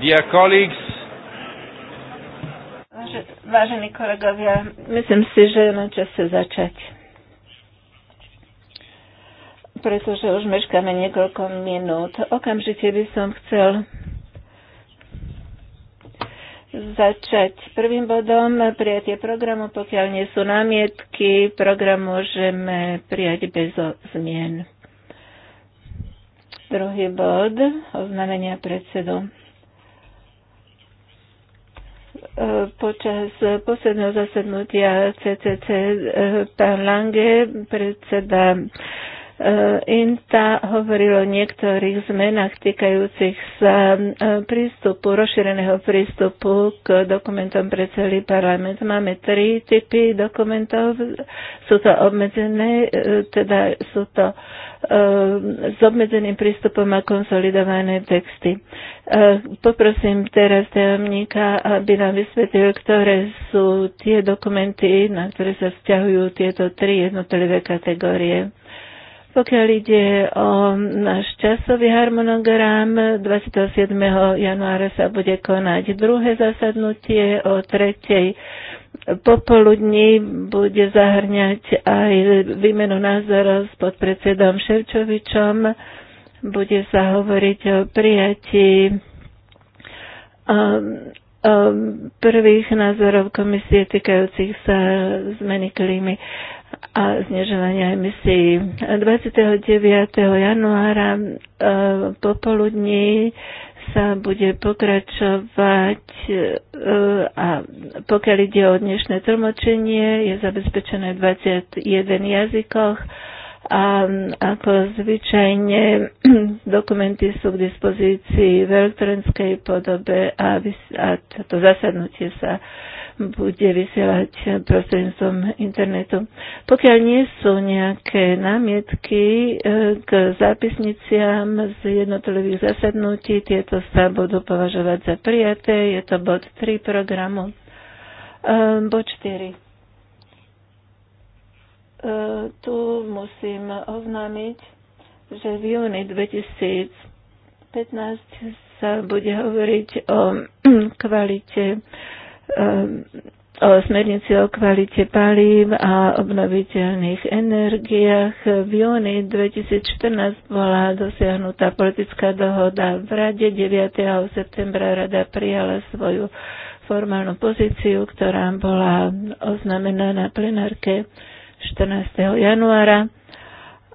Dear colleagues, Vážení kolegovia, myslím si, že je na čase začať. Pretože už meškáme niekoľko minút. Okamžite by som chcel začať prvým bodom prijatie programu. Pokiaľ nie sú námietky, program môžeme prijať bez zmien. Druhý bod, oznámenia predsedu. E, počas posledného zasadnutia CCC e, pán Lange, predseda Eh, INTA hovoril o niektorých zmenách týkajúcich sa eh, prístupu, rozšíreného prístupu k dokumentom pre celý parlament. Máme tri typy dokumentov. Sú to obmedzené, eh, teda sú to s obmedzeným prístupom a konsolidované texty. Poprosím teraz tajomníka, aby nám vysvetlil, ktoré sú tie dokumenty, na ktoré sa vzťahujú tieto tri jednotlivé kategórie. Pokiaľ ide o náš časový harmonogram, 27. januára sa bude konať druhé zasadnutie o tretej popoludní bude zahrňať aj výmenu názorov s podpredsedom Ševčovičom. Bude sa hovoriť o prijatí um, um, prvých názorov komisie týkajúcich sa zmeny klímy a znižovania emisí. 29. januára e, popoludní sa bude pokračovať e, a pokiaľ ide o dnešné tlmočenie, je zabezpečené v 21 jazykoch a ako zvyčajne dokumenty sú k dispozícii v elektronickej podobe a, vys- a to zasadnutie sa bude vysielať prostredníctvom internetu. Pokiaľ nie sú nejaké námietky e, k zápisniciam z jednotlivých zasadnutí, tieto sa budú považovať za prijaté. Je to bod 3 programu. E, bod 4 e, tu musím oznámiť, že v júni 2015 sa bude hovoriť o kvalite Ehm, o smernici o kvalite palív a obnoviteľných energiách. V júni 2014 bola dosiahnutá politická dohoda v Rade 9. septembra Rada prijala svoju formálnu pozíciu, ktorá bola oznamená na plenárke 14. januára.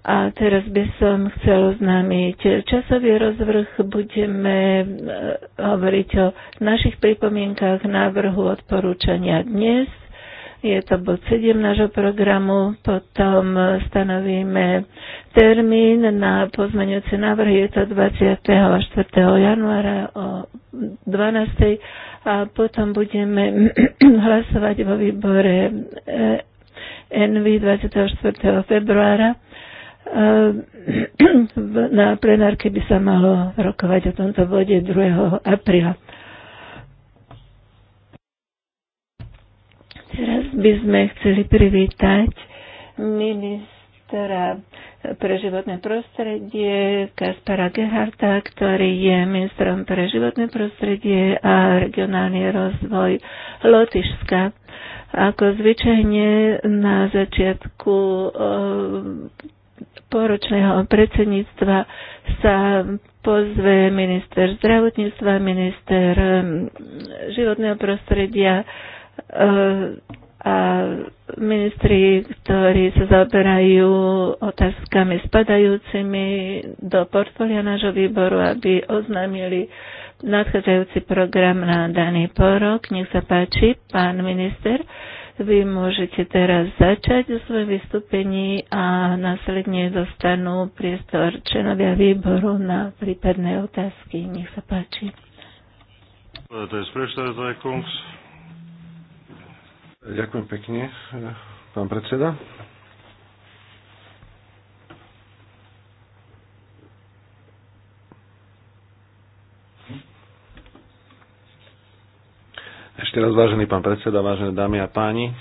A teraz by som chcel oznámiť časový rozvrh. Budeme e, hovoriť o našich pripomienkách návrhu odporúčania dnes. Je to bod 7 nášho programu. Potom stanovíme termín na pozmeňujúce návrhy. Je to 24. januára o 12. A potom budeme hlasovať vo výbore e, NV 24. februára na plenárke by sa malo rokovať o tomto bode 2. apríla. Teraz by sme chceli privítať ministra pre životné prostredie Kaspara Geharta, ktorý je ministrom pre životné prostredie a regionálny rozvoj Lotyšska. Ako zvyčajne na začiatku eh, pôročného predsedníctva sa pozve minister zdravotníctva, minister um, životného prostredia uh, a ministri, ktorí sa zaoberajú otázkami spadajúcimi do portfólia nášho výboru, aby oznámili nadchádzajúci program na daný porok. Nech sa páči, pán minister. Vy môžete teraz začať o svojom vystúpení a následne dostanú priestor členovia výboru na prípadné otázky. Nech sa páči. Ďakujem pekne, pán predseda. Ešte raz, vážený pán predseda, vážené dámy a páni,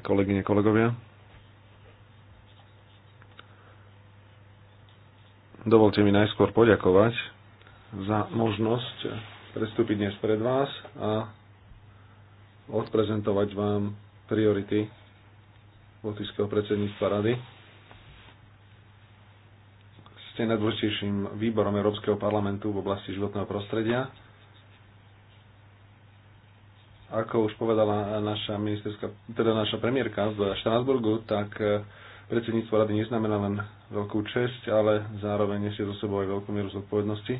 kolegyne, kolegovia. Dovolte mi najskôr poďakovať za možnosť prestúpiť dnes pred vás a odprezentovať vám priority Lotyšského predsedníctva Rady. Ste najdôležitejším výborom Európskeho parlamentu v oblasti životného prostredia ako už povedala naša ministerská, teda naša premiérka v Štrasburgu, tak e, predsedníctvo rady neznamená len veľkú česť, ale zároveň nesie so sebou aj veľkú mieru zodpovednosti.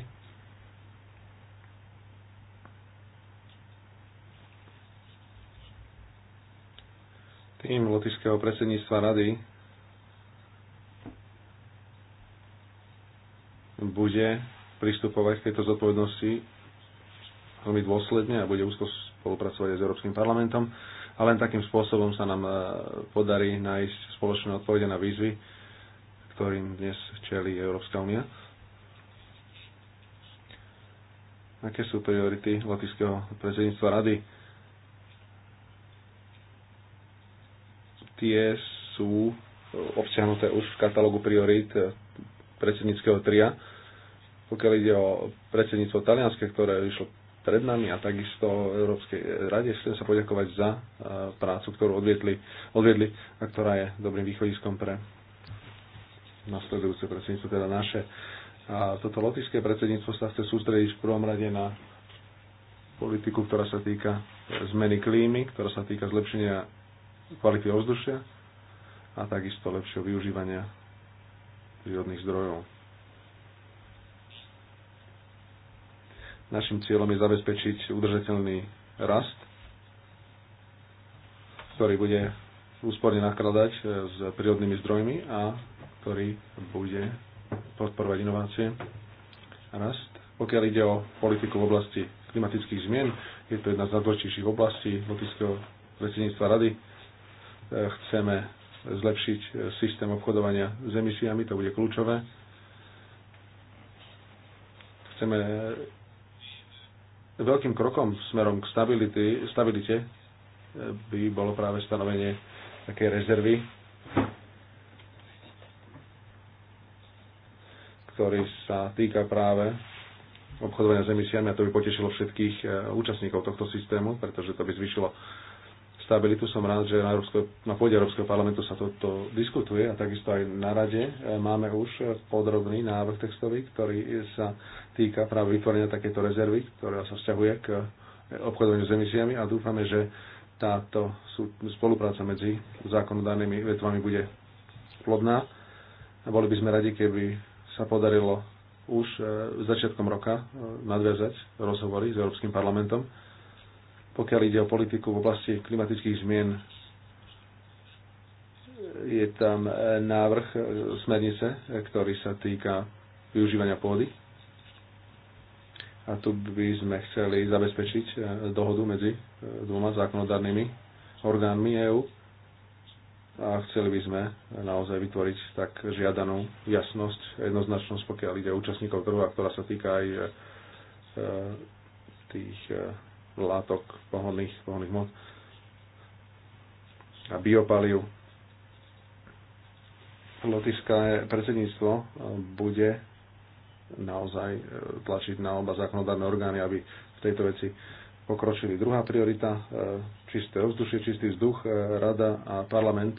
Tým lotišského predsedníctva rady bude pristupovať k tejto zodpovednosti veľmi dôsledne a bude úzko spolupracovať aj s Európskym parlamentom a len takým spôsobom sa nám e, podarí nájsť spoločné odpovede na výzvy, ktorým dnes čelí Európska únia. Aké sú priority Latvijského predsedníctva rady? Tie sú obsiahnuté už v katalógu priorít predsedníckého tria. Pokiaľ ide o predsedníctvo talianske, ktoré išlo pred nami a takisto Európskej rade. Chcem sa poďakovať za e, prácu, ktorú odviedli, odviedli a ktorá je dobrým východiskom pre nasledujúce predsedníctvo, teda naše. A toto lotické predsedníctvo sa chce sústrediť v prvom rade na politiku, ktorá sa týka zmeny klímy, ktorá sa týka zlepšenia kvality ovzdušia a takisto lepšieho využívania prírodných zdrojov. Našim cieľom je zabezpečiť udržateľný rast, ktorý bude úsporne nakladať e, s prírodnými zdrojmi a ktorý bude podporovať inovácie a rast. Pokiaľ ide o politiku v oblasti klimatických zmien, je to jedna z najdôležitejších oblastí Lotyšského predsedníctva Rady. E, chceme zlepšiť e, systém obchodovania s emisiami, to bude kľúčové. Chceme Veľkým krokom smerom k stability, stabilite e, by bolo práve stanovenie takej rezervy, ktorý sa týka práve obchodovania s emisiami a to by potešilo všetkých e, účastníkov tohto systému, pretože to by zvyšilo stabilitu. Som rád, že na, Európskeho, na pôde Európskeho parlamentu sa toto diskutuje a takisto aj na rade e, máme už podrobný návrh textový, ktorý sa týka práve vytvorenia takéto rezervy, ktorá sa vzťahuje k e, obchodovaniu s emisiami a dúfame, že táto spolupráca medzi zákonodanými vetvami bude plodná. Boli by sme radi, keby sa podarilo už e, začiatkom roka nadviazať rozhovory s Európskym parlamentom pokiaľ ide o politiku v oblasti klimatických zmien, je tam e, návrh e, smernice, e, ktorý sa týka využívania pôdy. A tu by sme chceli zabezpečiť dohodu medzi dvoma zákonodárnymi orgánmi EÚ a chceli by sme naozaj vytvoriť tak žiadanú jasnosť, jednoznačnosť, pokiaľ ide o účastníkov trhu, a ktorá sa týka aj tých látok pohonných, pohonných mod a biopaliu. Lotyšské predsedníctvo e, bude naozaj e, tlačiť na oba zákonodárne orgány, aby v tejto veci pokročili. Druhá priorita, e, čisté ovzdušie, čistý vzduch. Rada a parlament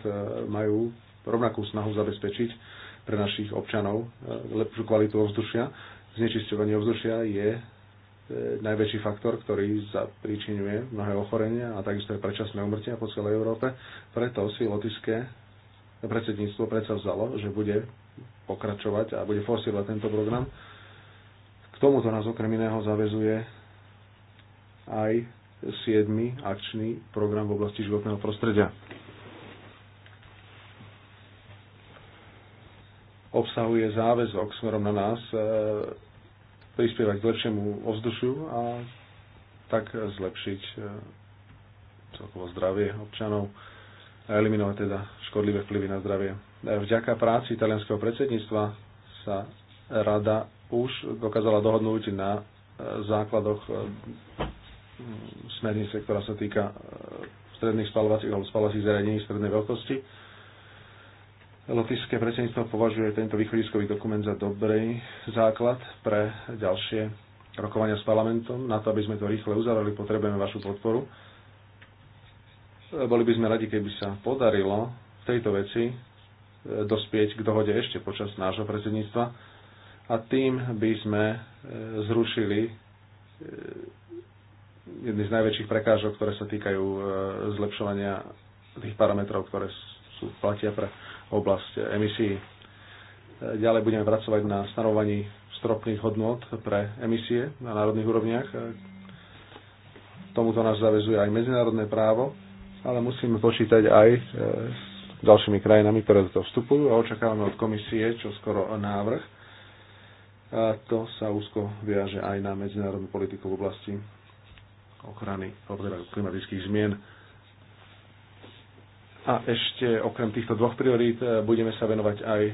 majú rovnakú snahu zabezpečiť pre našich občanov lepšiu kvalitu ovzdušia. Znečisťovanie ovzdušia je E, najväčší faktor, ktorý zapríčinuje mnohé ochorenia a takisto aj predčasné umrtia po celej Európe. Preto si lotické predsedníctvo predsa vzalo, že bude pokračovať a bude forsírovať tento program. K tomuto nás okrem iného zavezuje aj 7. akčný program v oblasti životného prostredia. Obsahuje záväzok smerom na nás e, prispievať k lepšiemu ovzdušiu a tak zlepšiť e, celkovo zdravie občanov a eliminovať teda škodlivé vplyvy na zdravie. E, vďaka práci italianského predsedníctva sa rada už dokázala dohodnúť na e, základoch smernice, ktorá sa týka stredných spalovacích alebo spalovacích zariadení strednej veľkosti Lotyšské predsedníctvo považuje tento východiskový dokument za dobrý základ pre ďalšie rokovania s parlamentom. Na to, aby sme to rýchle uzavreli, potrebujeme vašu podporu. Boli by sme radi, keby sa podarilo v tejto veci e, dospieť k dohode ešte počas nášho predsedníctva a tým by sme e, zrušili e, jedny z najväčších prekážok, ktoré sa týkajú zlepšovania tých parametrov, ktoré sú platia pre oblasť emisí. Ďalej budeme pracovať na stanovaní stropných hodnot pre emisie na národných úrovniach. Tomuto nás zavezuje aj medzinárodné právo, ale musíme počítať aj e, s ďalšími krajinami, ktoré do toho vstupujú a očakávame od komisie čo skoro návrh. A to sa úzko viaže aj na medzinárodnú politiku v oblasti ochrany klimatických zmien. A ešte okrem týchto dvoch priorít e, budeme sa venovať aj e,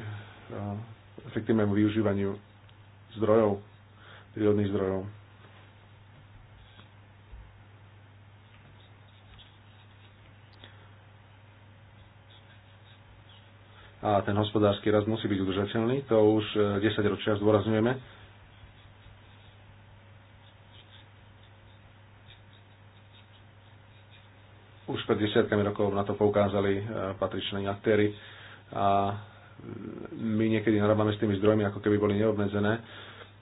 efektívnemu využívaniu zdrojov, prírodných zdrojov. A ten hospodársky rast musí byť udržateľný, to už 10 e, ročia zdôrazňujeme už pred desiatkami rokov na to poukázali e, patriční aktéry a my niekedy narábame s tými zdrojmi, ako keby boli neobmedzené.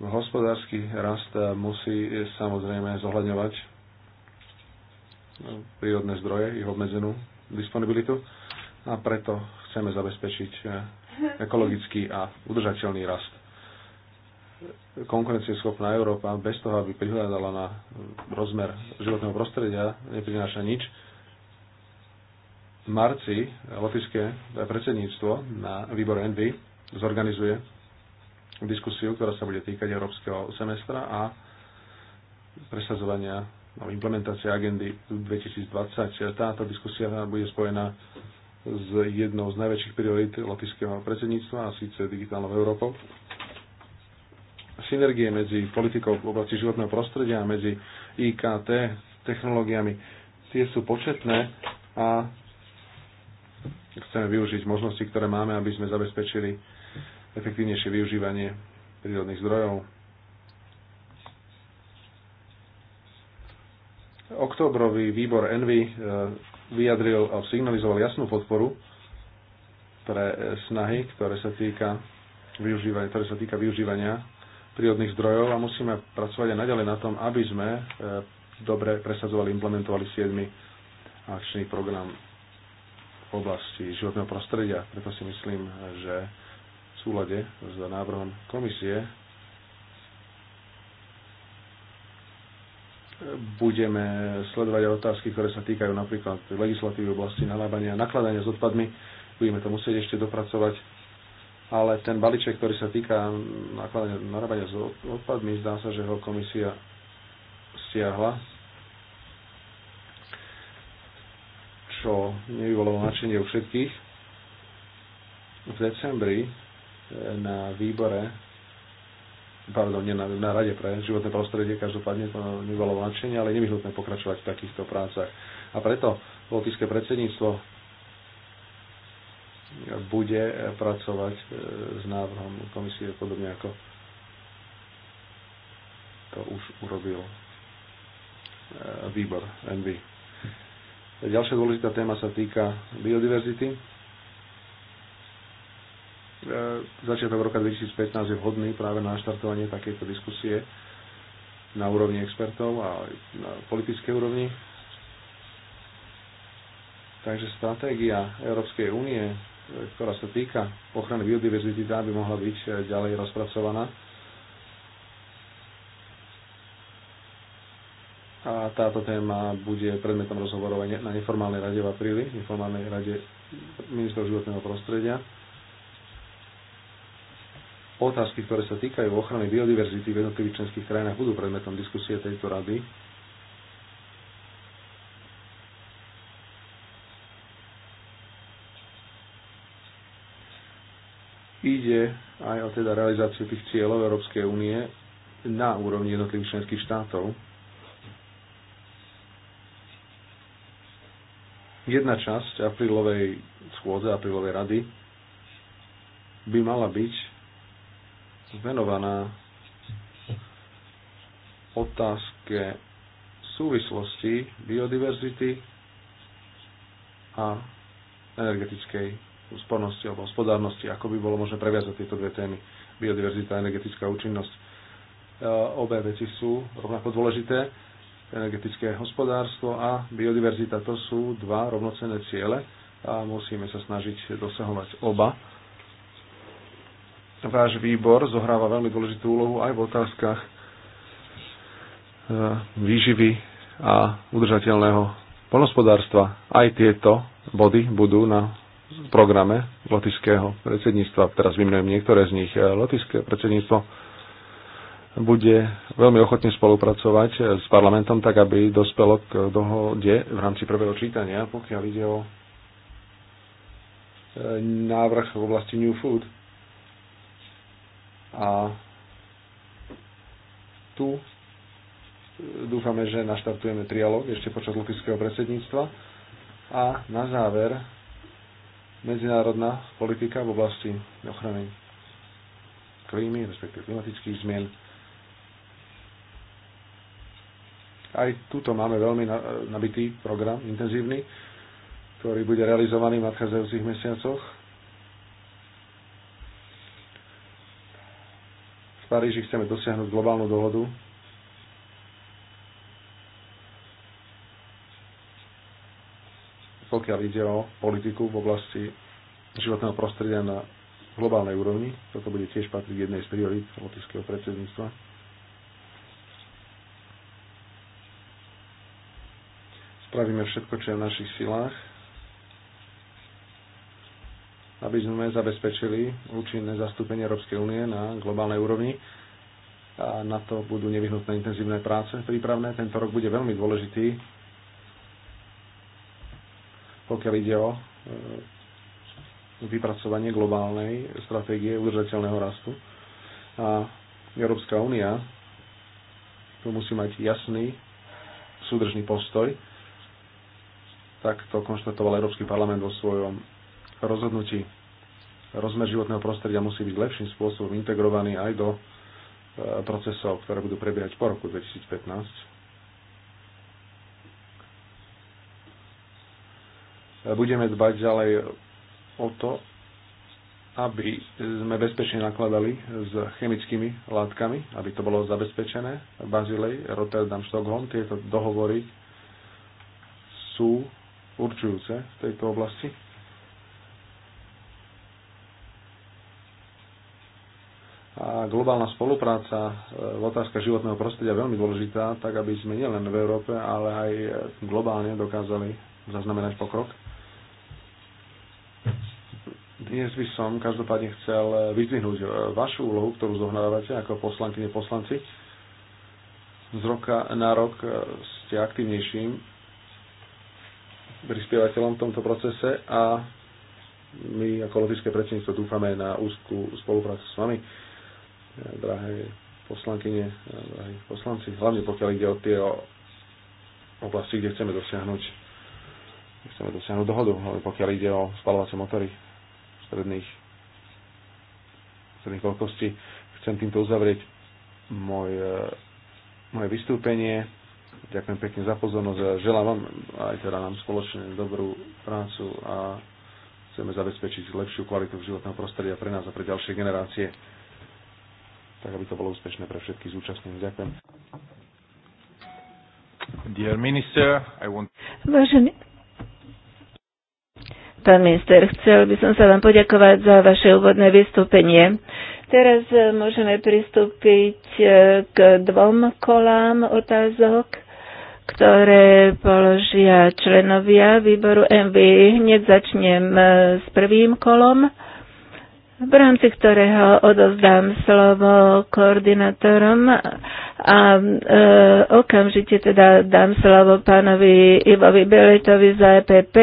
Hospodársky rast musí samozrejme zohľadňovať e, prírodné zdroje, ich obmedzenú disponibilitu a preto chceme zabezpečiť e, ekologický a udržateľný rast. Konkurencieschopná Európa bez toho, aby prihľadala na rozmer životného prostredia, neprináša nič marci lotišské predsedníctvo na výbor Envy zorganizuje diskusiu, ktorá sa bude týkať európskeho semestra a presazovania no, implementácie agendy 2020. Táto diskusia bude spojená s jednou z najväčších priorít lotišského predsedníctva, a síce digitálnou Európou. Synergie medzi politikou v oblasti životného prostredia a medzi IKT technológiami, tie sú početné a chceme využiť možnosti, ktoré máme, aby sme zabezpečili efektívnejšie využívanie prírodných zdrojov. Oktobrový výbor Envy e, vyjadril a signalizoval jasnú podporu pre e, snahy, ktoré sa týka využívania, ktoré sa týka využívania prírodných zdrojov a musíme pracovať aj naďalej na tom, aby sme e, dobre presadzovali, implementovali 7. akčný program v oblasti životného prostredia. Preto si myslím, že v súlade s návrhom komisie budeme sledovať aj otázky, ktoré sa týkajú napríklad legislatívy v oblasti nalábania a nakladania s odpadmi. Budeme to musieť ešte dopracovať, ale ten balíček, ktorý sa týka nakladania narábania s odpadmi, zdá sa, že ho komisia stiahla čo nevyvolalo načenie u všetkých. V decembri eh, na výbore, pardon, nie na, na Rade pre životné prostredie, každopádne to nevyvolalo načenie, ale nevyhnutné pokračovať v takýchto prácach. A preto politické predsedníctvo bude pracovať eh, s návrhom komisie podobne ako to už urobil eh, výbor NB. Ďalšia dôležitá téma sa týka biodiverzity. E, začiatok roka 2015 je vhodný práve na štartovanie takejto diskusie na úrovni expertov a na politickej úrovni. Takže stratégia Európskej únie, e, ktorá sa týka ochrany biodiverzity, tá by mohla byť e, ďalej rozpracovaná a táto téma bude predmetom rozhovorov aj na neformálnej rade v apríli, neformálnej rade ministra životného prostredia. Otázky, ktoré sa týkajú ochrany biodiverzity v jednotlivých členských krajinách, budú predmetom diskusie tejto rady. Ide aj o teda realizáciu tých cieľov Európskej únie na úrovni jednotlivých členských štátov Jedna časť aprílovej schôdze, aprílovej rady by mala byť venovaná otázke súvislosti biodiverzity a energetickej úspornosti alebo hospodárnosti, ako by bolo možné previazať tieto dve témy, biodiverzita a energetická účinnosť. E, obe veci sú rovnako dôležité energetické hospodárstvo a biodiverzita. To sú dva rovnocenné ciele a musíme sa snažiť dosahovať oba. Váš výbor zohráva veľmi dôležitú úlohu aj v otázkach e, výživy a udržateľného polnospodárstva. Aj tieto body budú na programe lotického predsedníctva. Teraz vymenujem niektoré z nich. E, Lotické predsedníctvo bude veľmi ochotne spolupracovať eh, s parlamentom, tak aby dospelo k dohode v rámci prvého čítania, pokiaľ ide o eh, návrh v oblasti New Food. A tu eh, dúfame, že naštartujeme trialog ešte počas lupického predsedníctva. A na záver medzinárodná politika v oblasti ochrany klímy, respektíve klimatických zmien Aj tuto máme veľmi nabitý program, intenzívny, ktorý bude realizovaný v nadchádzajúcich mesiacoch. V Paríži chceme dosiahnuť globálnu dohodu pokiaľ ide o politiku v oblasti životného prostredia na globálnej úrovni. Toto bude tiež patriť jednej z priorít lotického predsedníctva. Spravíme všetko, čo je v našich silách, aby sme zabezpečili účinné zastúpenie Európskej únie na globálnej úrovni. A na to budú nevyhnutné intenzívne práce prípravné. Tento rok bude veľmi dôležitý, pokiaľ ide o e, vypracovanie globálnej stratégie udržateľného rastu. A Európska únia tu musí mať jasný súdržný postoj tak to konštatoval Európsky parlament vo svojom rozhodnutí. Rozmer životného prostredia musí byť lepším spôsobom integrovaný aj do e, procesov, ktoré budú prebiehať po roku 2015. budeme dbať ďalej o to, aby sme bezpečne nakladali s chemickými látkami, aby to bolo zabezpečené. Bazilej, Rotterdam, Stockholm, tieto dohovory sú určujúce v tejto oblasti. A globálna spolupráca e, v otázka životného prostredia je veľmi dôležitá, tak aby sme nielen v Európe, ale aj e, globálne dokázali zaznamenať pokrok. Dnes by som každopádne chcel e, vyzvihnúť vašu úlohu, ktorú zohnávate ako poslankyne poslanci. Z roka na rok ste aktívnejším prispievateľom v tomto procese a my ako logické predsedníctvo dúfame na úzkú spoluprácu s vami, drahé poslankyne, drahí poslanci, hlavne pokiaľ ide o tie oblasti, kde chceme dosiahnuť, kde chceme dosiahnuť dohodu, hlavne pokiaľ ide o spalovacie motory stredných, stredných veľkostí. Chcem týmto uzavrieť môj, moje vystúpenie Ďakujem pekne za pozornosť a želám vám aj teda nám spoločne dobrú prácu a chceme zabezpečiť lepšiu kvalitu životného prostredia pre nás a pre ďalšie generácie, tak aby to bolo úspešné pre všetkých zúčastnených. Ďakujem. Dear minister, I want... Vážený pán minister, chcel by som sa vám poďakovať za vaše úvodné vystúpenie. Teraz e, môžeme pristúpiť e, k dvom kolám otázok ktoré položia členovia výboru MV. Hneď začnem e, s prvým kolom, v rámci ktorého odozdám slovo koordinátorom a e, okamžite teda dám slovo pánovi Ivovi Beletovi za EPP.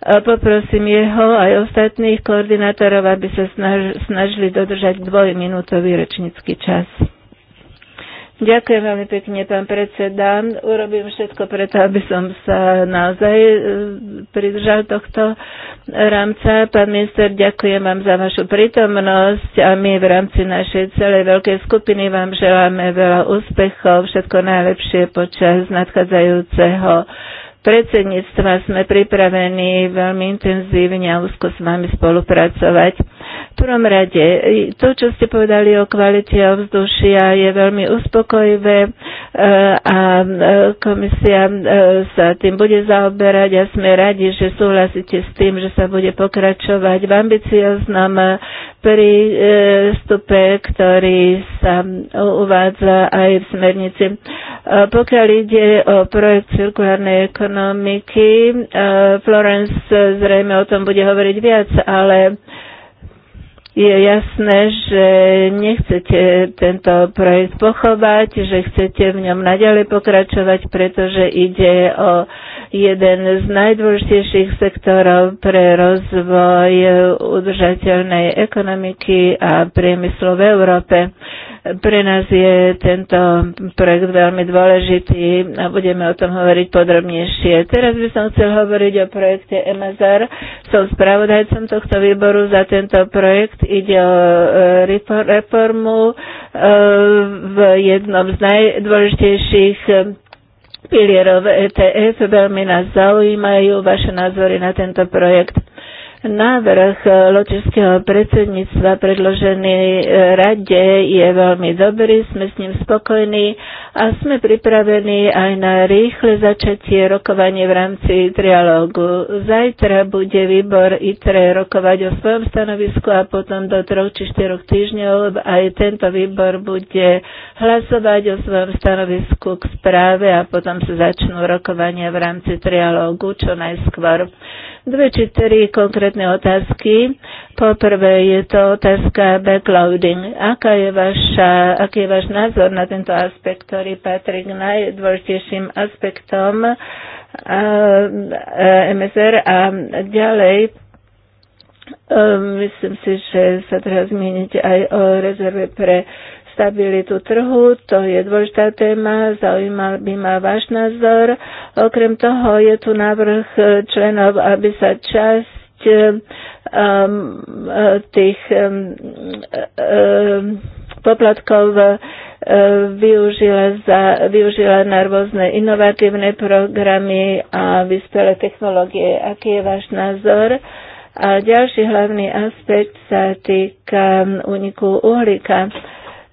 A e, poprosím jeho aj ostatných koordinátorov, aby sa snažili dodržať dvojminútový rečnícky čas. Ďakujem veľmi pekne, pán predseda. Urobím všetko preto, aby som sa naozaj e, pridržal tohto rámca. Pán minister, ďakujem vám za vašu prítomnosť a my v rámci našej celej veľkej skupiny vám želáme veľa úspechov, všetko najlepšie počas nadchádzajúceho predsedníctva. Sme pripravení veľmi intenzívne a úzko s vami spolupracovať prvom rade, to, čo ste povedali o kvalite ovzdušia, je veľmi uspokojivé e, a e, komisia e, sa tým bude zaoberať a sme radi, že súhlasíte s tým, že sa bude pokračovať v ambicioznom prístupe, ktorý sa uvádza aj v smernici. Pokiaľ ide o projekt cirkulárnej ekonomiky, Florence zrejme o tom bude hovoriť viac, ale je jasné, že nechcete tento projekt pochovať, že chcete v ňom naďalej pokračovať, pretože ide o jeden z najdôležitejších sektorov pre rozvoj udržateľnej ekonomiky a priemyslu v Európe. Pre nás je tento projekt veľmi dôležitý a budeme o tom hovoriť podrobnejšie. Teraz by som chcel hovoriť o projekte MSR. Som spravodajcom tohto výboru za tento projekt. Ide o e, reformu e, v jednom z najdôležitejších pilierov ETF. Veľmi nás zaujímajú vaše názory na tento projekt. Návrh eh, ločeského predsedníctva predložený eh, rade je veľmi dobrý, sme s ním spokojní a sme pripravení aj na rýchle začatie rokovanie v rámci trialógu. Zajtra bude výbor ITRE rokovať o svojom stanovisku a potom do troch či štyroch týždňov aj tento výbor bude hlasovať o svojom stanovisku k správe a potom sa začnú rokovania v rámci trialógu čo najskôr dve či tri konkrétne otázky. Poprvé je to otázka backloading. Aká je vaša, aký je váš názor na tento aspekt, ktorý patrí k najdôležitejším aspektom MSR a ďalej um, Myslím si, že sa teraz zmienite aj o rezerve pre stabilitu trhu, to je dôležitá téma, zaujímal by ma váš názor. Okrem toho je tu návrh e, členov, aby sa časť e, um, e, tých um, um, poplatkov využila, za, využila na rôzne inovatívne programy a vyspelé technológie. Aký je váš názor? A ďalší hlavný aspekt sa týka uniku um, uhlíka.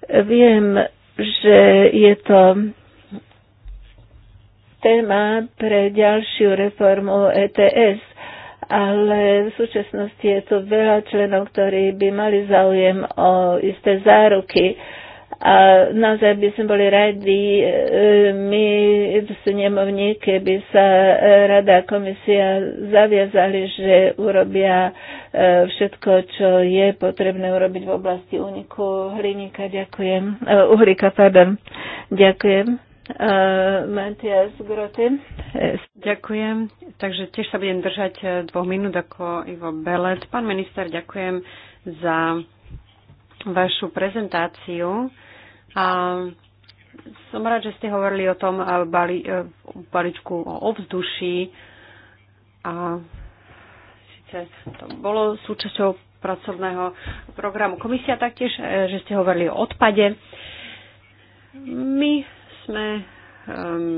Viem, že je to téma pre ďalšiu reformu ETS, ale v súčasnosti je tu veľa členov, ktorí by mali záujem o isté záruky a naozaj by sme boli radi, e, my v snemovni, keby sa e, Rada a komisia zaviazali, že urobia e, všetko, čo je potrebné urobiť v oblasti úniku hliníka. Ďakujem. Uhlíka, pardon. Ďakujem. Matias Grote. Ďakujem. Takže tiež sa budem držať dvoch minút ako Ivo Belet. Pán minister, ďakujem za vašu prezentáciu. A som rád, že ste hovorili o tom eh, bali, eh, balíčku o ovzduší. A síce to bolo súčasťou pracovného programu komisia taktiež, eh, že ste hovorili o odpade. My sme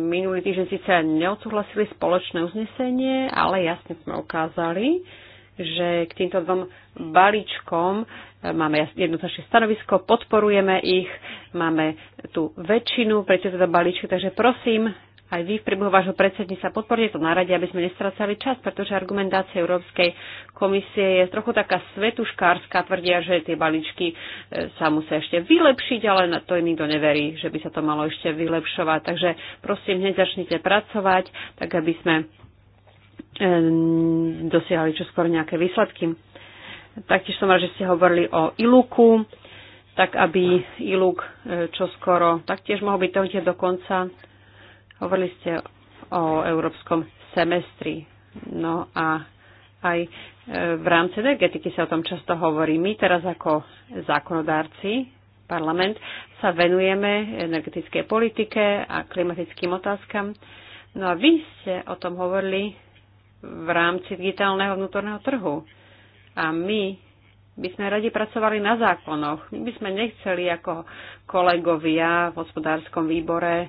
minulý týždeň síce neodsúhlasili spoločné uznesenie, ale jasne sme ukázali, že k týmto dvom balíčkom máme jednoznačné stanovisko, podporujeme ich Máme tu väčšinu pre tieto balíčky, takže prosím, aj vy v priebehu vášho sa podporte to na rade, aby sme nestracali čas, pretože argumentácia Európskej komisie je trochu taká svetuškárska, tvrdia, že tie balíčky e, sa musia ešte vylepšiť, ale na to nikto neverí, že by sa to malo ešte vylepšovať. Takže prosím, hneď začnite pracovať, tak aby sme e, dosiahli čoskoro nejaké výsledky. Taktiež som rád, že ste hovorili o iluku tak aby ILUK e, čoskoro taktiež mohol byť dohnutie do konca. Hovorili ste o európskom semestri. No a aj e, v rámci energetiky sa o tom často hovorí. My teraz ako zákonodárci, parlament, sa venujeme energetickej politike a klimatickým otázkam. No a vy ste o tom hovorili v rámci digitálneho vnútorného trhu. A my by sme radi pracovali na zákonoch. My by sme nechceli ako kolegovia v hospodárskom výbore e,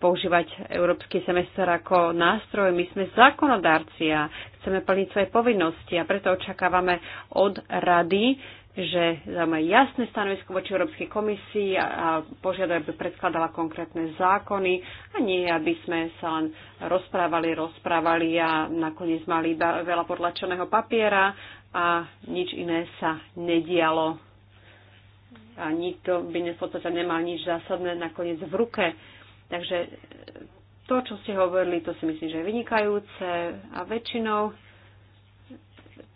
používať európsky semester ako nástroj. My sme zákonodárci a chceme plniť svoje povinnosti a preto očakávame od rady, že máme jasné stanovisko voči Európskej komisii a, a požiada, aby predkladala konkrétne zákony a nie, aby sme sa len rozprávali, rozprávali a nakoniec mali iba veľa podlačeného papiera a nič iné sa nedialo. A nikto by v podstate nemal nič zásadné nakoniec v ruke. Takže to, čo ste hovorili, to si myslím, že je vynikajúce a väčšinou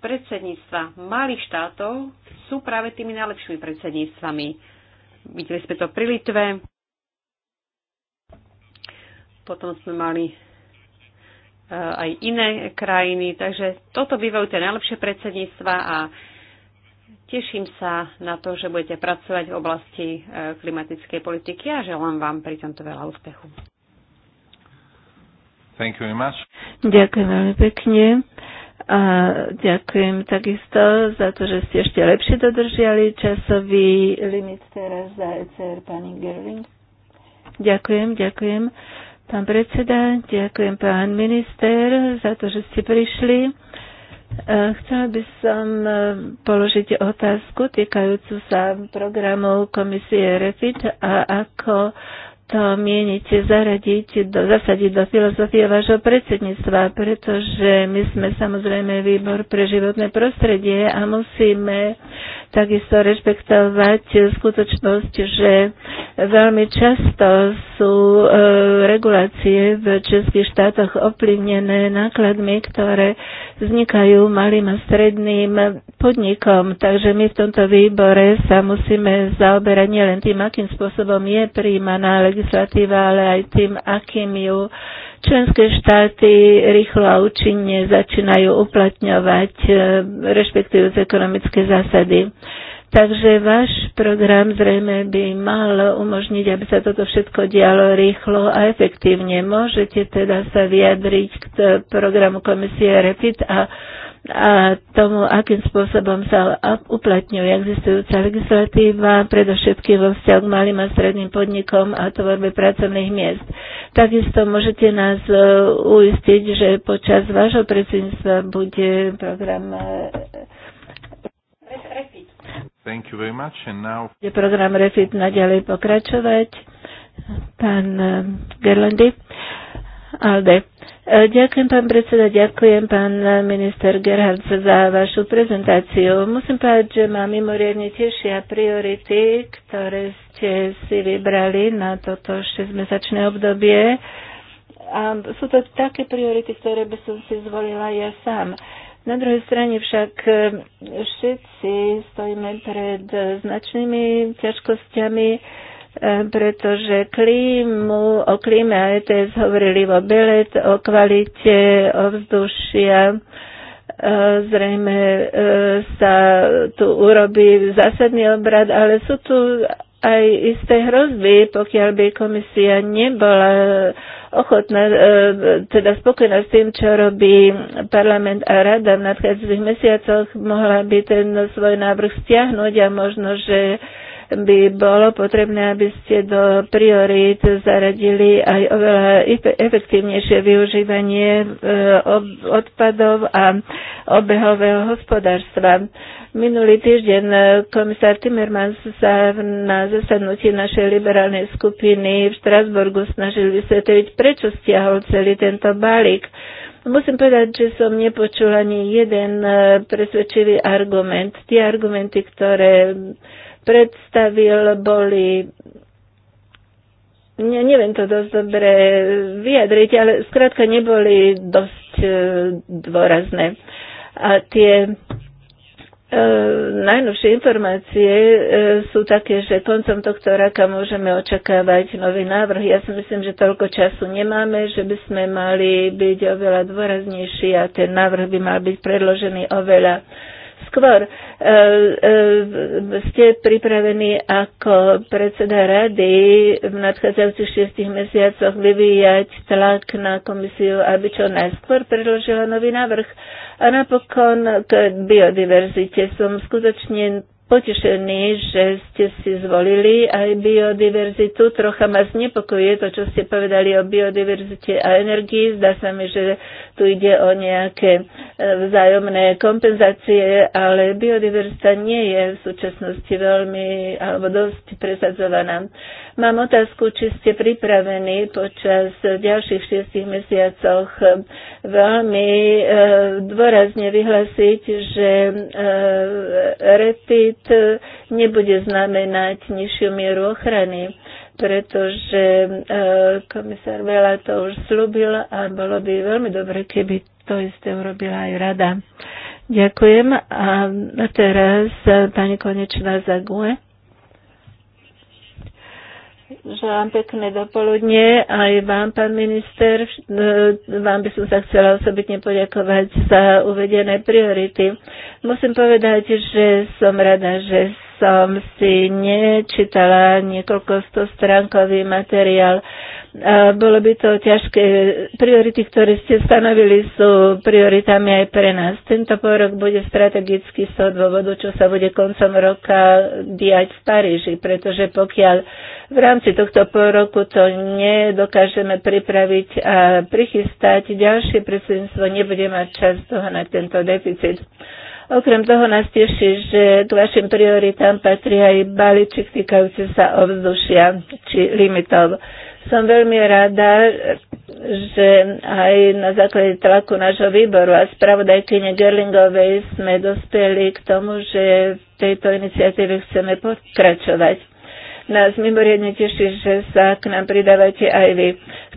predsedníctva malých štátov sú práve tými najlepšími predsedníctvami. Videli sme to pri Litve, potom sme mali e, aj iné krajiny, takže toto bývajú tie najlepšie predsedníctva a teším sa na to, že budete pracovať v oblasti e, klimatickej politiky a želám vám pri tomto veľa úspechu. Thank you very much. Ďakujem veľmi pekne. A ďakujem takisto za to, že ste ešte lepšie dodržiali časový limit teraz za ECR, pani Gerling. Ďakujem, ďakujem. Pán predseda, ďakujem pán minister za to, že ste prišli. Chcela by som e, položiť otázku týkajúcu sa programov komisie REFIT a ako to mienite zaradiť, do, zasadiť do filozofie vášho predsedníctva, pretože my sme samozrejme výbor pre životné prostredie a musíme takisto rešpektovať skutočnosť, že veľmi často sú e, regulácie v českých štátoch ovplyvnené nákladmi, ktoré vznikajú malým a stredným podnikom. Takže my v tomto výbore sa musíme zaoberať nielen tým, akým spôsobom je príjmaná legislatíva, ale aj tým, akým ju Členské štáty rýchlo a účinne začínajú uplatňovať e, rešpektujúce ekonomické zásady. Takže váš program zrejme by mal umožniť, aby sa toto všetko dialo rýchlo a efektívne. Môžete teda sa vyjadriť k programu komisie REPIT a a tomu, akým spôsobom sa uplatňuje existujúca legislatíva, predovšetkým vo vzťahu k malým a stredným podnikom a tvorbe pracovných miest. Takisto môžete nás e, uistiť, že počas vášho predsedníctva bude program e, Thank you very much. And now... Program Refit naďalej pokračovať. Pán e, Gerlandy. Alde. Ďakujem, pán predseda, ďakujem, pán minister Gerhard, za vašu prezentáciu. Musím povedať, že ma mimoriadne tešia priority, ktoré ste si vybrali na toto 6-mesačné obdobie. A sú to také priority, ktoré by som si zvolila ja sám. Na druhej strane však e, všetci stojíme pred značnými ťažkosťami, pretože klímu, o klíme a ETS hovorili vo Belet, o kvalite ovzdušia, e, zrejme e, sa tu urobí zásadný obrad, ale sú tu aj isté hrozby, pokiaľ by komisia nebola ochotná, e, teda spokojná s tým, čo robí parlament a rada v nadchádzajúcich mesiacoch, mohla by ten svoj návrh stiahnuť a možno, že by bolo potrebné, aby ste do priorít zaradili aj oveľa efektívnejšie využívanie e, odpadov a obehového hospodárstva. Minulý týždeň komisár Timmermans sa na zasadnutí našej liberálnej skupiny v Štrasburgu snažil vysvetliť, prečo stiahol celý tento balík. Musím povedať, že som nepočul ani jeden e, presvedčivý argument. Tie argumenty, ktoré predstavil, boli ne, neviem to dosť dobre vyjadriť, ale skrátka neboli dosť e, dôrazné. A tie e, najnovšie informácie e, sú také, že koncom tohto roka môžeme očakávať nový návrh. Ja si myslím, že toľko času nemáme, že by sme mali byť oveľa dôraznejší a ten návrh by mal byť predložený oveľa skôr. E, e, ste pripravení ako predseda rady v nadchádzajúcich šiestich mesiacoch vyvíjať tlak na komisiu, aby čo najskôr predložila nový návrh. A napokon k biodiverzite som skutočne potešení, že ste si zvolili aj biodiverzitu. Trocha ma znepokojuje to, čo ste povedali o biodiverzite a energii. Zdá sa mi, že tu ide o nejaké e, vzájomné kompenzácie, ale biodiverzita nie je v súčasnosti veľmi alebo dosť presadzovaná. Mám otázku, či ste pripravení počas ďalších šiestich mesiacoch veľmi e, dôrazne vyhlasiť, že e, refit nebude znamenať nižšiu mieru ochrany pretože e, komisár Vela to už slúbil a bolo by veľmi dobre, keby to isté urobila aj rada. Ďakujem. A teraz pani Konečná Zague. Želám pekné dopoludne aj vám, pán minister. E, vám by som sa chcela osobitne poďakovať za uvedené priority. Musím povedať, že som rada, že som si nečítala niekoľko stostránkový materiál bolo by to ťažké. Priority, ktoré ste stanovili, sú prioritami aj pre nás. Tento porok bude strategický z toho dôvodu, čo sa bude koncom roka diať v Paríži, pretože pokiaľ v rámci tohto poroku to nedokážeme pripraviť a prichystať, ďalšie predsedníctvo nebude mať čas toho na tento deficit. Okrem toho nás teší, že k vašim prioritám patrí aj balíček týkajúci sa ovzdušia či limitov. Som veľmi rada, že aj na základe tlaku nášho výboru a spravodajkyne Gerlingovej sme dospeli k tomu, že v tejto iniciatíve chceme pokračovať. Nás mimoriadne teší, že sa k nám pridávate aj vy.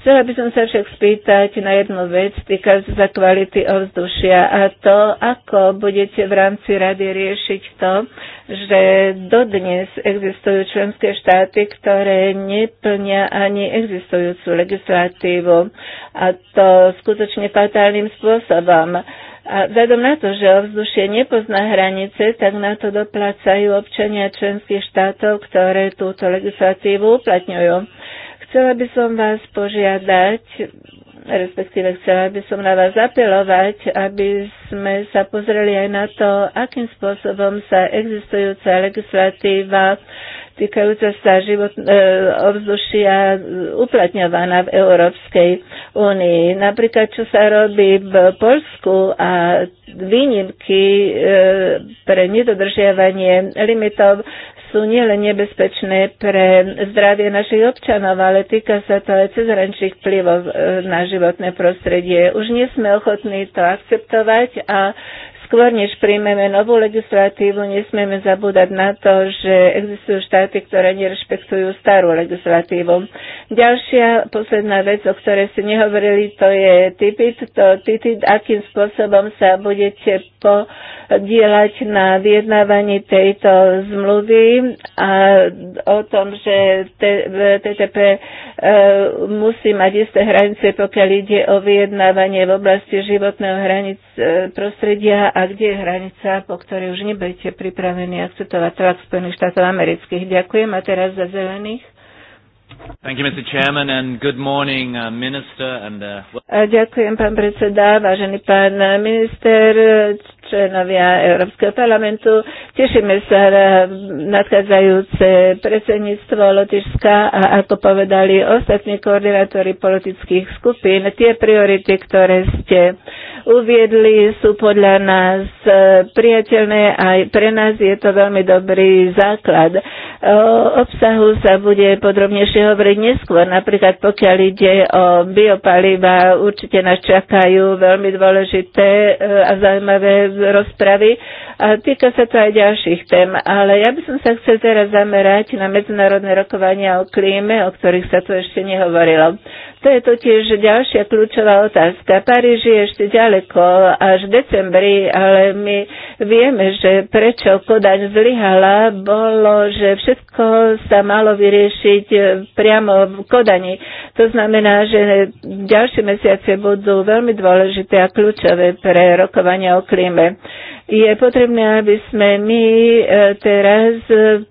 Chcela by som sa však spýtať na jednu vec týka sa kvality ovzdušia a to, ako budete v rámci rady riešiť to, že dodnes existujú členské štáty, ktoré neplnia ani existujúcu legislatívu a to skutočne fatálnym spôsobom. A vzhľadom na to, že ovzdušie nepozná hranice, tak na to doplácajú občania členských štátov, ktoré túto legislatívu uplatňujú. Chcela by som vás požiadať, respektíve chcela by som na vás apelovať, aby sme sa pozreli aj na to, akým spôsobom sa existujúca legislatíva týkajúca sa život, e, ovzdušia uplatňovaná v Európskej únii. Napríklad, čo sa robí v Polsku a výnimky e, pre nedodržiavanie limitov sú nielen nebezpečné pre zdravie našich občanov, ale týka sa to aj cezhraničných vplyvov e, na životné prostredie. Už nie sme ochotní to akceptovať a Skôr než príjmeme novú legislatívu, nesmieme zabúdať na to, že existujú štáty, ktoré nerešpektujú starú legislatívu. Ďalšia posledná vec, o ktorej ste nehovorili, to je TIPIT, to TIPIT, akým spôsobom sa budete podielať na vyjednávaní tejto zmluvy a o tom, že TTP Eh, musí mať isté hranice, pokiaľ ide o vyjednávanie v oblasti životného hranic eh, prostredia a kde je hranica, po ktorej už nebudete pripravení akceptovať tlak Spojených štátov amerických. Ďakujem a teraz za zelených. Thank you, Mr. Chairman, and good morning, uh, Minister. And, uh... Eh, ďakujem, pán predseda, vážený pán minister členovia Európskeho parlamentu. Tešíme sa na nadchádzajúce predsedníctvo Lotyšska a ako povedali ostatní koordinátori politických skupín, tie priority, ktoré ste uviedli, sú podľa nás priateľné a pre nás je to veľmi dobrý základ. O obsahu sa bude podrobnejšie hovoriť neskôr, napríklad pokiaľ ide o biopaliva, určite nás čakajú veľmi dôležité e, a zaujímavé rozpravy a týka sa to aj ďalších tém, ale ja by som sa chcel teraz zamerať na medzinárodné rokovania o klíme, o ktorých sa tu ešte nehovorilo. To je totiž ďalšia kľúčová otázka. Paríž je ešte ďaleko, až v decembri, ale my vieme, že prečo Kodaň zlyhala, bolo, že všetko sa malo vyriešiť priamo v Kodani. To znamená, že ďalšie mesiace budú veľmi dôležité a kľúčové pre rokovania o klíme. Je potrebné potrebné, aby sme my eh, teraz eh,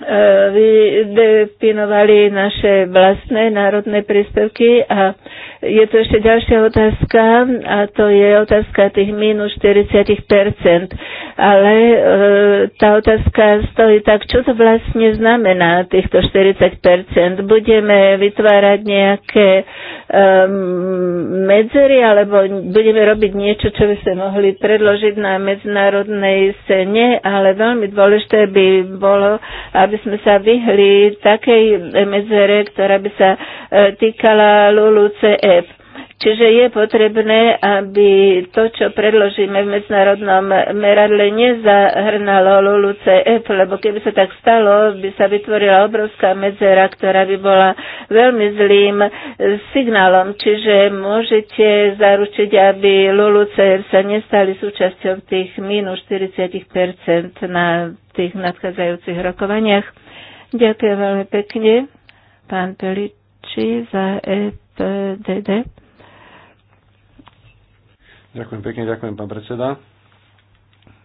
E, vydefinovali naše vlastné národné príspevky a je to ešte ďalšia otázka a to je otázka tých minus 40%. Ale e, tá otázka stojí tak, čo to vlastne znamená týchto 40%? Budeme vytvárať nejaké medzery alebo budeme robiť niečo, čo by sme mohli predložiť na medzinárodnej scéne, ale veľmi dôležité by bolo, aby aby sme sa vyhli takej medzere, ktorá by sa e, týkala LULU-CF. Čiže je potrebné, aby to, čo predložíme v medzinárodnom meradle, nezahrnalo LULUCF, lebo keby sa tak stalo, by sa vytvorila obrovská medzera, ktorá by bola veľmi zlým signálom. Čiže môžete zaručiť, aby LULUCF sa nestali súčasťou tých minus 40 na tých nadchádzajúcich rokovaniach. Ďakujem veľmi pekne, pán Peliči, za EPDDP. Ďakujem pekne, ďakujem pán predseda.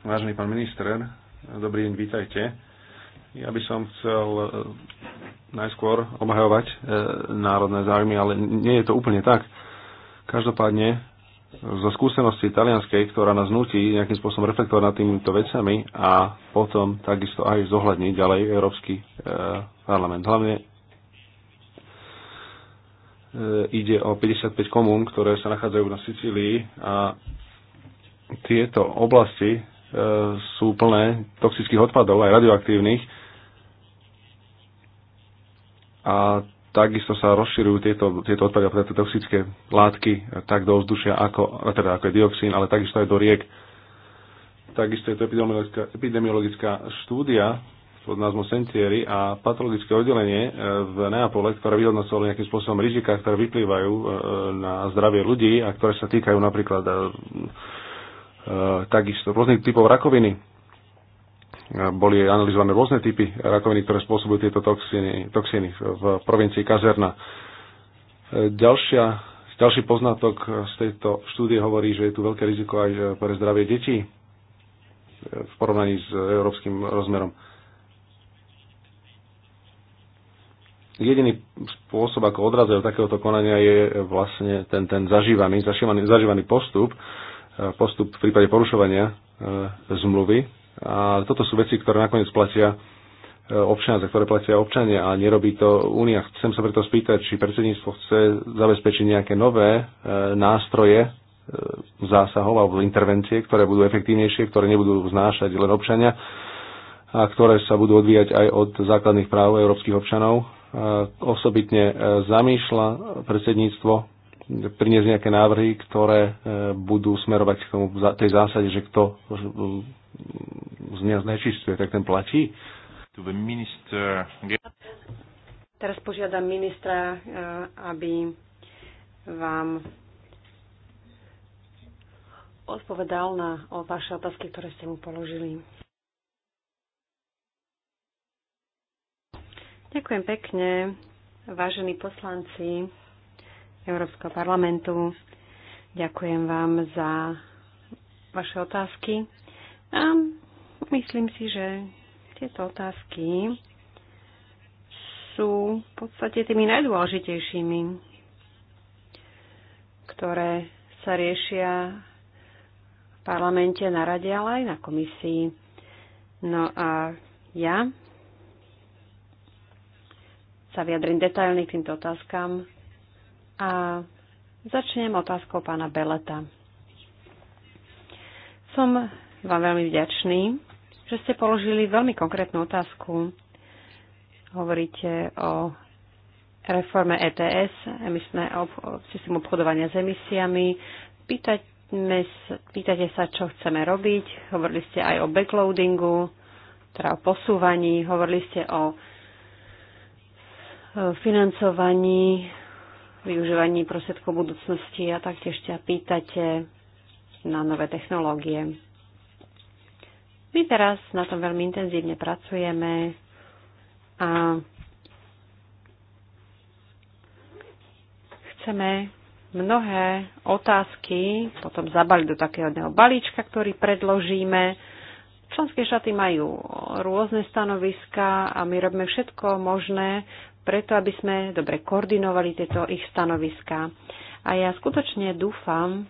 Vážený pán minister, dobrý deň, vítajte. Ja by som chcel e, najskôr obhajovať e, národné záujmy, ale nie je to úplne tak. Každopádne, zo skúsenosti talianskej, ktorá nás nutí nejakým spôsobom reflektovať nad týmito vecami a potom takisto aj zohľadniť ďalej Európsky e, parlament. Hlavne E, ide o 55 komún, ktoré sa nachádzajú na Sicílii a tieto oblasti e, sú plné toxických odpadov, aj radioaktívnych. A takisto sa rozširujú tieto, tieto odpady, teda tieto toxické látky e, tak do vzdušia, ako, teda ako je dioxín, ale takisto aj do riek. Takisto je to epidemiologická, epidemiologická štúdia, pod názvom Sentieri a patologické oddelenie v Neapole, ktoré vyhodnocovalo nejakým spôsobom rizika, ktoré vyplývajú na zdravie ľudí a ktoré sa týkajú napríklad takisto rôznych typov rakoviny. Boli analyzované rôzne typy rakoviny, ktoré spôsobujú tieto toxiny, toxiny v provincii Kazerna. Ďalšia, ďalší poznatok z tejto štúdie hovorí, že je tu veľké riziko aj pre zdravie detí v porovnaní s európskym rozmerom. jediný spôsob, ako odrazuje takéhoto konania je vlastne ten, ten zažívaný, zažívaný, zažívaný postup, e, postup v prípade porušovania e, zmluvy. A toto sú veci, ktoré nakoniec platia e, občania, za ktoré platia občania a nerobí to Únia. Chcem sa preto spýtať, či predsedníctvo chce zabezpečiť nejaké nové e, nástroje e, zásahov alebo intervencie, ktoré budú efektívnejšie, ktoré nebudú znášať len občania a ktoré sa budú odvíjať aj od základných práv európskych občanov E, osobitne e, zamýšľa predsedníctvo priniesť nejaké návrhy, ktoré e, budú smerovať k tomu, tej zásade, že kto z nás nečistuje, tak ten platí. Teraz požiadam ministra, aby vám odpovedal na vaše otázky, ktoré ste mu položili. Ďakujem pekne, vážení poslanci Európskeho parlamentu. Ďakujem vám za vaše otázky. A myslím si, že tieto otázky sú v podstate tými najdôležitejšími, ktoré sa riešia v parlamente, na rade, ale aj na komisii. No a ja sa vyjadrím detailne k týmto otázkam. A začnem otázkou pána Beleta. Som vám veľmi vďačný, že ste položili veľmi konkrétnu otázku. Hovoríte o reforme ETS, emisné ob- systém obchodovania s emisiami. Pýtajme, pýtate sa, čo chceme robiť. Hovorili ste aj o backloadingu, teda o posúvaní. Hovorili ste o financovaní, využívaní prostriedkov budúcnosti a taktiež ťa pýtate na nové technológie. My teraz na tom veľmi intenzívne pracujeme a chceme mnohé otázky potom zabaliť do takého jedného balíčka, ktorý predložíme. Členské štáty majú rôzne stanoviska a my robíme všetko možné preto, aby sme dobre koordinovali tieto ich stanoviská. A ja skutočne dúfam,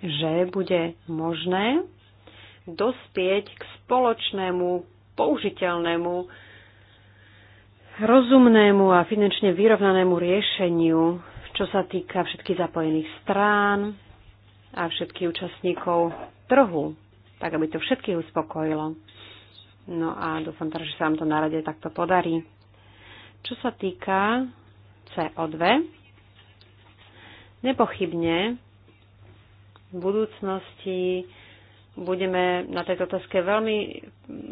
že bude možné dospieť k spoločnému, použiteľnému, rozumnému a finančne vyrovnanému riešeniu, čo sa týka všetkých zapojených strán a všetkých účastníkov trhu, tak aby to všetkých uspokojilo. No a dúfam teda, že sa vám to na rade takto podarí. Čo sa týka CO2, nepochybne v budúcnosti budeme na tejto otázke veľmi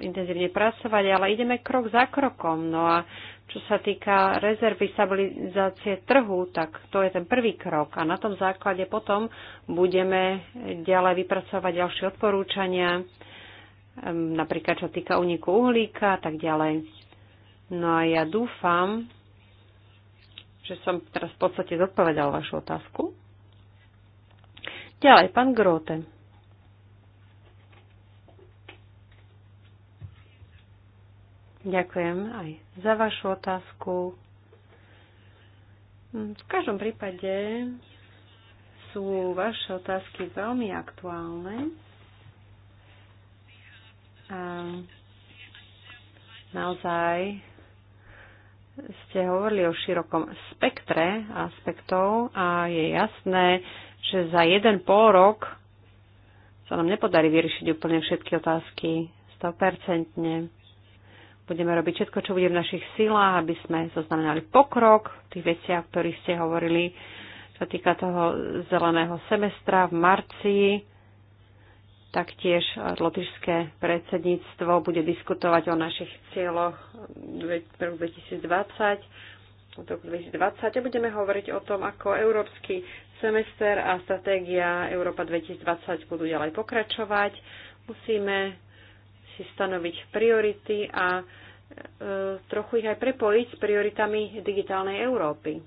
intenzívne pracovať, ale ideme krok za krokom. No a čo sa týka rezervy stabilizácie trhu, tak to je ten prvý krok a na tom základe potom budeme ďalej vypracovať ďalšie odporúčania, ehm, napríklad čo týka uniku uhlíka a tak ďalej. No a ja dúfam, že som teraz v podstate zodpovedal vašu otázku. Ďalej, pán Grote. Ďakujem aj za vašu otázku. V každom prípade sú vaše otázky veľmi aktuálne. A naozaj ste hovorili o širokom spektre aspektov a je jasné, že za jeden pol rok sa nám nepodarí vyriešiť úplne všetky otázky 100%. Budeme robiť všetko, čo bude v našich silách, aby sme zaznamenali pokrok v tých veciach, o ktorých ste hovorili, čo týka toho zeleného semestra v marci Taktiež lotyšské predsedníctvo bude diskutovať o našich cieľoch rok 2020 od 2020 a budeme hovoriť o tom, ako európsky semester a stratégia Európa 2020 budú ďalej pokračovať. Musíme si stanoviť priority a e, trochu ich aj prepojiť s prioritami digitálnej Európy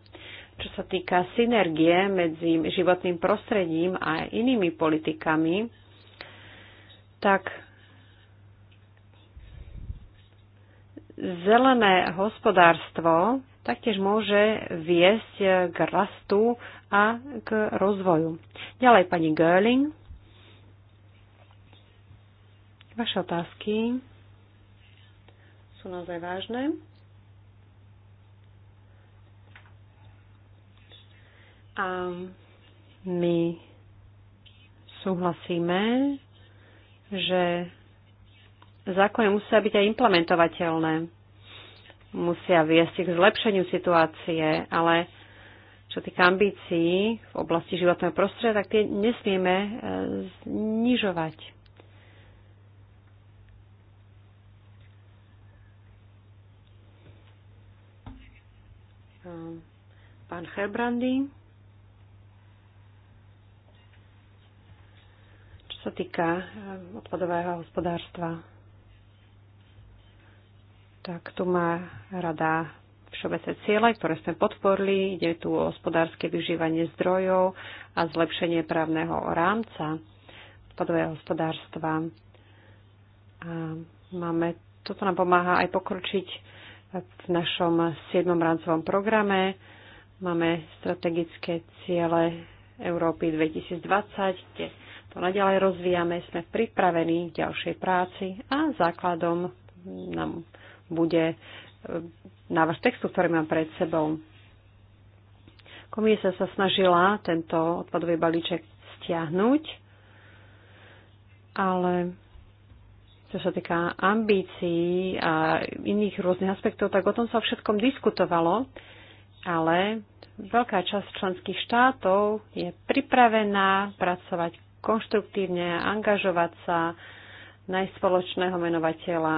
čo sa týka synergie medzi životným prostredím a inými politikami, tak zelené hospodárstvo taktiež môže viesť k rastu a k rozvoju. Ďalej pani Görling. Vaše otázky sú naozaj vážne. A my súhlasíme že zákony musia byť aj implementovateľné. Musia viesť k zlepšeniu situácie, ale čo týka ambícií v oblasti životného prostredia, tak tie nesmieme e, znižovať. Pán Herbrandy. sa týka eh, odpadového hospodárstva, tak tu má rada všeobecné cieľe, ktoré sme podporili. Ide tu o hospodárske využívanie zdrojov a zlepšenie právneho rámca odpadového hospodárstva. A máme, toto nám pomáha aj pokročiť v našom 7. rámcovom programe. Máme strategické ciele Európy 2020, kde to naďalej rozvíjame, sme pripravení k ďalšej práci a základom nám bude e, návrh textu, ktorý mám pred sebou. Komisia sa snažila tento odpadový balíček stiahnuť, ale čo sa týka ambícií a iných rôznych aspektov, tak o tom sa všetkom diskutovalo, ale veľká časť členských štátov je pripravená pracovať konštruktívne, angažovať sa, nájsť spoločného menovateľa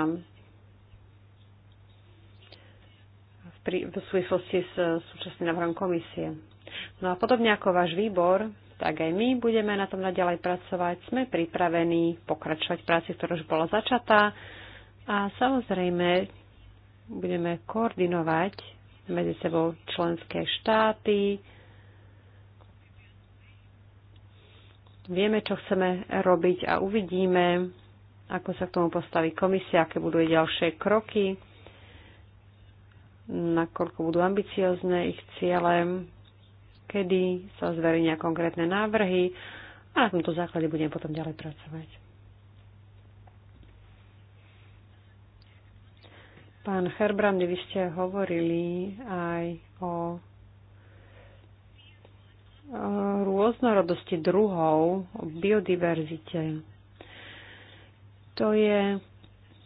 v, prí, v súvislosti s súčasným návrhom komisie. No a podobne ako váš výbor, tak aj my budeme na tom naďalej pracovať. Sme pripravení pokračovať práci, ktorá už bola začatá. A samozrejme, budeme koordinovať medzi sebou členské štáty, Vieme, čo chceme robiť a uvidíme, ako sa k tomu postaví komisia, aké budú aj ďalšie kroky, nakoľko budú ambiciozne ich ciele, kedy sa zverejnia konkrétne návrhy a na tomto základe budeme potom ďalej pracovať. Pán Herbrand, vy ste hovorili aj o rôznorodosti druhov, o biodiverzite. To je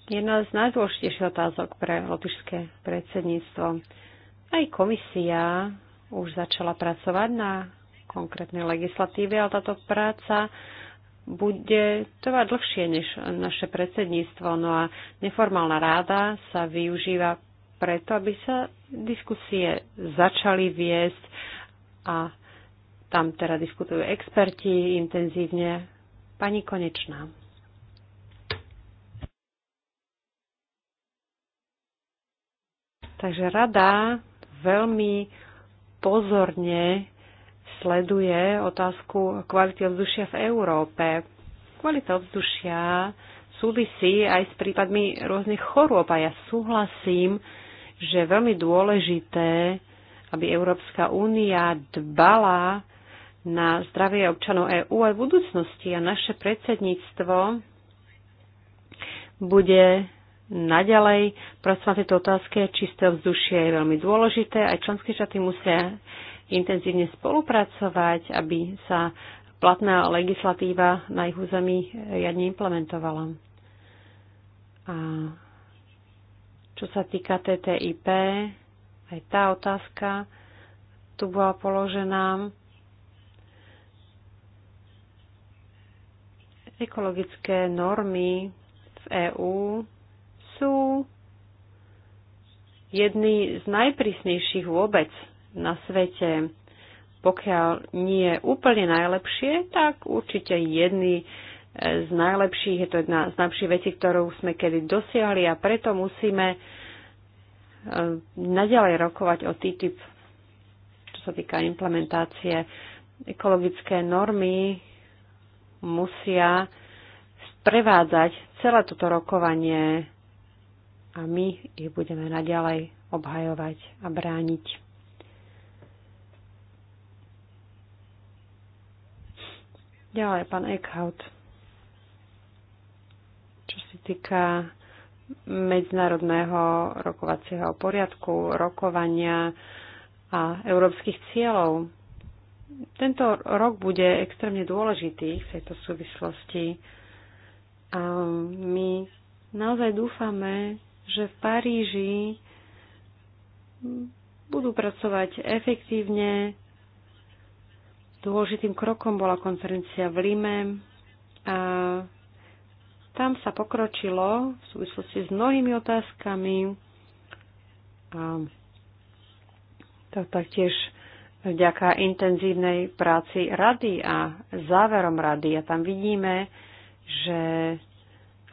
jedna z najdôležitejších otázok pre lotyšské predsedníctvo. Aj komisia už začala pracovať na konkrétnej legislatíve, ale táto práca bude trvať dlhšie než naše predsedníctvo. No a neformálna ráda sa využíva preto, aby sa diskusie začali viesť a tam teda diskutujú experti intenzívne. Pani Konečná. Takže rada veľmi pozorne sleduje otázku kvality ovzdušia v Európe. Kvalita ovzdušia súvisí aj s prípadmi rôznych chorôb a ja súhlasím, že je veľmi dôležité, aby Európska únia dbala na zdravie občanov EÚ aj v budúcnosti a naše predsedníctvo bude naďalej pracovať tejto otázky, Čisté vzdušie je veľmi dôležité. Aj členské štáty musia intenzívne spolupracovať, aby sa platná legislatíva na ich území riadne implementovala. A čo sa týka TTIP, aj tá otázka tu bola položená. Ekologické normy v EÚ sú jedny z najprísnejších vôbec na svete. Pokiaľ nie je úplne najlepšie, tak určite jedny e, z najlepších, je to jedna z najlepších vecí, ktorú sme kedy dosiahli a preto musíme e, naďalej rokovať o TTIP, čo sa týka implementácie ekologické normy musia sprevádzať celé toto rokovanie a my ich budeme naďalej obhajovať a brániť. Ďalej, pán Eckhout. Čo sa týka medzinárodného rokovacieho poriadku, rokovania a európskych cieľov. Tento rok bude extrémne dôležitý v tejto súvislosti a my naozaj dúfame, že v Paríži budú pracovať efektívne. Dôležitým krokom bola konferencia v Lime a tam sa pokročilo v súvislosti s mnohými otázkami a to taktiež vďaka intenzívnej práci rady a záverom rady. A tam vidíme, že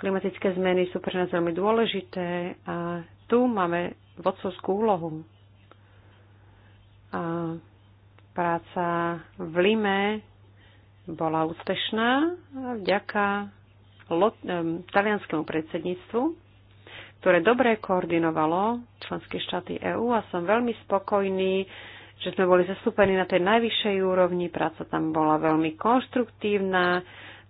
klimatické zmeny sú pre nás veľmi dôležité a tu máme vodcovskú úlohu. A práca v Lime bola úspešná vďaka talianskému predsedníctvu, ktoré dobre koordinovalo členské štáty EÚ a som veľmi spokojný že sme boli zastúpení na tej najvyššej úrovni, práca tam bola veľmi konštruktívna,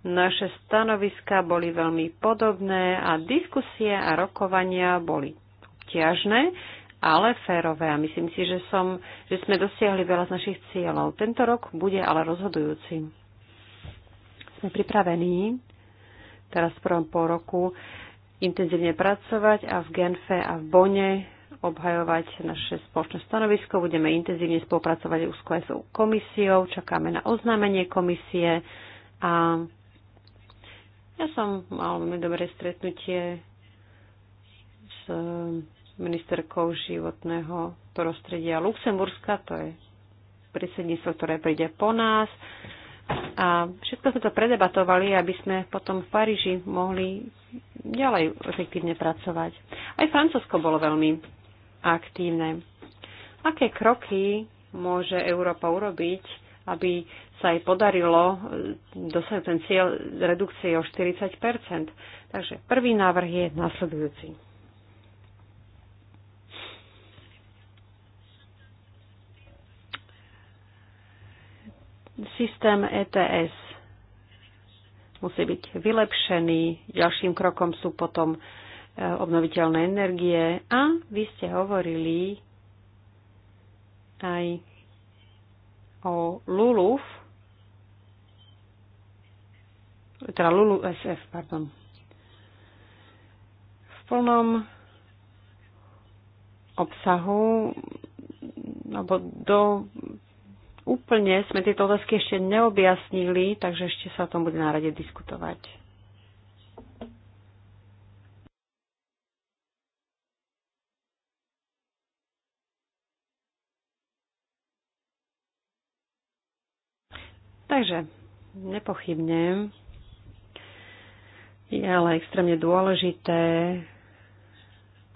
naše stanoviska boli veľmi podobné a diskusie a rokovania boli ťažné, ale férové a myslím si, že, som, že sme dosiahli veľa z našich cieľov. Tento rok bude ale rozhodujúci. Sme pripravení teraz v prvom pol roku intenzívne pracovať a v Genfe a v Bone obhajovať naše spoločné stanovisko. Budeme intenzívne spolupracovať s aj komisiou. Čakáme na oznámenie komisie. A ja som mal veľmi dobré stretnutie s um, ministerkou životného prostredia Luxemburska. To je predsedníctvo, ktoré príde po nás. A všetko sme to predebatovali, aby sme potom v Paríži mohli ďalej efektívne pracovať. Aj Francúzsko bolo veľmi aktívne. Aké kroky môže Európa urobiť, aby sa jej podarilo e, dosať ten cieľ redukcie o 40 Takže prvý návrh je nasledujúci. Systém ETS musí byť vylepšený. Ďalším krokom sú potom obnoviteľné energie a vy ste hovorili aj o LULUF, teda LULU SF, pardon. V plnom obsahu, alebo do úplne sme tieto otázky ešte neobjasnili, takže ešte sa o tom bude na rade diskutovať. Takže nepochybne je ale extrémne dôležité,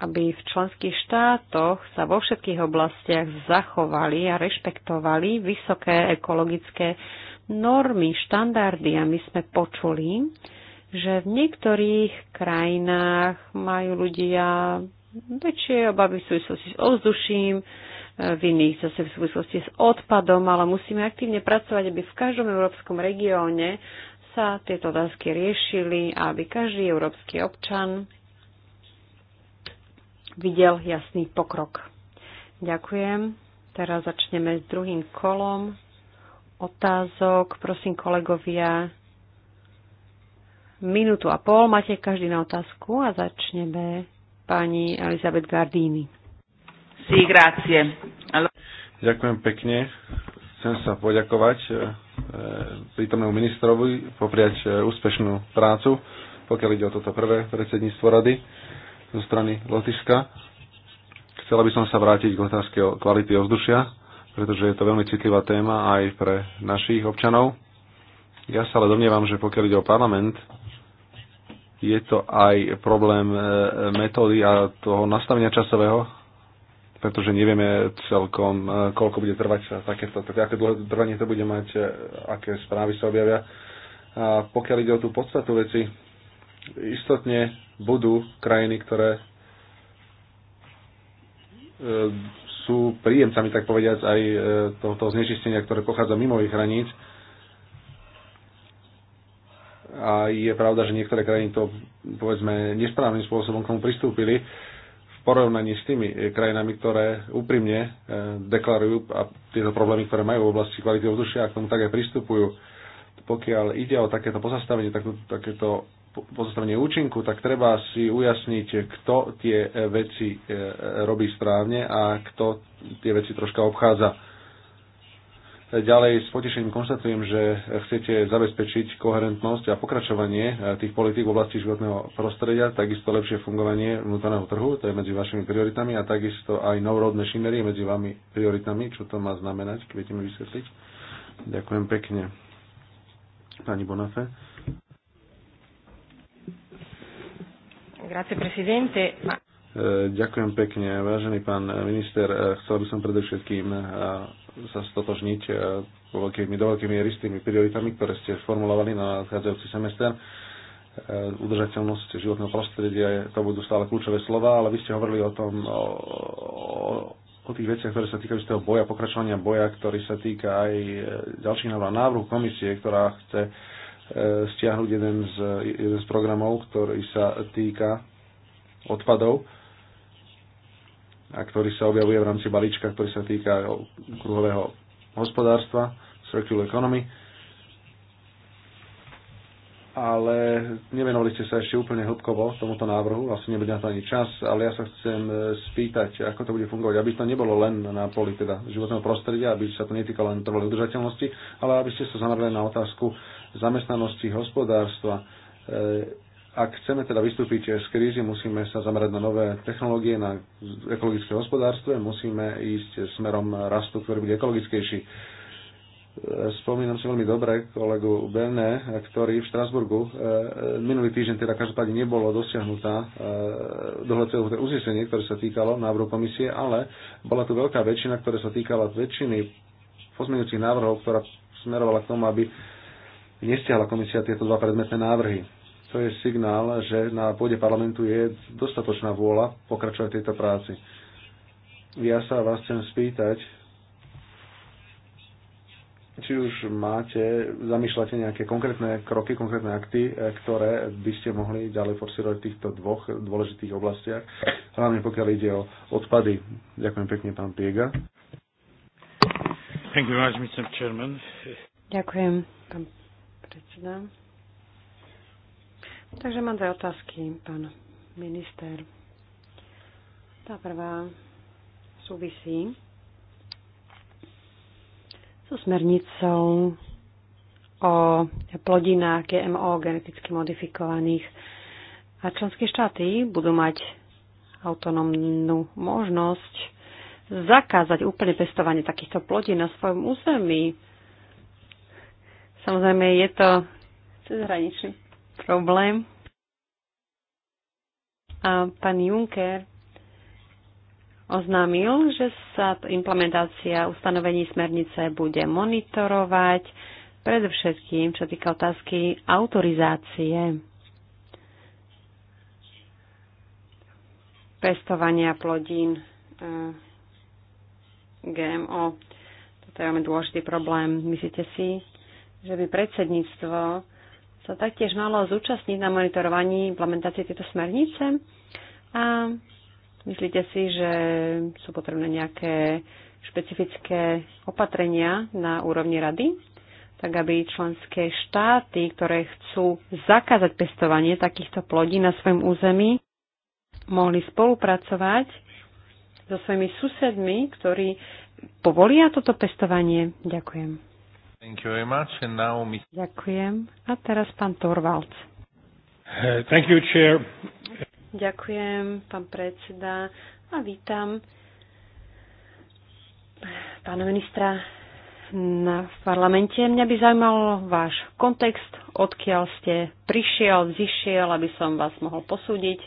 aby v členských štátoch sa vo všetkých oblastiach zachovali a rešpektovali vysoké ekologické normy, štandardy. A my sme počuli, že v niektorých krajinách majú ľudia väčšie obavy v súvislosti s ovzduším, vinných zase v súvislosti s odpadom, ale musíme aktívne pracovať, aby v každom európskom regióne sa tieto otázky riešili a aby každý európsky občan videl jasný pokrok. Ďakujem. Teraz začneme s druhým kolom otázok. Prosím kolegovia, minútu a pol máte každý na otázku a začneme pani Elizabeth Gardini. Sí, grazie. Ďakujem pekne. Chcem sa poďakovať e, e, prítomnému ministrovi, popriať e, úspešnú prácu, pokiaľ ide o toto prvé predsedníctvo rady zo strany Lotyšska. Chcela by som sa vrátiť k otázke o kvality ovzdušia, pretože je to veľmi citlivá téma aj pre našich občanov. Ja sa ale domnievam, že pokiaľ ide o parlament, je to aj problém metódy a toho nastavenia časového pretože nevieme celkom, e, koľko bude trvať takéto, tak aké dlho trvanie to bude mať, e, aké správy sa objavia. A pokiaľ ide o tú podstatu veci, istotne budú krajiny, ktoré e, sú príjemcami, tak povediať, aj tohoto znečistenia, ktoré pochádza mimo ich hraníc. A je pravda, že niektoré krajiny to, povedzme, nesprávnym spôsobom k tomu pristúpili porovnaní s tými e, krajinami, ktoré úprimne e, deklarujú a tieto problémy, ktoré majú v oblasti kvality ovzdušia a k tomu tak aj pristupujú. Pokiaľ ide o takéto pozastavenie, tak, takéto pozastavenie účinku, tak treba si ujasniť, kto tie e, veci robí správne a kto tie veci troška obchádza Ďalej s potešením konštatujem, že chcete zabezpečiť koherentnosť a pokračovanie e, tých politik v oblasti životného prostredia, takisto lepšie fungovanie vnútorného trhu, to je medzi vašimi prioritami a takisto aj no road machinery medzi vami prioritami, čo to má znamenať, keď viete mi vysvetliť. Ďakujem pekne. Pani Bonafé. Grazie, presidente. E, ďakujem pekne. Vážený pán minister, e, chcel by som predovšetkým sa stotožniť e, do veľkej miery s tými prioritami, ktoré ste formulovali na nadchádzajúci semester. E, udržateľnosť životného prostredia, to budú stále kľúčové slova, ale vy ste hovorili o tom, o, o, o tých veciach, ktoré sa týkajú z toho boja, pokračovania boja, ktorý sa týka aj e, ďalších návrhov, návrhu komisie, ktorá chce stiahnuť jeden z, jeden z programov, ktorý sa týka odpadov a ktorý sa objavuje v rámci balíčka, ktorý sa týka kruhového hospodárstva, circular economy. Ale nevenovali ste sa ešte úplne hĺbkovo tomuto návrhu, vlastne nebude na to ani čas, ale ja sa chcem e, spýtať, ako to bude fungovať, aby to nebolo len na poli teda životného prostredia, aby sa to netýkalo len trvalej udržateľnosti, ale aby ste sa zamerali na otázku zamestnanosti hospodárstva, e, ak chceme teda vystúpiť z krízy, musíme sa zamerať na nové technológie, na ekologické hospodárstve, musíme ísť smerom rastu, ktorý bude ekologickejší. Spomínam si veľmi dobre kolegu Bene, ktorý v Štrasburgu e, minulý týždeň teda každopádne nebolo dosiahnutá e, dohľadceho uznesenie, ktoré sa týkalo návrhu komisie, ale bola tu veľká väčšina, ktorá sa týkala väčšiny pozmeňujúcich návrhov, ktorá smerovala k tomu, aby nestiahla komisia tieto dva predmetné návrhy to je signál, že na pôde parlamentu je dostatočná vôľa pokračovať v tejto práci. Ja sa vás chcem spýtať, či už máte, zamýšľate nejaké konkrétne kroky, konkrétne akty, e, ktoré by ste mohli ďalej forsirovať v týchto dvoch dôležitých oblastiach, hlavne pokiaľ ide o odpady. Ďakujem pekne, pán Piega. Thank you Mr. Chairman. Ďakujem, pán predseda. Takže mám dve otázky, pán minister. Tá prvá súvisí so smernicou o plodinách GMO geneticky modifikovaných a členské štáty budú mať autonómnu možnosť zakázať úplne pestovanie takýchto plodín na svojom území. Samozrejme, je to cezhraničný problém. A pán Juncker oznámil, že sa implementácia ustanovení smernice bude monitorovať, predovšetkým čo týka otázky autorizácie pestovania plodín e, GMO. Toto je veľmi dôležitý problém. Myslíte si, že by predsedníctvo sa taktiež malo zúčastniť na monitorovaní implementácie tejto smernice a myslíte si, že sú potrebné nejaké špecifické opatrenia na úrovni rady, tak aby členské štáty, ktoré chcú zakázať pestovanie takýchto plodín na svojom území, mohli spolupracovať so svojimi susedmi, ktorí povolia toto pestovanie. Ďakujem. Thank you very much. And now, Ďakujem. A teraz pán Torvalds. Eh, thank you, chair. Ďakujem, pán predseda. A vítam pána ministra na parlamente. Mňa by zaujímal váš kontext, odkiaľ ste prišiel, zišiel, aby som vás mohol posúdiť.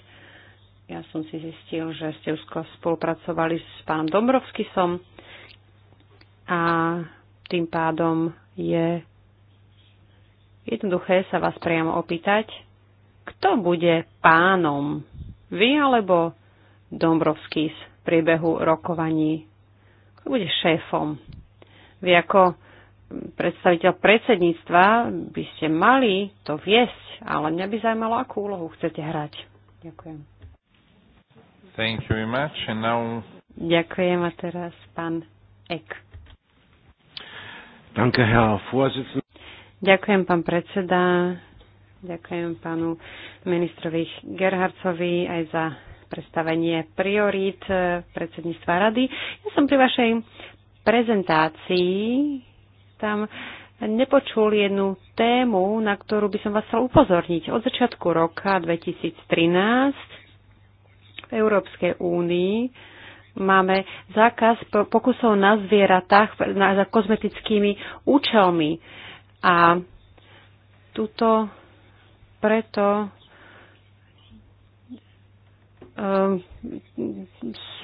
Ja som si zistil, že ste úzko spolupracovali s pánom Dombrovskisom a tým pádom je jednoduché sa vás priamo opýtať, kto bude pánom, vy alebo Dombrovský v priebehu rokovaní, kto bude šéfom. Vy ako predstaviteľ predsedníctva by ste mali to viesť, ale mňa by zaujímalo, akú úlohu chcete hrať. Ďakujem. Thank you very much. And now... Ďakujem a teraz pán Ek. Danke, Herr Vorsitzender. Ďakujem, pán predseda. Ďakujem pánu ministrovi Gerhardcovi aj za predstavenie priorít eh, predsedníctva rady. Ja som pri vašej prezentácii tam nepočul jednu tému, na ktorú by som vás chcel upozorniť. Od začiatku roka 2013 v Európskej únii máme zákaz pokusov na zvieratách na, za kozmetickými účelmi. A tuto preto ehm,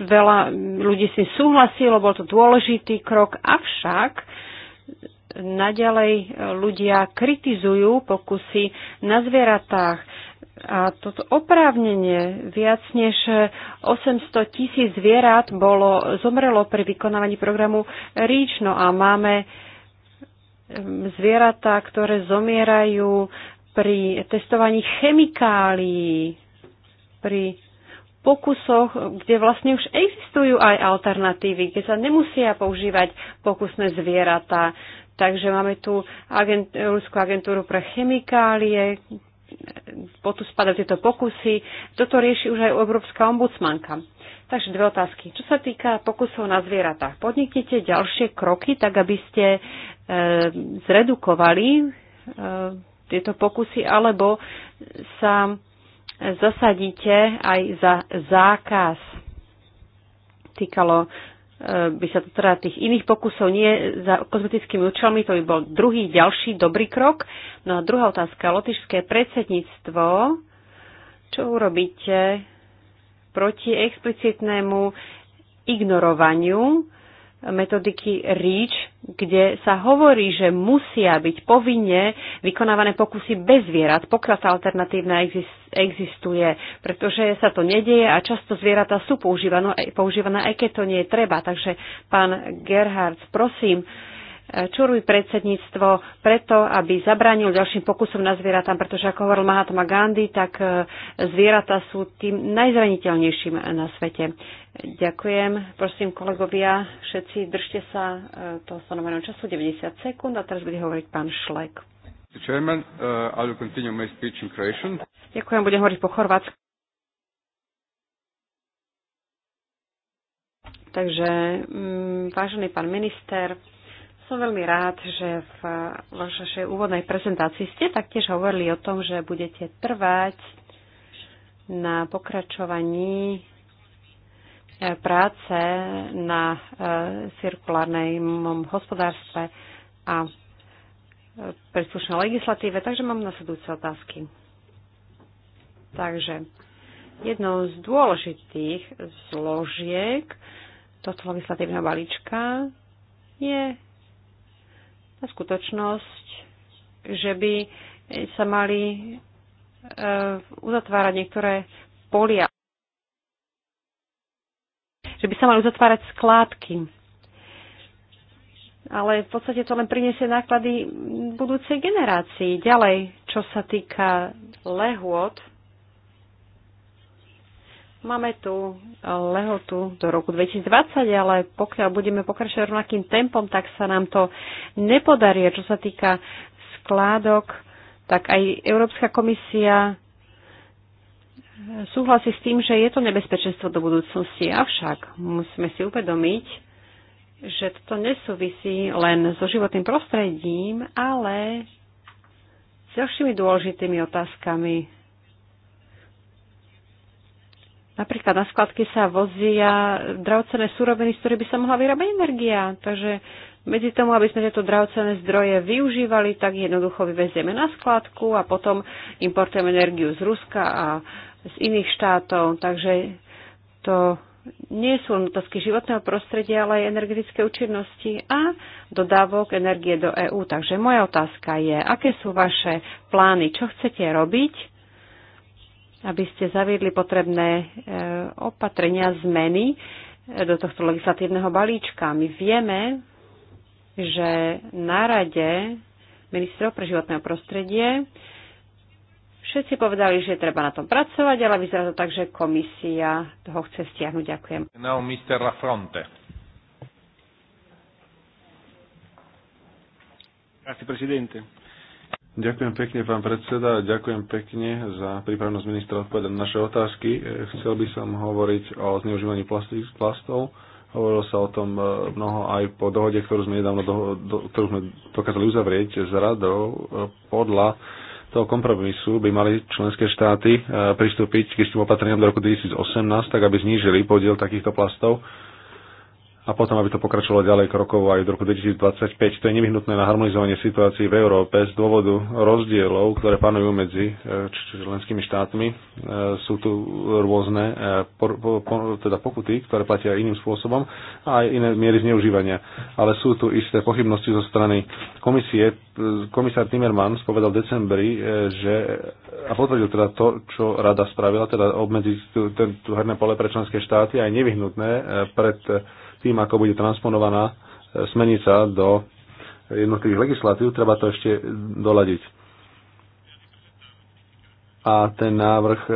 veľa ľudí si súhlasilo, bol to dôležitý krok, avšak naďalej ľudia kritizujú pokusy na zvieratách. A toto oprávnenie viac než 800 e, tisíc zvierat bolo, zomrelo pri vykonávaní programu REACH. No a máme zvieratá, ktoré zomierajú pri testovaní chemikálií, pri pokusoch, kde vlastne už existujú aj alternatívy, kde sa nemusia používať pokusné zvieratá. Takže máme tu agent, Ruskú agentúru pre chemikálie, spadajú tieto pokusy. Toto rieši už aj Európska ombudsmanka. Takže dve otázky. Čo sa týka pokusov na zvieratách, podniknite ďalšie kroky, tak aby ste e, zredukovali e, tieto pokusy, alebo sa zasadíte aj za zákaz. Týkalo Eh, by sa to teda tých iných pokusov nie za kozmetickými účelmi, to by bol druhý ďalší dobrý krok. No a druhá otázka, lotišské predsedníctvo, čo urobíte proti explicitnému ignorovaniu metodiky REACH, kde sa hovorí, že musia byť povinne vykonávané pokusy bez zvierat, pokiaľ tá alternatívna existuje, pretože sa to nedieje a často zvieratá sú používané, používané, aj keď to nie je treba. Takže, pán Gerhard, prosím, Čuruj predsedníctvo preto, aby zabránil ďalším pokusom na zvieratám, pretože ako hovoril Mahatma Gandhi, tak e, zvieratá sú tým najzraniteľnejším na svete. Ďakujem. Prosím, kolegovia, všetci držte sa e, toho stanoveného času 90 sekúnd a teraz bude hovoriť pán Šlek. Chairman, uh, I will continue my speech in Croatian. Ďakujem, budem hovoriť po chorvátsku. Takže, mm, vážený pán minister, som veľmi rád, že v vašej úvodnej prezentácii ste taktiež hovorili o tom, že budete trvať na pokračovaní e, práce na e, cirkulárnom hospodárstve a e, príslušnej legislatíve, takže mám nasledujúce otázky. Takže jednou z dôležitých zložiek tohto legislatívneho balíčka je a skutočnosť, že by sa mali e, uzatvárať niektoré polia, že by sa mali uzatvárať skládky. Ale v podstate to len priniesie náklady budúcej generácii. Ďalej, čo sa týka lehôd, Máme tu e, lehotu do roku 2020, ale pokiaľ budeme pokračovať rovnakým tempom, tak sa nám to nepodarí. Čo sa týka skládok, tak aj Európska komisia e, súhlasí s tým, že je to nebezpečenstvo do budúcnosti. Avšak musíme si uvedomiť, že toto nesúvisí len so životným prostredím, ale s ďalšími dôležitými otázkami Napríklad na skladky sa vozia drahocené súroviny, z ktorých by sa mohla vyrábať energia. Takže medzi tomu, aby sme tieto drahocené zdroje využívali, tak jednoducho vyvezieme na skladku a potom importujeme energiu z Ruska a z iných štátov. Takže to nie sú len otázky životného prostredia, ale aj energetické účinnosti a dodávok energie do EÚ. Takže moja otázka je, aké sú vaše plány, čo chcete robiť aby ste zaviedli potrebné e, opatrenia, zmeny e, do tohto legislatívneho balíčka. My vieme, že na rade ministrov pre životného prostredie všetci povedali, že treba na tom pracovať, ale vyzerá to tak, že komisia toho chce stiahnuť. Ďakujem. No, Mr. Lafronte. Grazie, Presidente. Ďakujem pekne, pán predseda, a ďakujem pekne za prípravnosť ministra odpovedať na naše otázky. E, chcel by som hovoriť o zneužívaní plastov. Hovorilo sa o tom e, mnoho aj po dohode, ktorú sme nedávno do, do, ktorú sme dokázali uzavrieť s radou. E, podľa toho kompromisu by mali členské štáty pristúpiť k istým opatreniam do roku 2018, tak aby znížili podiel takýchto plastov a potom, aby to pokračovalo ďalej krokov aj v roku 2025. To je nevyhnutné na harmonizovanie situácií v Európe z dôvodu rozdielov, ktoré panujú medzi e, členskými štátmi. E, sú tu rôzne e, teda pokuty, ktoré platia iným spôsobom a aj iné miery zneužívania. Ale sú tu isté pochybnosti zo strany komisie. Komisár Timmermans povedal v decembri, že a potvrdil teda to, čo rada spravila, teda obmedziť tú, tú herné pole pre členské štáty aj nevyhnutné pred tým, ako bude transponovaná e, smernica do jednotlivých legislatív, treba to ešte doladiť. A ten návrh e,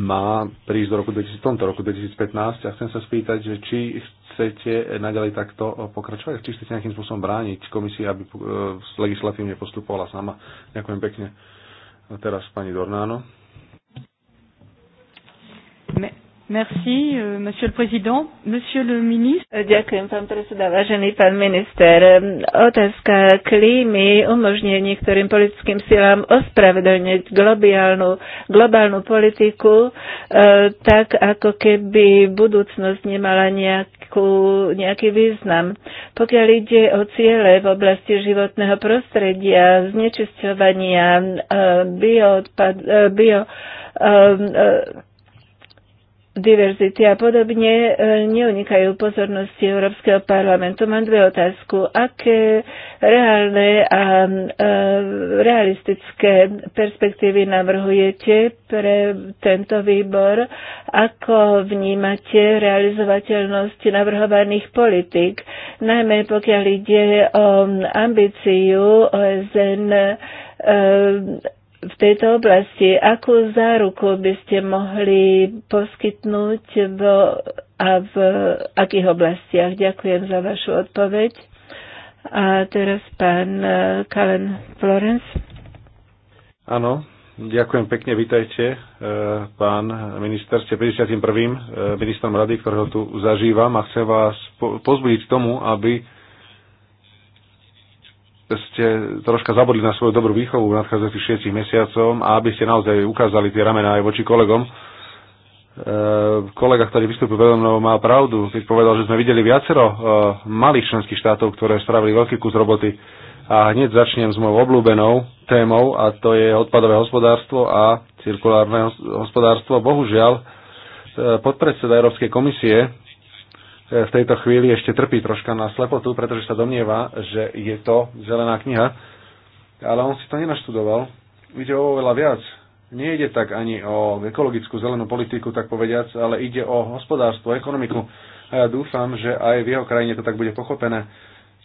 má prísť do roku 2000, tomto roku 2015 a chcem sa spýtať, či chcete naďalej takto pokračovať, či chcete nejakým spôsobom brániť komisii, aby e, legislatívne postupovala sama. Ďakujem pekne. A teraz pani Dornáno. Merci, euh, monsieur le président. Monsieur le ministre. E, ďakujem, pán predseda, vážený pán minister. E, otázka klímy umožňuje niektorým politickým silám ospravedlniť globálnu, globálnu politiku e, tak, ako keby budúcnosť nemala nejakú, nejaký význam. Pokiaľ ide o ciele v oblasti životného prostredia, znečisťovania, e, bioodpad, e, bio, e, e, diverzity a podobne e, neunikajú pozornosti Európskeho parlamentu. Mám dve otázku. Aké reálne a e, realistické perspektívy navrhujete pre tento výbor? Ako vnímate realizovateľnosť navrhovaných politik? Najmä pokiaľ ide o ambíciu OSN e, v tejto oblasti. Akú záruku by ste mohli poskytnúť v, a v akých oblastiach? Ďakujem za vašu odpoveď. A teraz pán e, Kalen Florence. Áno, ďakujem pekne, vítajte. E, pán minister, ste 51. E, ministrom rady, ktorého tu zažívam a chcem vás pozbudiť k tomu, aby ste troška zabudli na svoju dobrú výchovu v nadchádzajúcich šiestich mesiacom a aby ste naozaj ukázali tie ramená aj voči kolegom. E, kolega, ktorý vystúpil veľmi mnou, má pravdu, keď povedal, že sme videli viacero e, malých členských štátov, ktoré spravili veľký kus roboty. A hneď začnem s mojou obľúbenou témou a to je odpadové hospodárstvo a cirkulárne hospodárstvo. Bohužiaľ, e, podpredseda Európskej komisie E, v tejto chvíli ešte trpí troška na slepotu, pretože sa domnieva, že je to zelená kniha, ale on si to nenaštudoval. Ide o oveľa viac. Nejde tak ani o ekologickú zelenú politiku, tak povediac, ale ide o hospodárstvo, ekonomiku. A ja dúfam, že aj v jeho krajine to tak bude pochopené.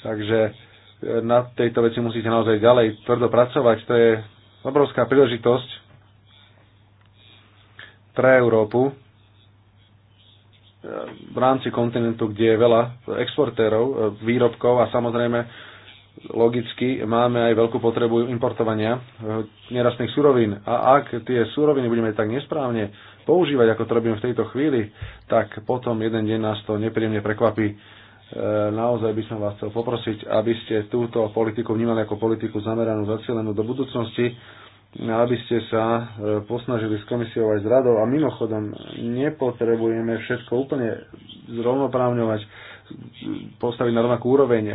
Takže e, na tejto veci musíte naozaj ďalej tvrdo pracovať. To je obrovská príležitosť pre Európu, v rámci kontinentu, kde je veľa exportérov e, výrobkov a samozrejme logicky máme aj veľkú potrebu importovania e, nerastných surovín. A ak tie suroviny budeme tak nesprávne používať, ako to robíme v tejto chvíli, tak potom jeden deň nás to nepríjemne prekvapí. E, naozaj by som vás chcel poprosiť, aby ste túto politiku vnímali ako politiku zameranú, zacielenú do budúcnosti aby ste sa e, posnažili s komisiou aj s radou a mimochodom nepotrebujeme všetko úplne zrovnoprávňovať, postaviť na rovnakú úroveň. E,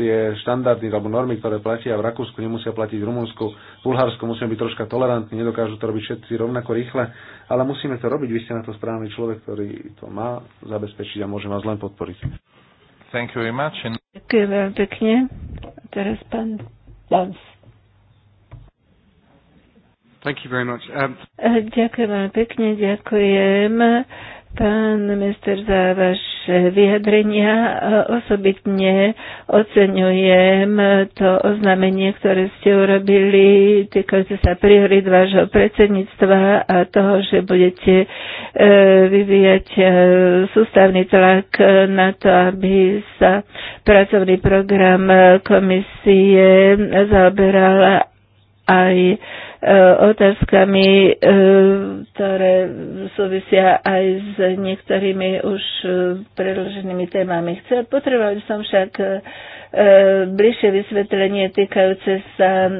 tie štandardy alebo normy, ktoré platia v Rakúsku, nemusia platiť v Rumunsku, v Bulharsku musíme byť troška tolerantní, nedokážu to robiť všetci rovnako rýchle, ale musíme to robiť, vy ste na to správny človek, ktorý to má zabezpečiť a môže vás len podporiť. Thank you very much. Ďakujem veľmi pekne. teraz pán Dans. Thank you very much. Um... Eh, ďakujem vám pekne, ďakujem pán minister za vaše vyjadrenia. Eh, osobitne oceňujem to oznámenie, ktoré ste urobili týkajúce sa priorit vášho predsedníctva a toho, že budete eh, vyvíjať sústavný tlak na to, aby sa pracovný program komisie zaoberal aj e, otázkami, e, ktoré súvisia aj s niektorými už e, predloženými témami. Chcel, potreboval som však bližšie vysvetlenie týkajúce sa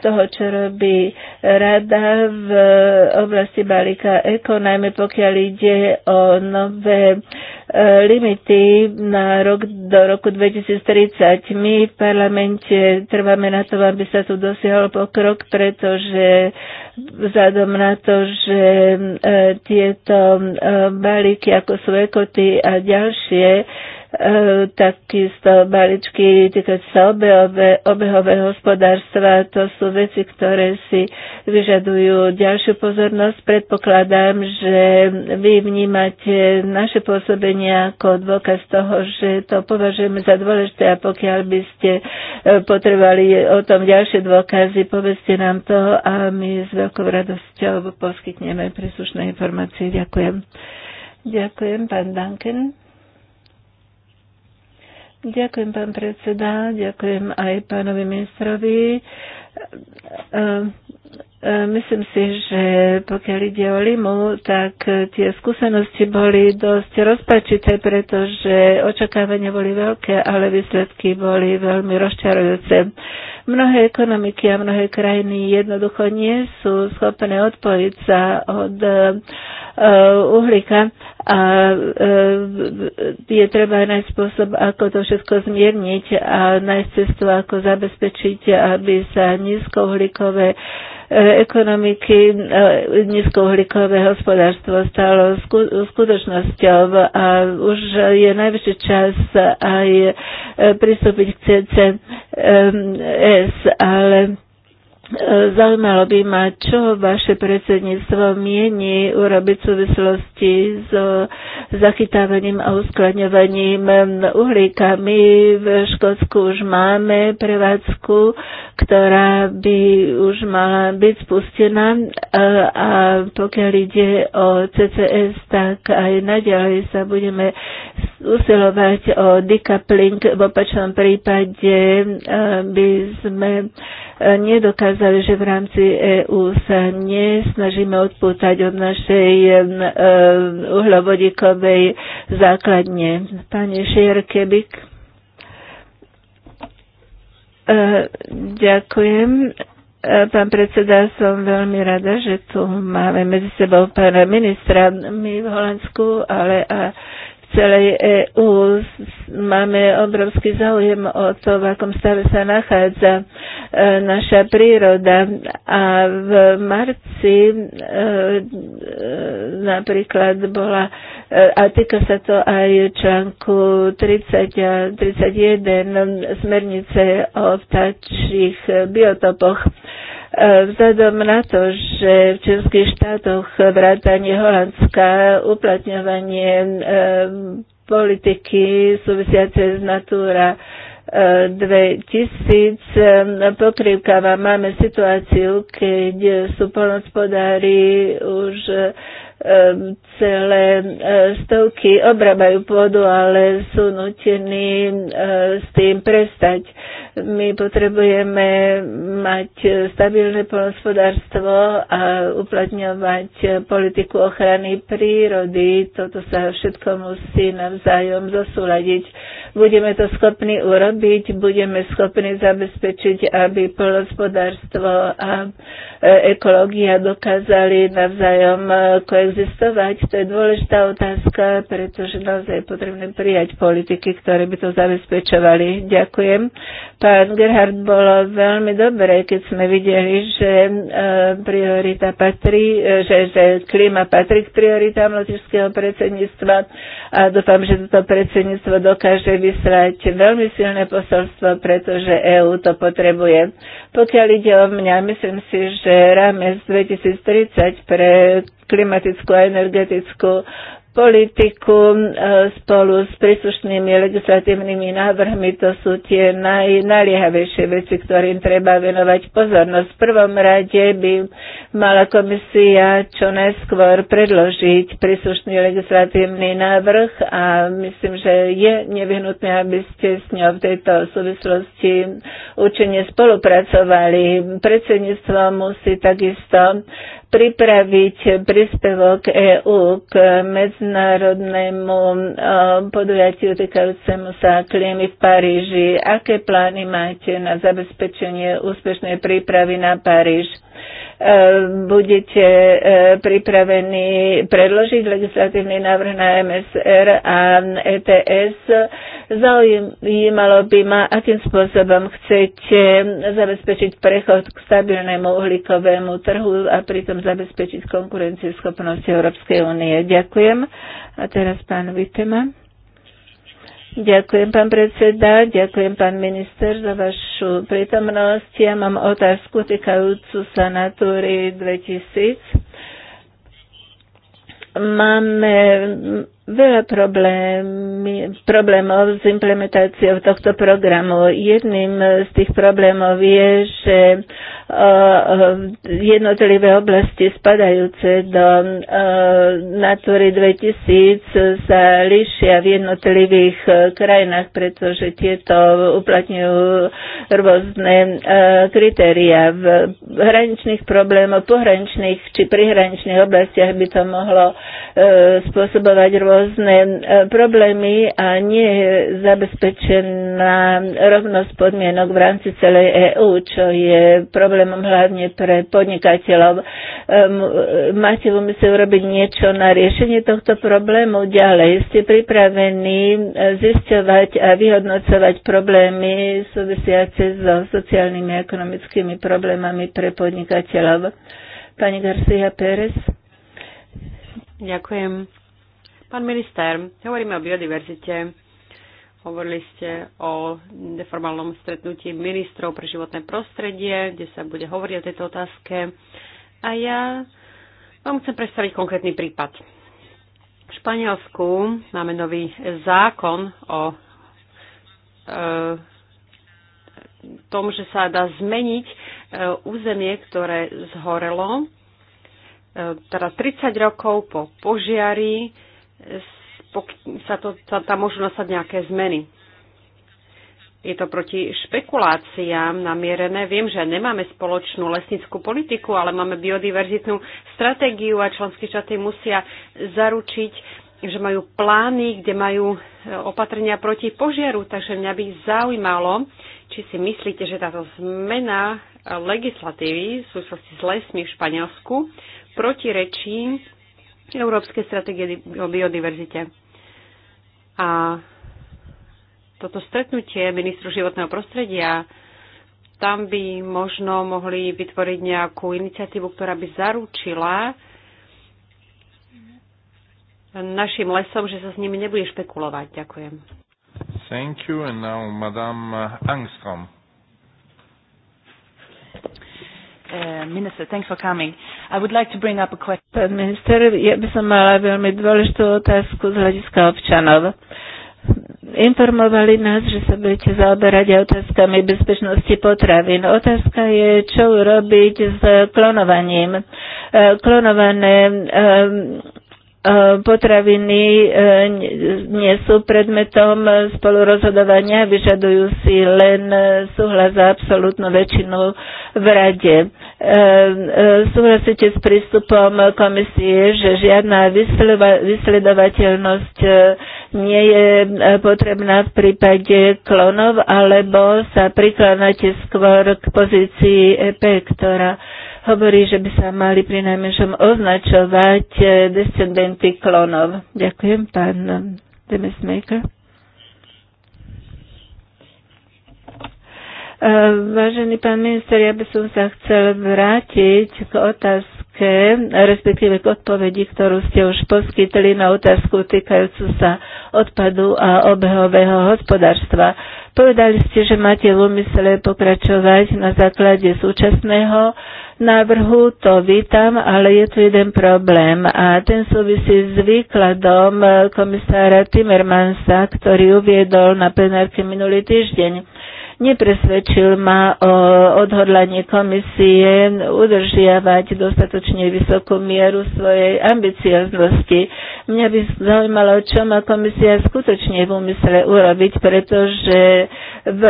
toho, čo robí rada v oblasti Balika Eko, najmä pokiaľ ide o nové limity na rok, do roku 2030. My v parlamente trváme na to, aby sa tu dosiahol pokrok, pretože vzhľadom na to, že e, tieto e, balíky, ako sú ekoty a ďalšie, E, takisto maličky týkať sa obehové, obehové hospodárstva. To sú veci, ktoré si vyžadujú ďalšiu pozornosť. Predpokladám, že vy vnímate naše pôsobenie ako dôkaz toho, že to považujeme za dôležité a pokiaľ by ste e, potrebovali o tom ďalšie dôkazy, povedzte nám to a my s veľkou radosťou poskytneme príslušné informácie. Ďakujem. Ďakujem, pán Duncan. Ďakujem, pán predseda, ďakujem aj pánovi ministrovi. Ehm, E, myslím si, že pokiaľ ide o Limu, tak e, tie skúsenosti boli dosť rozpačité, pretože očakávania boli veľké, ale výsledky boli veľmi rozčarujúce. Mnohé ekonomiky a mnohé krajiny jednoducho nie sú schopné odpojiť sa od e, uhlíka a je treba nájsť spôsob, ako to všetko zmierniť a nájsť cestu, ako zabezpečiť, aby sa nízkouhlíkové ekonomiky e, nízkouhlíkové hospodárstvo stalo skutočnosťou a už je najvyšší čas aj pristúpiť k CCS, ale Zaujímalo by ma, čo vaše predsedníctvo mieni urobiť v súvislosti s eh, zachytávaním a uskladňovaním mm, uhlíka. My v Škótsku už máme prevádzku, ktorá by už mala byť spustená eh, a pokiaľ ide o CCS, tak aj naďalej sa budeme usilovať o decoupling. V opačnom prípade eh, by sme nedokázali, že v rámci EÚ sa nesnažíme odpútať od našej uhľovodíkovej základne. Pane Šierkebik. E, ďakujem. E, pán predseda, som veľmi rada, že tu máme medzi sebou pána ministra. My v Holandsku, ale a celej EÚ. Máme obrovský záujem o to, v akom stave sa nachádza e, naša príroda. A v marci e, e, napríklad bola, a týka sa to aj článku 30 a 31 smernice o vtáčich biotopoch. Vzhľadom na to, že v českých štátoch vrátanie Holandska uplatňovanie eh, politiky súvisiace z Natura 2000 eh, eh, pokrývkava máme situáciu, keď sú polnospodári už Ehm, celé e, stovky obrábajú pôdu, ale sú nutení e, s tým prestať. My potrebujeme mať stabilné polospodárstvo a uplatňovať politiku ochrany prírody. Toto sa všetko musí navzájom zosúľadiť budeme to schopní urobiť, budeme schopní zabezpečiť, aby polospodárstvo a e, ekológia dokázali navzájom e, koexistovať. To je dôležitá otázka, pretože naozaj je potrebné prijať politiky, ktoré by to zabezpečovali. Ďakujem. Pán Gerhard, bolo veľmi dobré, keď sme videli, že e, priorita patrí, že, že klíma patrí k prioritám lotišského predsedníctva a dúfam, že toto predsedníctvo dokáže vyslať veľmi silné posolstvo, pretože EÚ to potrebuje. Pokiaľ ide o mňa, myslím si, že rámec 2030 pre klimatickú a energetickú politiku e, spolu s príslušnými legislatívnymi návrhmi. To sú tie najnaliehavejšie veci, ktorým treba venovať pozornosť. V prvom rade by mala komisia čo najskôr predložiť príslušný legislatívny návrh a myslím, že je nevyhnutné, aby ste s ňou v tejto súvislosti účinne spolupracovali. Predsedníctvo musí takisto pripraviť príspevok EÚ k medzinárodnému e, podujatiu týkajúcemu sa klímy v Paríži. Aké plány máte na zabezpečenie úspešnej prípravy na Paríž? budete e, pripravení predložiť legislatívny návrh na MSR a ETS. Zaujímalo by ma, akým spôsobom chcete zabezpečiť prechod k stabilnému uhlíkovému trhu a pritom zabezpečiť konkurencieschopnosť Európskej únie. Ďakujem. A teraz pán Vitema. Ďakujem, pán predseda, ďakujem, pán minister, za vašu prítomnosť. Ja mám otázku týkajúcu sa Natúry 2000. Máme veľa problém, problémov s implementáciou tohto programu. Jedným z tých problémov je, že eh, jednotlivé oblasti spadajúce do eh, Natúry 2000 sa líšia v jednotlivých eh, krajinách, pretože tieto uplatňujú rôzne kritéria. V hraničných problémoch, pohraničných či prihraničných oblastiach by to mohlo spôsobovať rôzne rôzne e, problémy a nie je zabezpečená rovnosť podmienok v rámci celej EÚ, čo je problémom hlavne pre podnikateľov. E, máte v úmysle urobiť niečo na riešenie tohto problému ďalej? Ste pripravení e, zisťovať a vyhodnocovať problémy súvisiace so sociálnymi a ekonomickými problémami pre podnikateľov? Pani Garcia Pérez. Ďakujem. Pán minister, hovoríme o biodiverzite. Hovorili ste o neformálnom stretnutí ministrov pre životné prostredie, kde sa bude hovoriť o tejto otázke. A ja vám chcem predstaviť konkrétny prípad. V Španielsku máme nový zákon o e, tom, že sa dá zmeniť e, územie, ktoré zhorelo, e, teda 30 rokov po požiari, sa, to, tam môžu nasať nejaké zmeny. Je to proti špekuláciám namierené. Viem, že nemáme spoločnú lesnickú politiku, ale máme biodiverzitnú stratégiu a členské štáty musia zaručiť, že majú plány, kde majú e, opatrenia proti požiaru. Takže mňa by zaujímalo, či si myslíte, že táto zmena legislatívy v súvislosti s lesmi v Španielsku protirečí európskej stratégie o biodiverzite. A toto stretnutie ministru životného prostredia, tam by možno mohli vytvoriť nejakú iniciatívu, ktorá by zaručila našim lesom, že sa s nimi nebude špekulovať. Ďakujem. Thank you. And now Madame Angstrom. Uh, minister, thanks for coming. I would like to bring up a question. Pán minister, ja by som mala veľmi dôležitú otázku z hľadiska občanov. Informovali nás, že sa budete zaoberať aj otázkami bezpečnosti potravín. Otázka je, čo urobiť s klonovaním. Klonované E, potraviny e, nie sú predmetom spolurozhodovania, vyžadujú si len súhlas za absolútnu väčšinu v rade. E, súhlasíte s prístupom komisie, že žiadna vysledovateľnosť nie je potrebná v prípade klonov, alebo sa prikláňate skôr k pozícii EP, ktorá hovorí, že by sa mali pri najmenšom označovať eh, descendenty klonov. Ďakujem, pán eh, Demesmaker. Eh, vážený pán minister, ja by som sa chcel vrátiť k otázke, respektíve k odpovedi, ktorú ste už poskytli na otázku týkajúcu sa odpadu a obehového hospodárstva. Povedali ste, že máte v úmysle pokračovať na základe súčasného návrhu, to vítam, ale je tu jeden problém a ten súvisí s výkladom eh, komisára Timmermansa, ktorý uviedol na plenárke minulý týždeň Nepresvedčil ma o odhodlanie komisie udržiavať dostatočne vysokú mieru svojej ambicioznosti. Mňa by zaujímalo, čo má komisia skutočne v úmysle urobiť, pretože v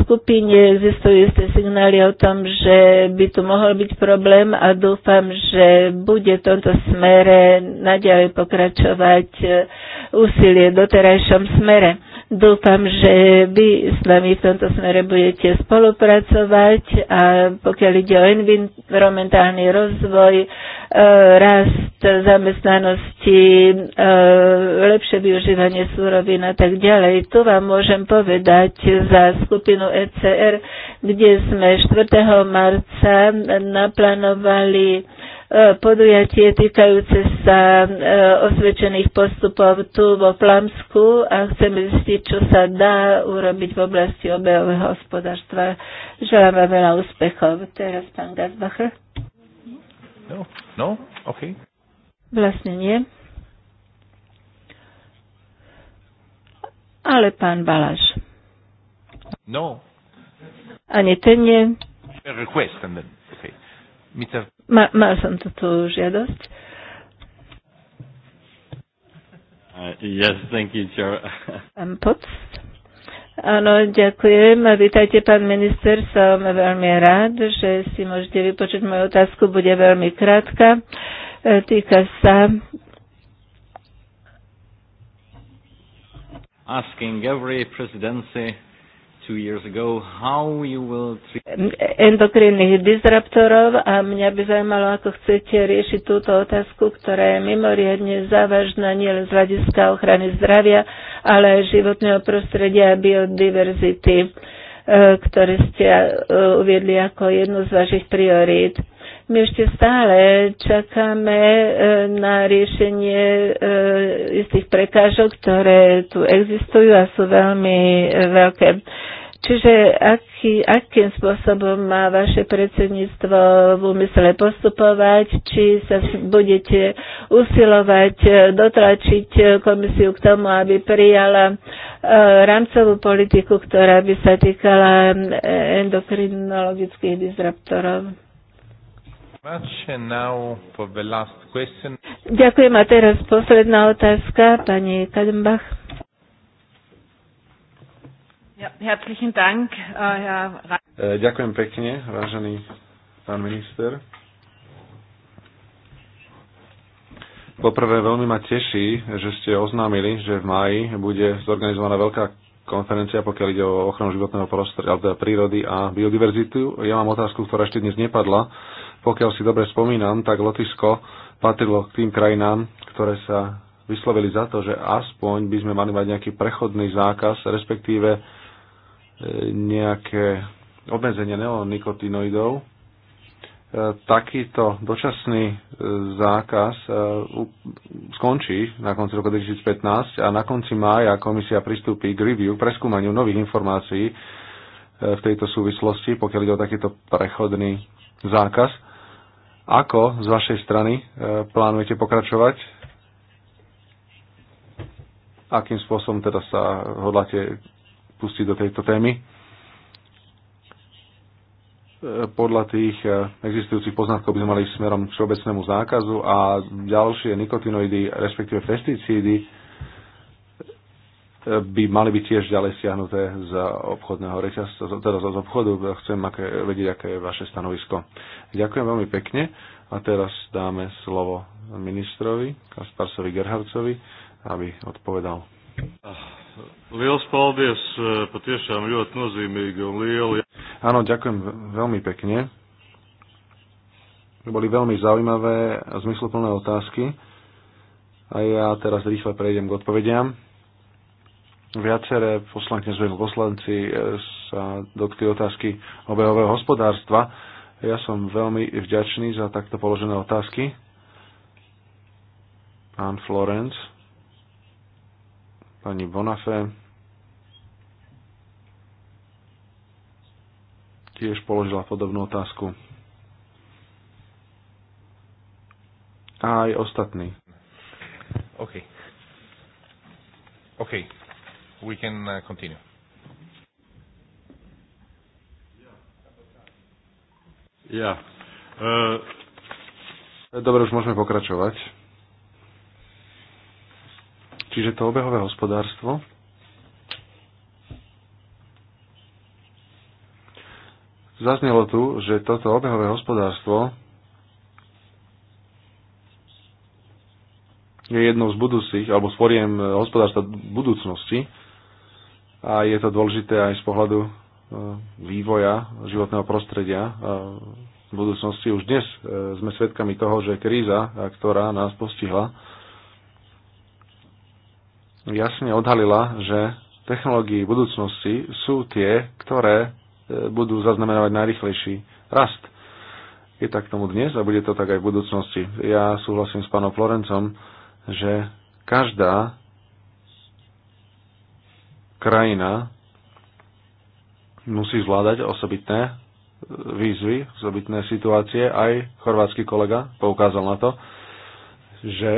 skupine existujú isté signály o tom, že by tu mohol byť problém a dúfam, že bude v tomto smere naďalej pokračovať úsilie v doterajšom smere. Dúfam, že vy s nami v tomto smere budete spolupracovať a pokiaľ ide o environmentálny rozvoj, e, rast zamestnanosti, e, lepšie využívanie súrovín a tak ďalej. Tu vám môžem povedať za skupinu ECR, kde sme 4. marca naplánovali E, podujatie týkajúce sa e, osvedčených postupov tu vo Flamsku a chceme zistiť, čo sa dá urobiť v oblasti obehového hospodárstva. Želám vám veľa úspechov. Teraz pán Gazbacher. No, no, OK. Vlastne nie. Ale pán Baláš. No. Ani ten nie. Request and then, okay. Mr. Ma, mal som tu tú žiadosť. Uh, yes, thank you, Chair. Pán Poc. Áno, ďakujem. Vítajte, pán minister. Som veľmi rád, že si môžete vypočuť moju otázku. Bude veľmi krátka. E, týka sa asking every presidency two years ago, how you will endokrinných disruptorov a mňa by zaujímalo, ako chcete riešiť túto otázku, ktorá je mimoriadne závažná nielen z hľadiska ochrany zdravia, ale aj životného prostredia a biodiverzity, e, ktoré ste e, uviedli ako jednu z vašich priorít. My ešte stále čakáme e, na riešenie e, istých prekážok, ktoré tu existujú a sú veľmi e, veľké. Čiže aký, akým spôsobom má vaše predsedníctvo v úmysle postupovať, či sa budete usilovať dotlačiť komisiu k tomu, aby prijala rámcovú politiku, ktorá by sa týkala endokrinologických disruptorov? Ďakujem a teraz posledná otázka, pani Kadenbach. Äh, eh, ďakujem pekne, vážený pán minister. Poprvé veľmi ma teší, že ste oznámili, že v maji bude zorganizovaná veľká konferencia, pokiaľ ide o ochranu životného prostredia, alebo teda prírody a biodiverzitu. Ja mám otázku, ktorá ešte dnes nepadla pokiaľ si dobre spomínam, tak Lotisko patrilo k tým krajinám, ktoré sa vyslovili za to, že aspoň by sme mali mať nejaký prechodný zákaz, respektíve e, nejaké obmedzenie neonikotinoidov. E, takýto dočasný e, zákaz skončí na konci roku 2015 a na konci mája komisia pristúpi k review, preskúmaniu nových informácií v tejto súvislosti, pokiaľ ide o takýto prechodný zákaz ako z vašej strany e, plánujete pokračovať? Akým spôsobom teda sa hodláte pustiť do tejto témy? E, podľa tých e, existujúcich poznatkov by sme mali smerom k všeobecnému zákazu a ďalšie nikotinoidy, respektíve pesticídy, by mali byť tiež ďalej stiahnuté z obchodného reťazca, teda z obchodu. Chcem aké, vedieť, aké je vaše stanovisko. Ďakujem veľmi pekne a teraz dáme slovo ministrovi Kasparsovi Gerhardcovi, aby odpovedal. Liels paldies, eh, potiešam ļoti nozými, un Áno, ďakujem veľmi pekne. Boli veľmi zaujímavé a zmysluplné otázky. A ja teraz rýchle prejdem k odpovediam. Viaceré poslanky, zvedú poslanci e, sa dotkli otázky obehového hospodárstva. Ja som veľmi vďačný za takto položené otázky. Pán Florence, pani Bonafé, tiež položila podobnú otázku. A aj ostatní. OK. OK we can uh, continue. Ja. Yeah. Uh, Dobre, už môžeme pokračovať. Čiže to obehové hospodárstvo. Zaznelo tu, že toto obehové hospodárstvo je jednou z budúcich, alebo sporiem eh, hospodárstva budúcnosti, a je to dôležité aj z pohľadu e, vývoja životného prostredia. E, v budúcnosti už dnes e, sme svedkami toho, že kríza, ktorá nás postihla, jasne odhalila, že technológie budúcnosti sú tie, ktoré budú zaznamenávať najrychlejší rast. Je tak tomu dnes a bude to tak aj v budúcnosti. Ja súhlasím s pánom Florencom, že každá krajina musí zvládať osobitné výzvy, osobitné situácie. Aj chorvátsky kolega poukázal na to, že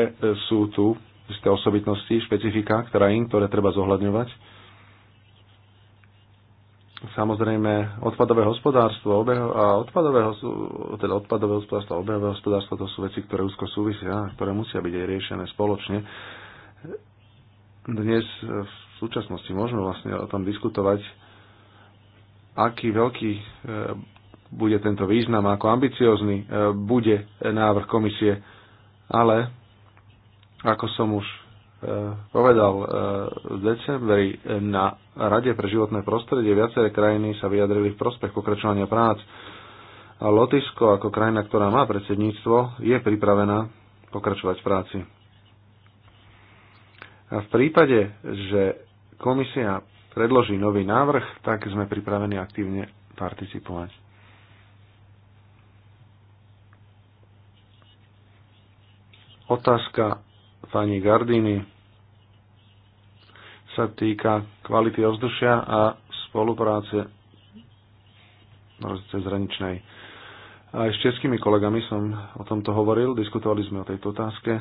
sú tu isté osobitnosti, špecifika krajín, ktoré treba zohľadňovať. Samozrejme, odpadové hospodárstvo obeho, a odpadové, teda odpadové hospodárstvo a obehové hospodárstvo to sú veci, ktoré úzko súvisia, ktoré musia byť aj riešené spoločne. Dnes v súčasnosti môžeme vlastne o tom diskutovať, aký veľký e, bude tento význam, ako ambiciózny e, bude návrh komisie, ale ako som už e, povedal v decembri na Rade pre životné prostredie, viaceré krajiny sa vyjadrili v prospech pokračovania prác. A Lotyšsko ako krajina, ktorá má predsedníctvo, je pripravená pokračovať v práci. A v prípade, že komisia predloží nový návrh, tak sme pripravení aktívne participovať. Otázka pani Gardiny sa týka kvality ovzdušia a spolupráce zraničnej. A aj s českými kolegami som o tomto hovoril, diskutovali sme o tejto otázke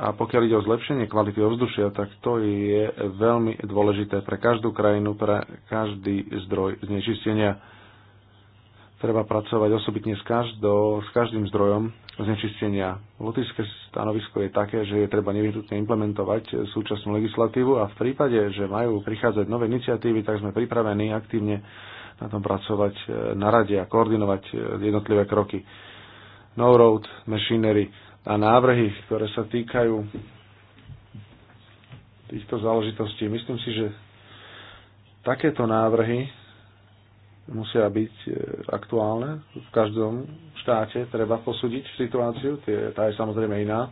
a pokiaľ ide o zlepšenie kvality ovzdušia, tak to je veľmi dôležité pre každú krajinu, pre každý zdroj znečistenia. Treba pracovať osobitne s, každou, s každým zdrojom znečistenia. Lotické stanovisko je také, že je treba nevyhnutne implementovať súčasnú legislatívu a v prípade, že majú prichádzať nové iniciatívy, tak sme pripravení aktívne na tom pracovať eh, na rade a koordinovať eh, jednotlivé kroky. No road, machinery, na návrhy, ktoré sa týkajú týchto záležitostí. Myslím si, že takéto návrhy musia byť e, aktuálne. V každom štáte treba posúdiť situáciu, tie, tá je samozrejme iná,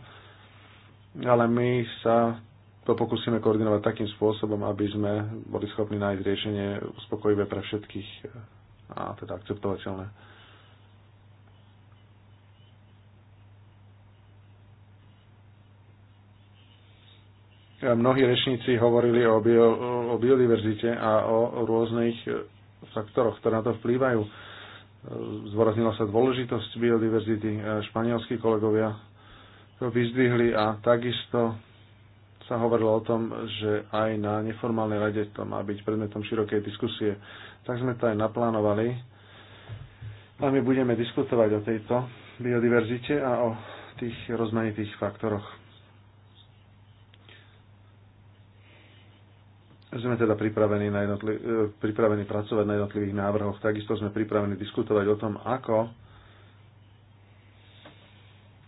ale my sa to pokúsime koordinovať takým spôsobom, aby sme boli schopní nájsť riešenie uspokojivé pre všetkých e, a teda akceptovateľné. Mnohí rečníci hovorili o, bio, o biodiverzite a o rôznych e, faktoroch, ktoré na to vplývajú. E, Zvoraznila sa dôležitosť biodiverzity. E, Španielskí kolegovia to vyzdvihli a takisto sa hovorilo o tom, že aj na neformálnej rade to má byť predmetom širokej diskusie. Tak sme to aj naplánovali. A my budeme diskutovať o tejto biodiverzite a o tých rozmanitých faktoroch. sme teda pripravení, na jednotli- e, pripravení pracovať na jednotlivých návrhoch. Takisto sme pripravení diskutovať o tom, ako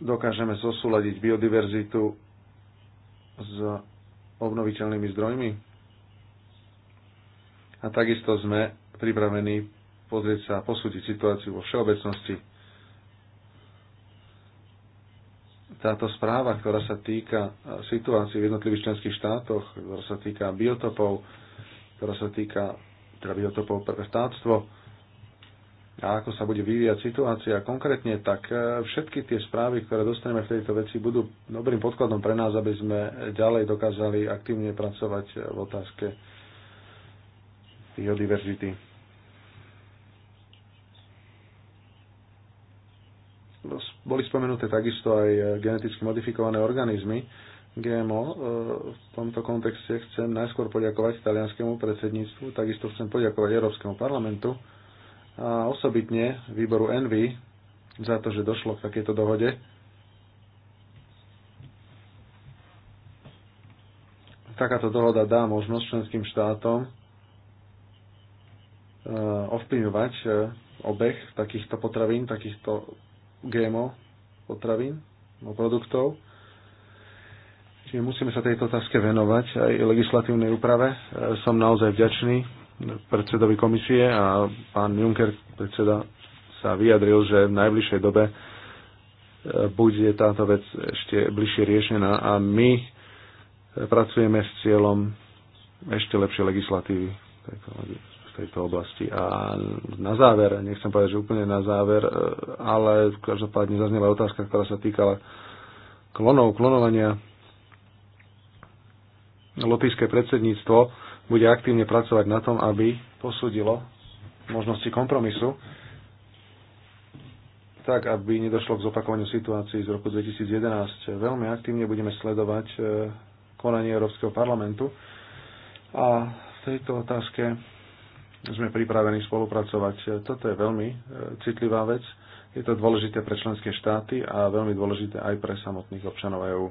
dokážeme zosúľadiť biodiverzitu s obnoviteľnými zdrojmi. A takisto sme pripravení pozrieť sa a posúdiť situáciu vo všeobecnosti táto správa, ktorá sa týka e, situácií v jednotlivých členských štátoch, ktorá sa týka biotopov, ktorá sa týka teda biotopov pre štátstvo a ako sa bude vyvíjať situácia konkrétne, tak e, všetky tie správy, ktoré dostaneme v tejto veci, budú dobrým podkladom pre nás, aby sme ďalej dokázali aktívne pracovať v otázke biodiverzity. Boli spomenuté takisto aj eh, geneticky modifikované organizmy GMO. Eh, v tomto kontexte chcem najskôr poďakovať talianskému predsedníctvu, takisto chcem poďakovať Európskemu parlamentu a osobitne výboru Envy za to, že došlo k takejto dohode. Takáto dohoda dá možnosť členským štátom eh, ovplyvňovať obeh takýchto potravín, takýchto GMO potravín, no produktov. Čiže musíme sa tejto otázke venovať aj legislatívnej úprave. E, som naozaj vďačný predsedovi komisie a pán Juncker, predseda, sa vyjadril, že v najbližšej dobe e, bude táto vec ešte bližšie riešená a my e, pracujeme s cieľom ešte lepšej legislatívy tejto v tejto oblasti. A na záver, nechcem povedať, že úplne na záver, e, ale každopádne zaznela otázka, ktorá sa týkala klonov, klonovania. Lotyšské predsedníctvo bude aktívne pracovať na tom, aby posúdilo možnosti kompromisu, tak aby nedošlo k zopakovaniu situácií z roku 2011. Veľmi aktívne budeme sledovať e, konanie Európskeho parlamentu a v tejto otázke sme pripravení spolupracovať. Toto je veľmi e, citlivá vec. Je to dôležité pre členské štáty a veľmi dôležité aj pre samotných občanov EÚ.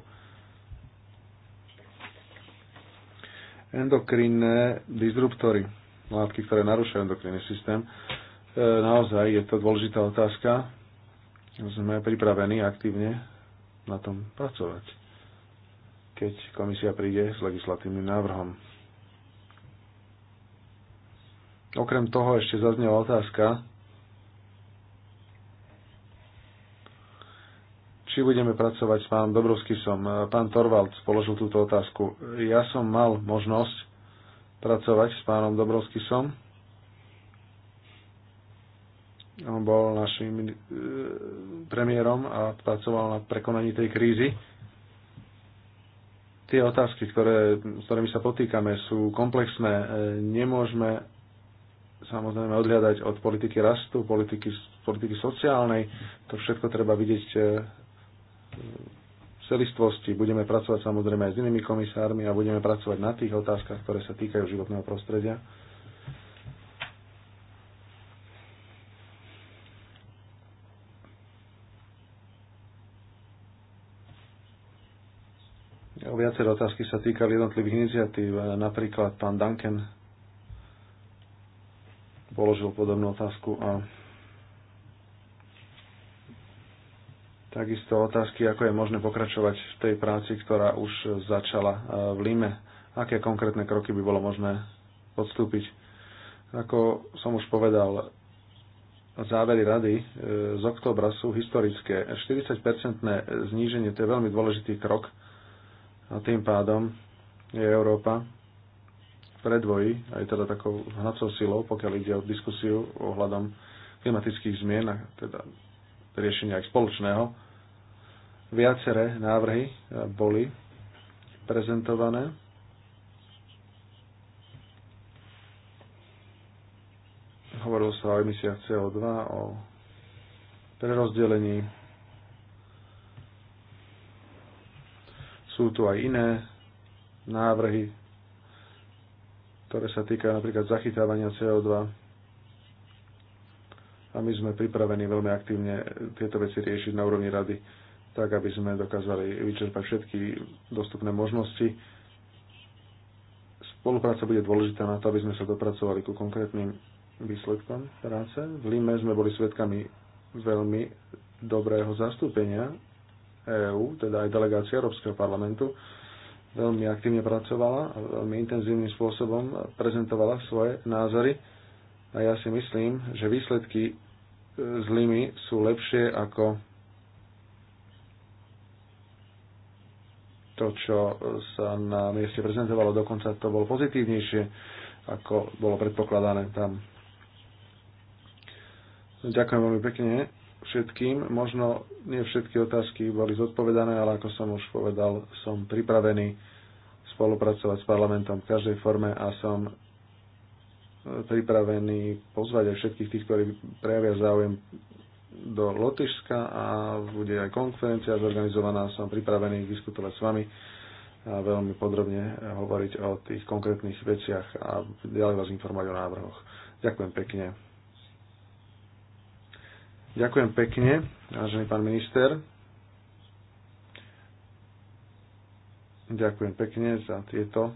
Endokrinné disruptory, látky, ktoré narúšajú endokrinný systém. E, naozaj je to dôležitá otázka. Sme pripravení aktívne na tom pracovať, keď komisia príde s legislatívnym návrhom. Okrem toho ešte zaznela otázka, či budeme pracovať s pánom Dobrovskisom. Pán Torvald položil túto otázku. Ja som mal možnosť pracovať s pánom Dobrovskisom. On bol našim eh, premiérom a pracoval na prekonaní tej krízy. Tie otázky, ktoré, s ktorými sa potýkame, sú komplexné. Eh, nemôžeme samozrejme odhľadať od politiky rastu, politiky, politiky sociálnej. To všetko treba vidieť e, v celistvosti. Budeme pracovať samozrejme aj s inými komisármi a budeme pracovať na tých otázkach, ktoré sa týkajú životného prostredia. Viaceré otázky sa týkali jednotlivých iniciatív. Napríklad pán Duncan položil podobnú otázku a takisto otázky, ako je možné pokračovať v tej práci, ktorá už začala e, v Lime. Aké konkrétne kroky by bolo možné podstúpiť? Ako som už povedal, závery rady e, z oktobra sú historické. 40-percentné zníženie to je veľmi dôležitý krok a tým pádom je Európa predvoji, aj teda takou hnacou silou, pokiaľ ide o diskusiu ohľadom klimatických zmien a teda riešenia aj spoločného. Viaceré návrhy eh, boli prezentované. Hovorilo sa o emisiách CO2, o prerozdelení. Sú tu aj iné návrhy ktoré sa týkajú napríklad zachytávania CO2. A my sme pripravení veľmi aktívne tieto veci riešiť na úrovni rady, tak aby sme dokázali vyčerpať všetky dostupné možnosti. Spolupráca bude dôležitá na to, aby sme sa dopracovali ku konkrétnym výsledkom práce. V Lime sme boli svedkami veľmi dobrého zastúpenia EÚ, teda aj delegácia Európskeho parlamentu veľmi aktívne pracovala a veľmi intenzívnym spôsobom prezentovala svoje názory a ja si myslím, že výsledky z e, Limy sú lepšie ako to, čo sa na mieste prezentovalo. Dokonca to bolo pozitívnejšie, ako bolo predpokladané tam. Ďakujem veľmi pekne všetkým. Možno nie všetky otázky boli zodpovedané, ale ako som už povedal, som pripravený spolupracovať s parlamentom v každej forme a som e, pripravený pozvať aj všetkých tých, ktorí prejavia záujem do Lotyšska a bude aj konferencia zorganizovaná. Som pripravený diskutovať s vami a veľmi podrobne hovoriť o tých konkrétnych veciach a ďalej vás informovať o návrhoch. Ďakujem pekne. Ďakujem pekne, vážený pán minister. Ďakujem pekne za tieto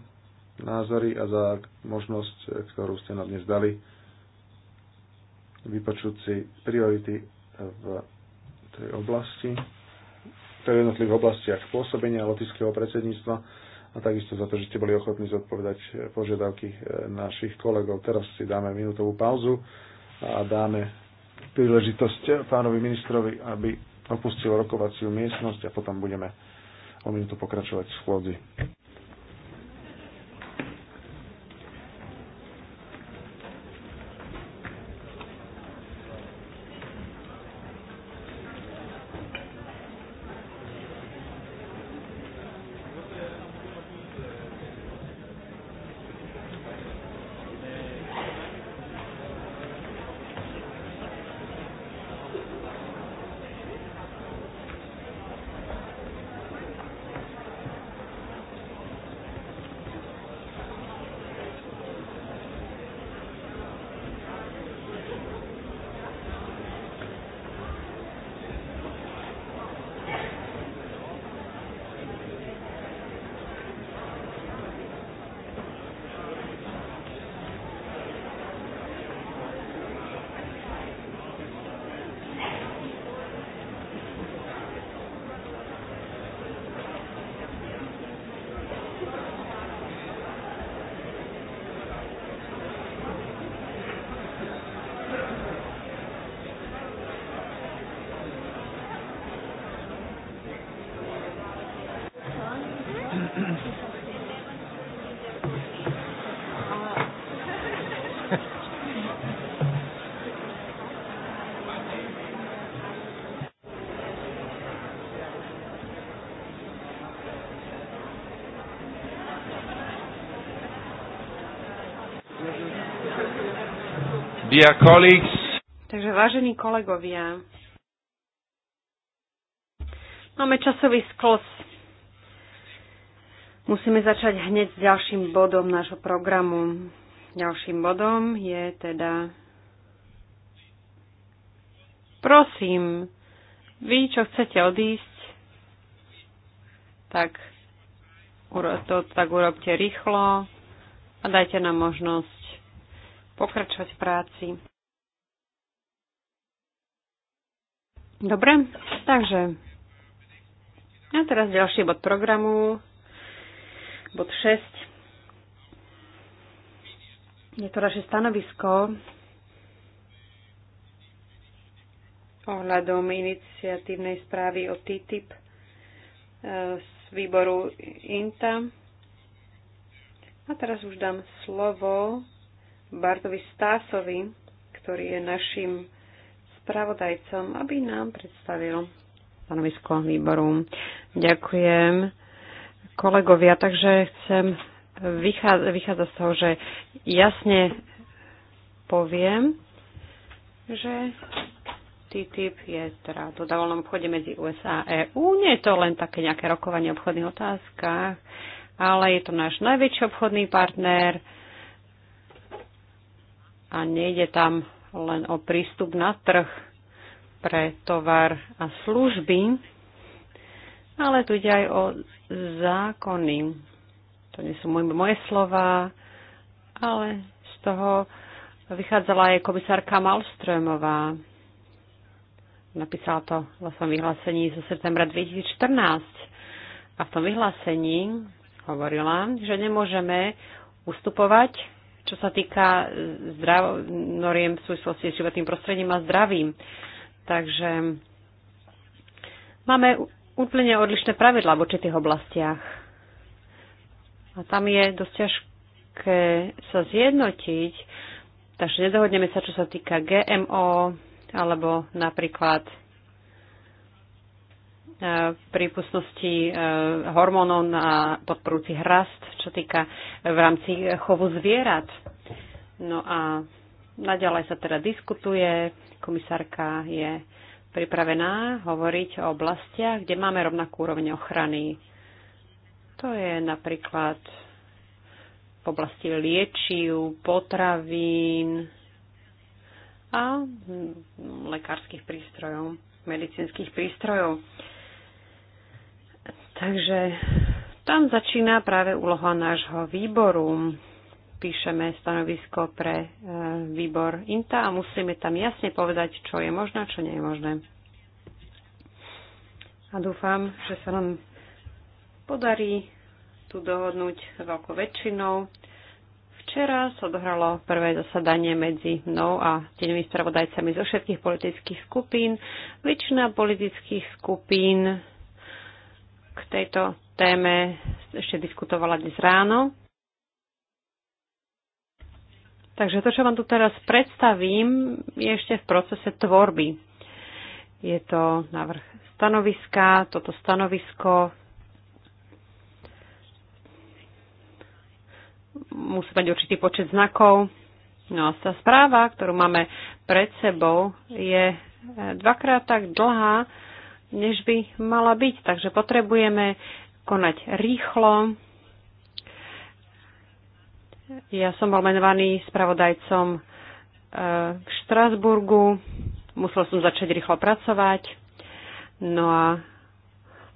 názory a za možnosť, ktorú ste nám dnes dali vypočuť si priority v tej oblasti, v jednotlivých oblastiach pôsobenia lotického predsedníctva a takisto za to, že ste boli ochotní zodpovedať požiadavky našich kolegov. Teraz si dáme minútovú pauzu a dáme príležitosť pánovi ministrovi, aby opustil rokovaciu miestnosť a potom budeme o minútu pokračovať v schôdzi. Dear colleagues. Takže vážení kolegovia, máme časový sklos. Musíme začať hneď s ďalším bodom nášho programu. Ďalším bodom je teda... Prosím, vy, čo chcete odísť, tak to tak urobte rýchlo a dajte nám možnosť pokračovať v práci. Dobre, takže a teraz ďalší bod programu, bod 6. Je to naše stanovisko ohľadom iniciatívnej správy o TTIP e, z výboru INTA. A teraz už dám slovo Bartovi Stásovi, ktorý je našim spravodajcom, aby nám predstavil stanovisko výboru. Ďakujem kolegovia, takže chcem vychádza, vychádza z toho, že jasne poviem, že TTIP je teda dodavolnom obchode medzi USA a EU. Nie je to len také nejaké rokovanie obchodných otázkach, ale je to náš najväčší obchodný partner, a nejde tam len o prístup na trh pre tovar a služby, ale tu ide aj o zákony. To nie sú moje, moje slova, ale z toho vychádzala aj komisárka Malströmová. Napísala to vo svojom vyhlásení zo septembra 2014. A v tom vyhlásení hovorila, že nemôžeme ustupovať čo sa týka eh, zdrav- noriem v súvislosti s životným prostredím a zdravím. Takže máme úplne odlišné pravidlá v určitých oblastiach. A tam je dosť ťažké sa zjednotiť, takže nedohodneme sa, čo sa týka GMO, alebo napríklad v e, prípustnosti e, hormónov na podporúci hrast, čo týka e, v rámci chovu zvierat. No a naďalej sa teda diskutuje, komisárka je pripravená hovoriť o oblastiach, kde máme rovnakú úroveň ochrany. To je napríklad v oblasti liečiv, potravín a hm, lekárskych prístrojov, medicínskych prístrojov. Takže tam začína práve úloha nášho výboru. Píšeme stanovisko pre e, výbor INTA a musíme tam jasne povedať, čo je možné, čo nie je možné. A dúfam, že sa nám podarí tu dohodnúť veľkou väčšinou. Včera sa odohralo prvé zasadanie medzi mnou a tými spravodajcami zo všetkých politických skupín. Väčšina politických skupín k tejto téme ešte diskutovala dnes ráno. Takže to, čo vám tu teraz predstavím, je ešte v procese tvorby. Je to návrh stanoviska, toto stanovisko musí mať určitý počet znakov. No a tá správa, ktorú máme pred sebou, je dvakrát tak dlhá než by mala byť. Takže potrebujeme konať rýchlo. Ja som bol menovaný spravodajcom eh, v Štrasburgu. Musel som začať rýchlo pracovať. No a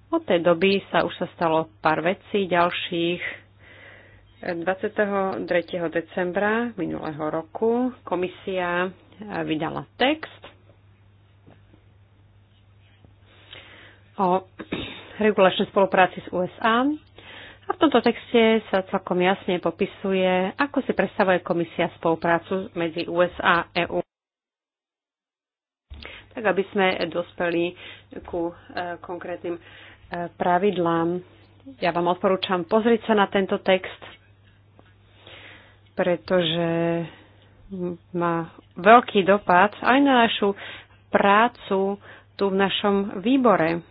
od tej doby sa už sa stalo pár vecí ďalších. 23. Eh, decembra minulého roku komisia eh, vydala text o regulačnej spolupráci s USA. A v tomto texte sa celkom jasne popisuje, ako si predstavuje komisia spoluprácu medzi USA a EU tak aby sme dospeli ku e, konkrétnym e, pravidlám. Ja vám odporúčam pozrieť sa na tento text, pretože má veľký dopad aj na našu prácu tu v našom výbore.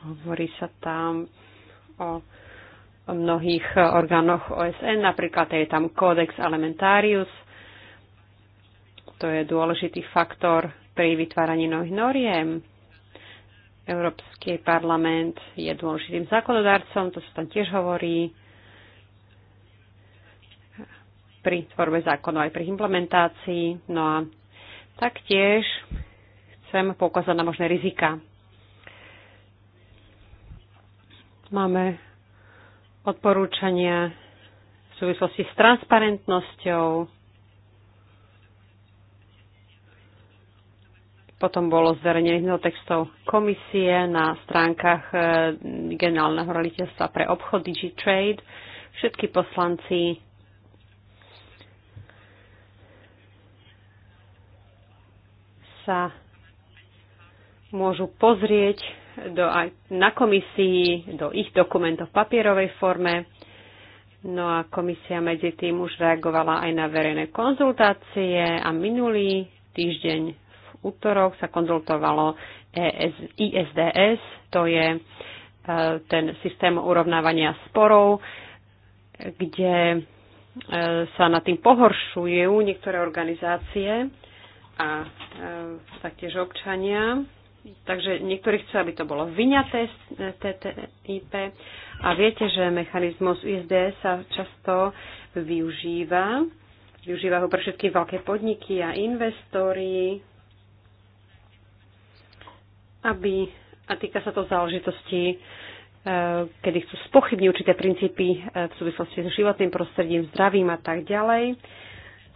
Hovorí sa tam o mnohých orgánoch OSN, napríklad je tam Codex Alimentarius, to je dôležitý faktor pri vytváraní nových noriem. Európsky parlament je dôležitým zákonodárcom, to sa tam tiež hovorí pri tvorbe zákonov aj pri implementácii. No a taktiež chcem poukázať na možné rizika Máme odporúčania v súvislosti s transparentnosťou. Potom bolo zverejnené mnoho textov komisie na stránkach eh, generálneho roliteľstva pre obchod DigiTrade. Všetky poslanci sa môžu pozrieť do, aj na komisii, do ich dokumentov v papierovej forme. No a komisia medzi tým už reagovala aj na verejné konzultácie a minulý týždeň v útorok sa konzultovalo ES, ISDS, to je e, ten systém urovnávania sporov, kde e, sa nad tým pohoršujú niektoré organizácie a e, taktiež občania. Takže niektorí chcú, aby to bolo vyňaté z TTIP. A viete, že mechanizmus ISDS sa často využíva. Využíva ho pre všetky veľké podniky a investóri, aby, a týka sa to záležitosti, e, kedy chcú spochybniť určité princípy e, v súvislosti s životným prostredím, zdravím a tak ďalej.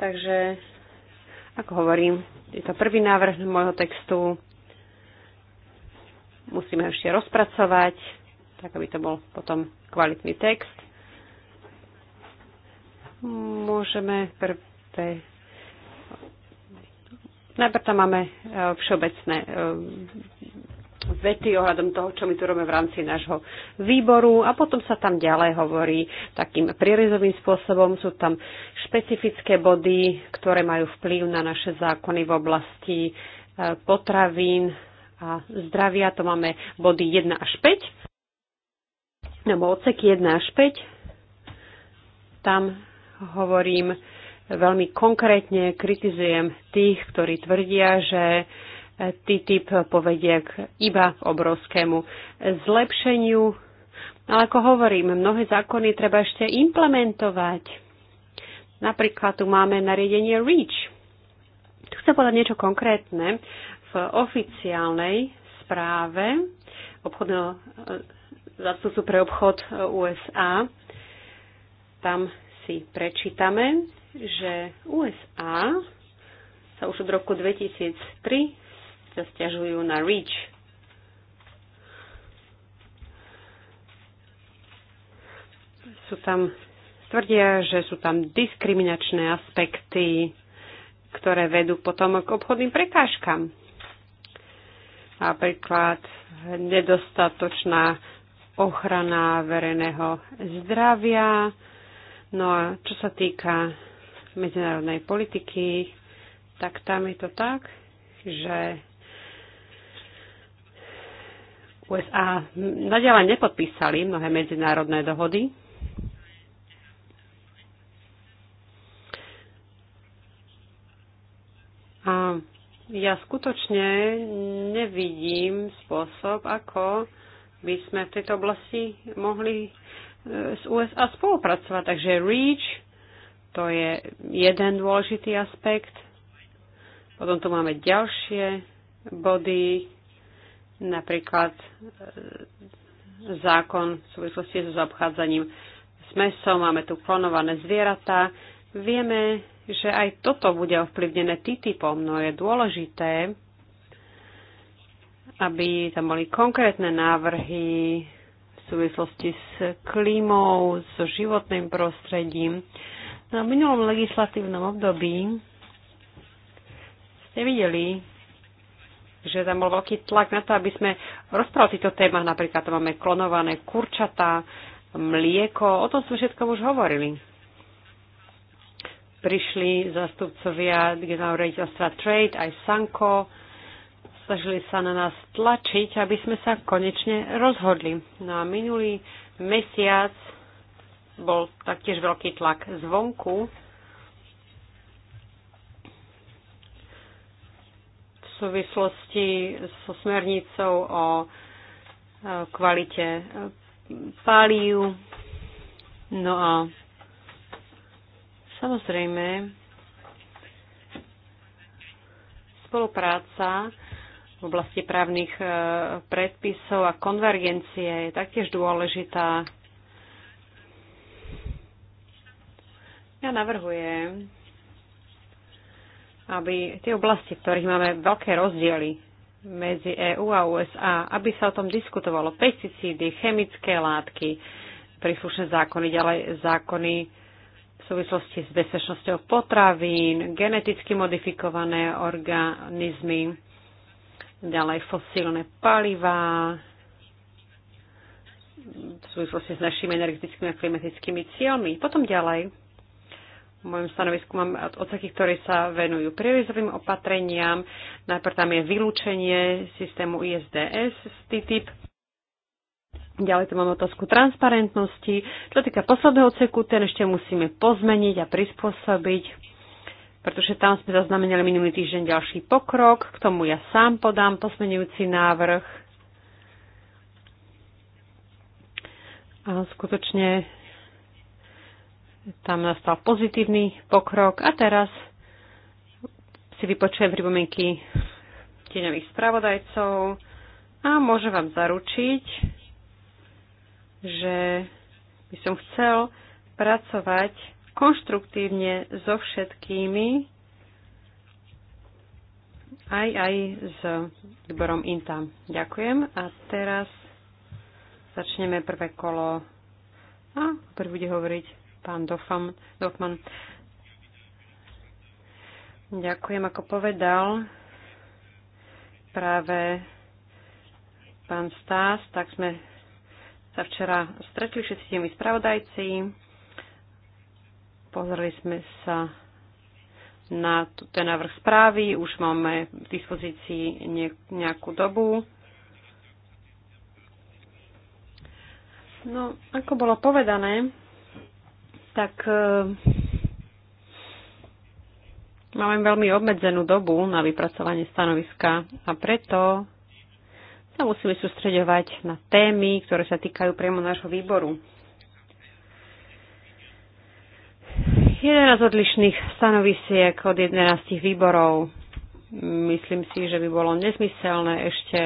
Takže, ako hovorím, je to prvý návrh môjho textu, musíme ešte rozpracovať, tak aby to bol potom kvalitný text. Môžeme prvé... Najprv tam máme e, všeobecné e, vety ohľadom toho, čo my tu robíme v rámci nášho výboru a potom sa tam ďalej hovorí takým prierezovým spôsobom. Sú tam špecifické body, ktoré majú vplyv na naše zákony v oblasti e, potravín, a zdravia. To máme body 1 až 5, nebo odseky 1 až 5. Tam hovorím veľmi konkrétne, kritizujem tých, ktorí tvrdia, že e, TTIP povedie k iba k obrovskému zlepšeniu. Ale ako hovorím, mnohé zákony treba ešte implementovať. Napríklad tu máme nariadenie REACH. Tu chcem povedať niečo konkrétne oficiálnej správe obchodného e, zástupcu pre obchod e, USA. Tam si prečítame, že USA sa už od roku 2003 sa stiažujú na REACH, sú tam, tvrdia, že sú tam diskriminačné aspekty, ktoré vedú potom k obchodným prekážkam napríklad nedostatočná ochrana verejného zdravia. No a čo sa týka medzinárodnej politiky, tak tam je to tak, že USA naďalej nepodpísali mnohé medzinárodné dohody. A ja skutočne nevidím spôsob, ako by sme v tejto oblasti mohli e, s USA spolupracovať. Takže REACH, to je jeden dôležitý aspekt. Potom tu máme ďalšie body, napríklad e, zákon v súvislosti so zaobchádzaním s mesom, máme tu klonované zvieratá. Vieme, že aj toto bude ovplyvnené TTIPom, no je dôležité, aby tam boli konkrétne návrhy v súvislosti s klímou, so životným prostredím. Na no, minulom legislatívnom období ste videli, že tam bol veľký tlak na to, aby sme rozprávali týto týchto Napríklad tam máme klonované kurčata, mlieko, o tom sme všetkom už hovorili prišli zastupcovia generálneho rediteľstva Trade, aj Sanko, snažili sa na nás tlačiť, aby sme sa konečne rozhodli. No a minulý mesiac bol taktiež veľký tlak zvonku. V súvislosti so smernicou o e, kvalite e, palív. No a Samozrejme, spolupráca v oblasti právnych e, predpisov a konvergencie je taktiež dôležitá. Ja navrhujem, aby tie oblasti, v ktorých máme veľké rozdiely medzi EÚ a USA, aby sa o tom diskutovalo. Pesticídy, chemické látky, príslušné zákony, ďalej zákony v súvislosti s bezpečnosťou potravín, geneticky modifikované organizmy, ďalej fosílne palivá, v súvislosti s našimi energetickými a klimatickými cieľmi. Potom ďalej, v mojom stanovisku mám odseky, ktoré sa venujú prierezovým opatreniam. Najprv tam je vylúčenie systému ISDS z TTIP. Ďalej tu máme otázku transparentnosti. Čo týka posledného ceku, ten ešte musíme pozmeniť a prispôsobiť, pretože tam sme zaznamenali minulý týždeň ďalší pokrok. K tomu ja sám podám posmenujúci návrh. A skutočne tam nastal pozitívny pokrok a teraz si vypočujem pripomienky tieňových spravodajcov a môžem vám zaručiť, že by som chcel pracovať konštruktívne so všetkými, aj, aj s výborom INTA. Ďakujem. A teraz začneme prvé kolo. A prvý bude hovoriť pán Dofman. Ďakujem, ako povedal práve pán Stás, tak sme sa včera stretli všetci tými spravodajci. Pozreli sme sa na ten návrh správy. Už máme v dispozícii nejakú dobu. No, ako bolo povedané, tak e, Máme veľmi obmedzenú dobu na vypracovanie stanoviska a preto sa musíme sústreďovať na témy, ktoré sa týkajú priamo nášho výboru. z odlišných stanovisiek od 11 výborov. Myslím si, že by bolo nezmyselné ešte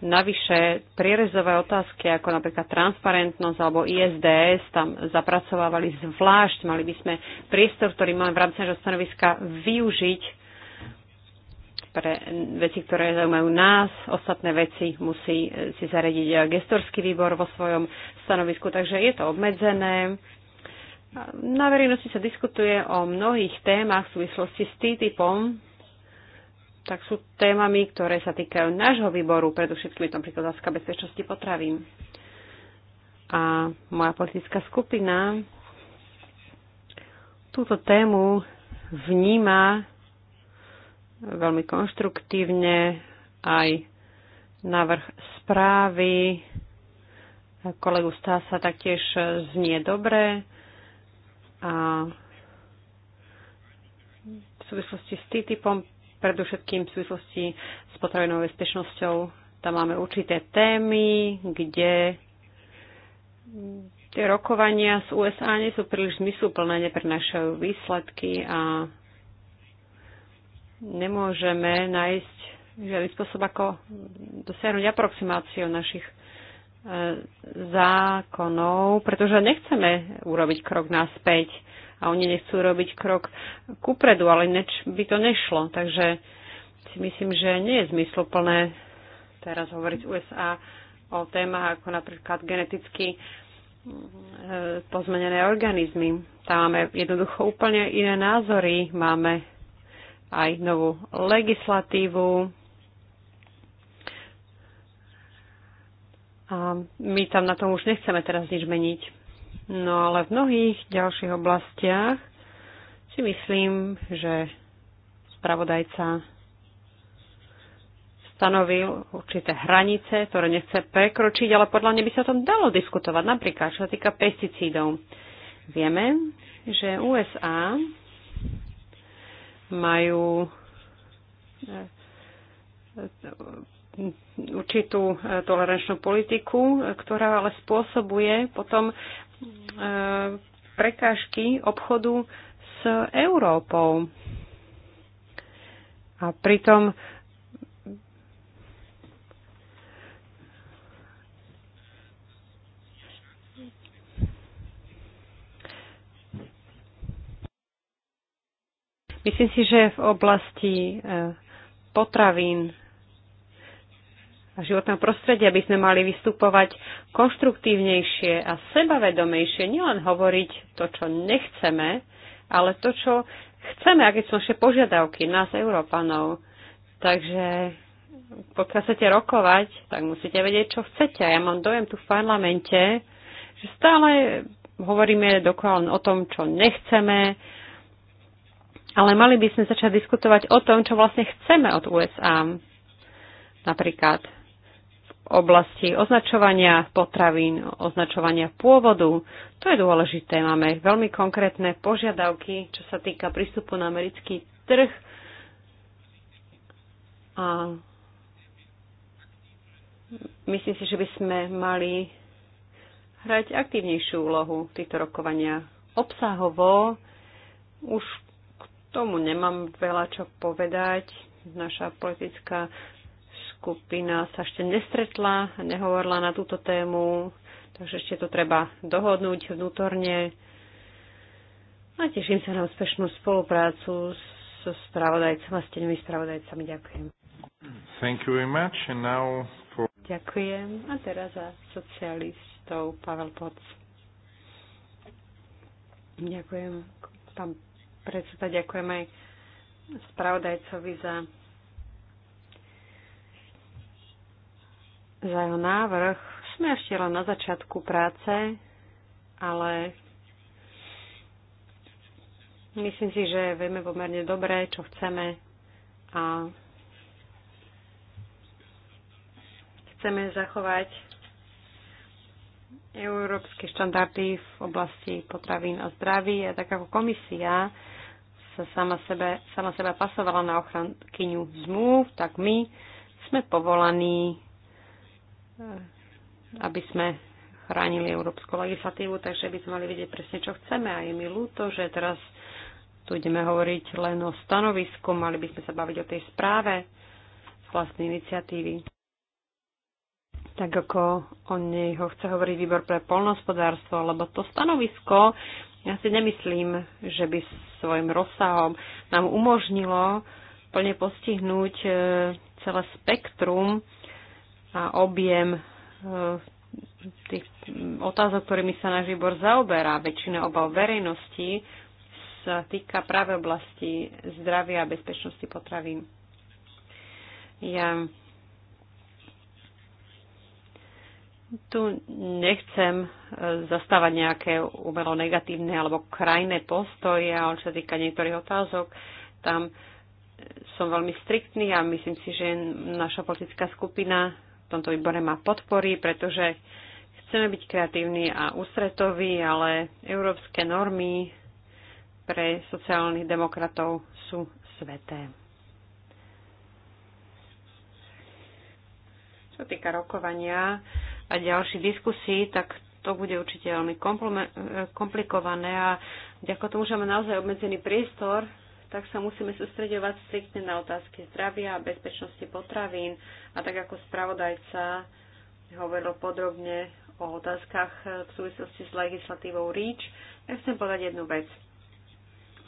navyše prierezové otázky, ako napríklad transparentnosť alebo ISDS, tam zapracovávali zvlášť. Mali by sme priestor, ktorý máme v rámci stanoviska, využiť pre veci, ktoré zaujímajú nás. Ostatné veci musí e, si zaradiť e, gestorský výbor vo svojom stanovisku, takže je to obmedzené. Na verejnosti sa diskutuje o mnohých témach v súvislosti s TTIPom, tak sú témami, ktoré sa týkajú nášho výboru, predovšetkým je tam príklad bezpečnosti potravín. A moja politická skupina túto tému vníma veľmi konštruktívne aj návrh správy kolegu sa taktiež znie dobre a v súvislosti s TTIPom, predovšetkým v súvislosti s potravinovou bezpečnosťou, tam máme určité témy, kde tie rokovania z USA nie sú príliš zmysluplné, neprenášajú výsledky a nemôžeme nájsť žiadny spôsob, ako dosiahnuť aproximáciu našich e, zákonov, pretože nechceme urobiť krok naspäť a oni nechcú robiť krok kupredu, ale neč by to nešlo. Takže si myslím, že nie je zmysluplné teraz hovoriť USA o témach ako napríklad geneticky e, pozmenené organizmy. Tam máme jednoducho úplne iné názory, máme aj novú legislatívu. A my tam na tom už nechceme teraz nič meniť. No ale v mnohých ďalších oblastiach si myslím, že spravodajca stanovil určité hranice, ktoré nechce prekročiť, ale podľa mňa by sa o tom dalo diskutovať. Napríklad, čo sa týka pesticídov. Vieme, že USA majú eh, určitú eh, tolerančnú politiku, ktorá ale spôsobuje potom eh, prekážky obchodu s Európou. A pritom Myslím si, že v oblasti e, potravín a životného prostredia by sme mali vystupovať konštruktívnejšie a sebavedomejšie, nielen hovoriť to, čo nechceme, ale to, čo chceme, aké sú naše požiadavky, nás, Európanov. Takže pokiaľ chcete rokovať, tak musíte vedieť, čo chcete. Ja mám dojem tu v parlamente, že stále hovoríme dokola o tom, čo nechceme, ale mali by sme začať diskutovať o tom, čo vlastne chceme od USA. Napríklad v oblasti označovania potravín, označovania pôvodu. To je dôležité. Máme veľmi konkrétne požiadavky, čo sa týka prístupu na americký trh. A myslím si, že by sme mali hrať aktívnejšiu úlohu v týchto rokovania. Obsahovo už tomu nemám veľa čo povedať. Naša politická skupina sa ešte nestretla, nehovorila na túto tému, takže ešte to treba dohodnúť vnútorne. A teším sa na úspešnú spoluprácu so spravodajcami a steňmi spravodajcami. Ďakujem. Thank you very much. And now for... Ďakujem. A teraz za socialistov Pavel Poc. Ďakujem, pán predseda, ďakujem aj spravodajcovi za, za jeho návrh. Sme ešte len na začiatku práce, ale myslím si, že vieme pomerne dobre, čo chceme a chceme zachovať európske štandardy v oblasti potravín a zdraví a tak ako komisia sa sama, sebe, sama seba pasovala na ochrankyňu zmluv, tak my sme povolaní, eh, aby sme chránili európsku legislatívu, takže by sme mali vedieť presne, čo chceme. A je mi ľúto, že teraz tu ideme hovoriť len o stanovisku, mali by sme sa baviť o tej správe z vlastnej iniciatívy tak ako o nej ho chce hovoriť výbor pre polnohospodárstvo, lebo to stanovisko, ja si nemyslím, že by svojim rozsahom nám umožnilo plne postihnúť e, celé spektrum a objem e, tých otázok, ktorými sa náš výbor zaoberá. Väčšina obav verejnosti sa týka práve oblasti zdravia a bezpečnosti potravín. Ja Tu nechcem e, zastávať nejaké umelo negatívne alebo krajné postoje, ale čo sa týka niektorých otázok, tam e, som veľmi striktný a myslím si, že naša politická skupina v tomto výbore má podpory, pretože chceme byť kreatívni a ústretoví, ale európske normy pre sociálnych demokratov sú sveté. Čo týka rokovania, a ďalší diskusí, tak to bude určite veľmi eh, komplikované a vďaka tomu, že máme naozaj obmedzený priestor, tak sa musíme sústredovať striktne na otázky zdravia a bezpečnosti potravín a tak ako spravodajca hovoril podrobne o otázkach eh, v súvislosti s legislatívou REACH, ja chcem povedať jednu vec.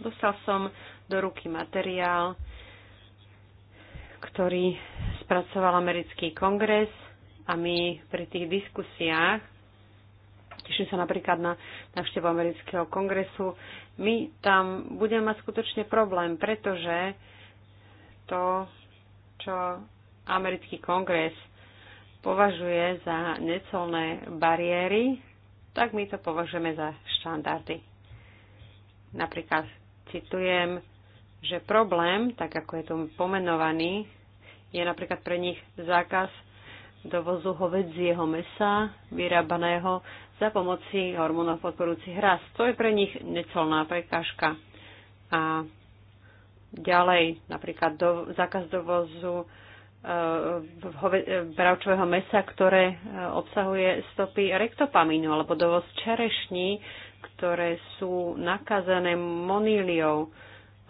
Dostal som do ruky materiál, ktorý spracoval americký kongres a my pri tých diskusiách, teším sa napríklad na návštevu amerického kongresu, my tam budeme mať skutočne problém, pretože to, čo americký kongres považuje za necelné bariéry, tak my to považujeme za štandardy. Napríklad citujem, že problém, tak ako je to pomenovaný, je napríklad pre nich zákaz dovozu hovedzieho mesa vyrábaného za pomoci hormónov podporujúcich rast. To je pre nich necelná prekážka. A ďalej, napríklad do, zákaz dovozu e, e, bravčového mesa, ktoré e, obsahuje stopy rektopamínu alebo dovoz čerešní, ktoré sú nakazané moníliou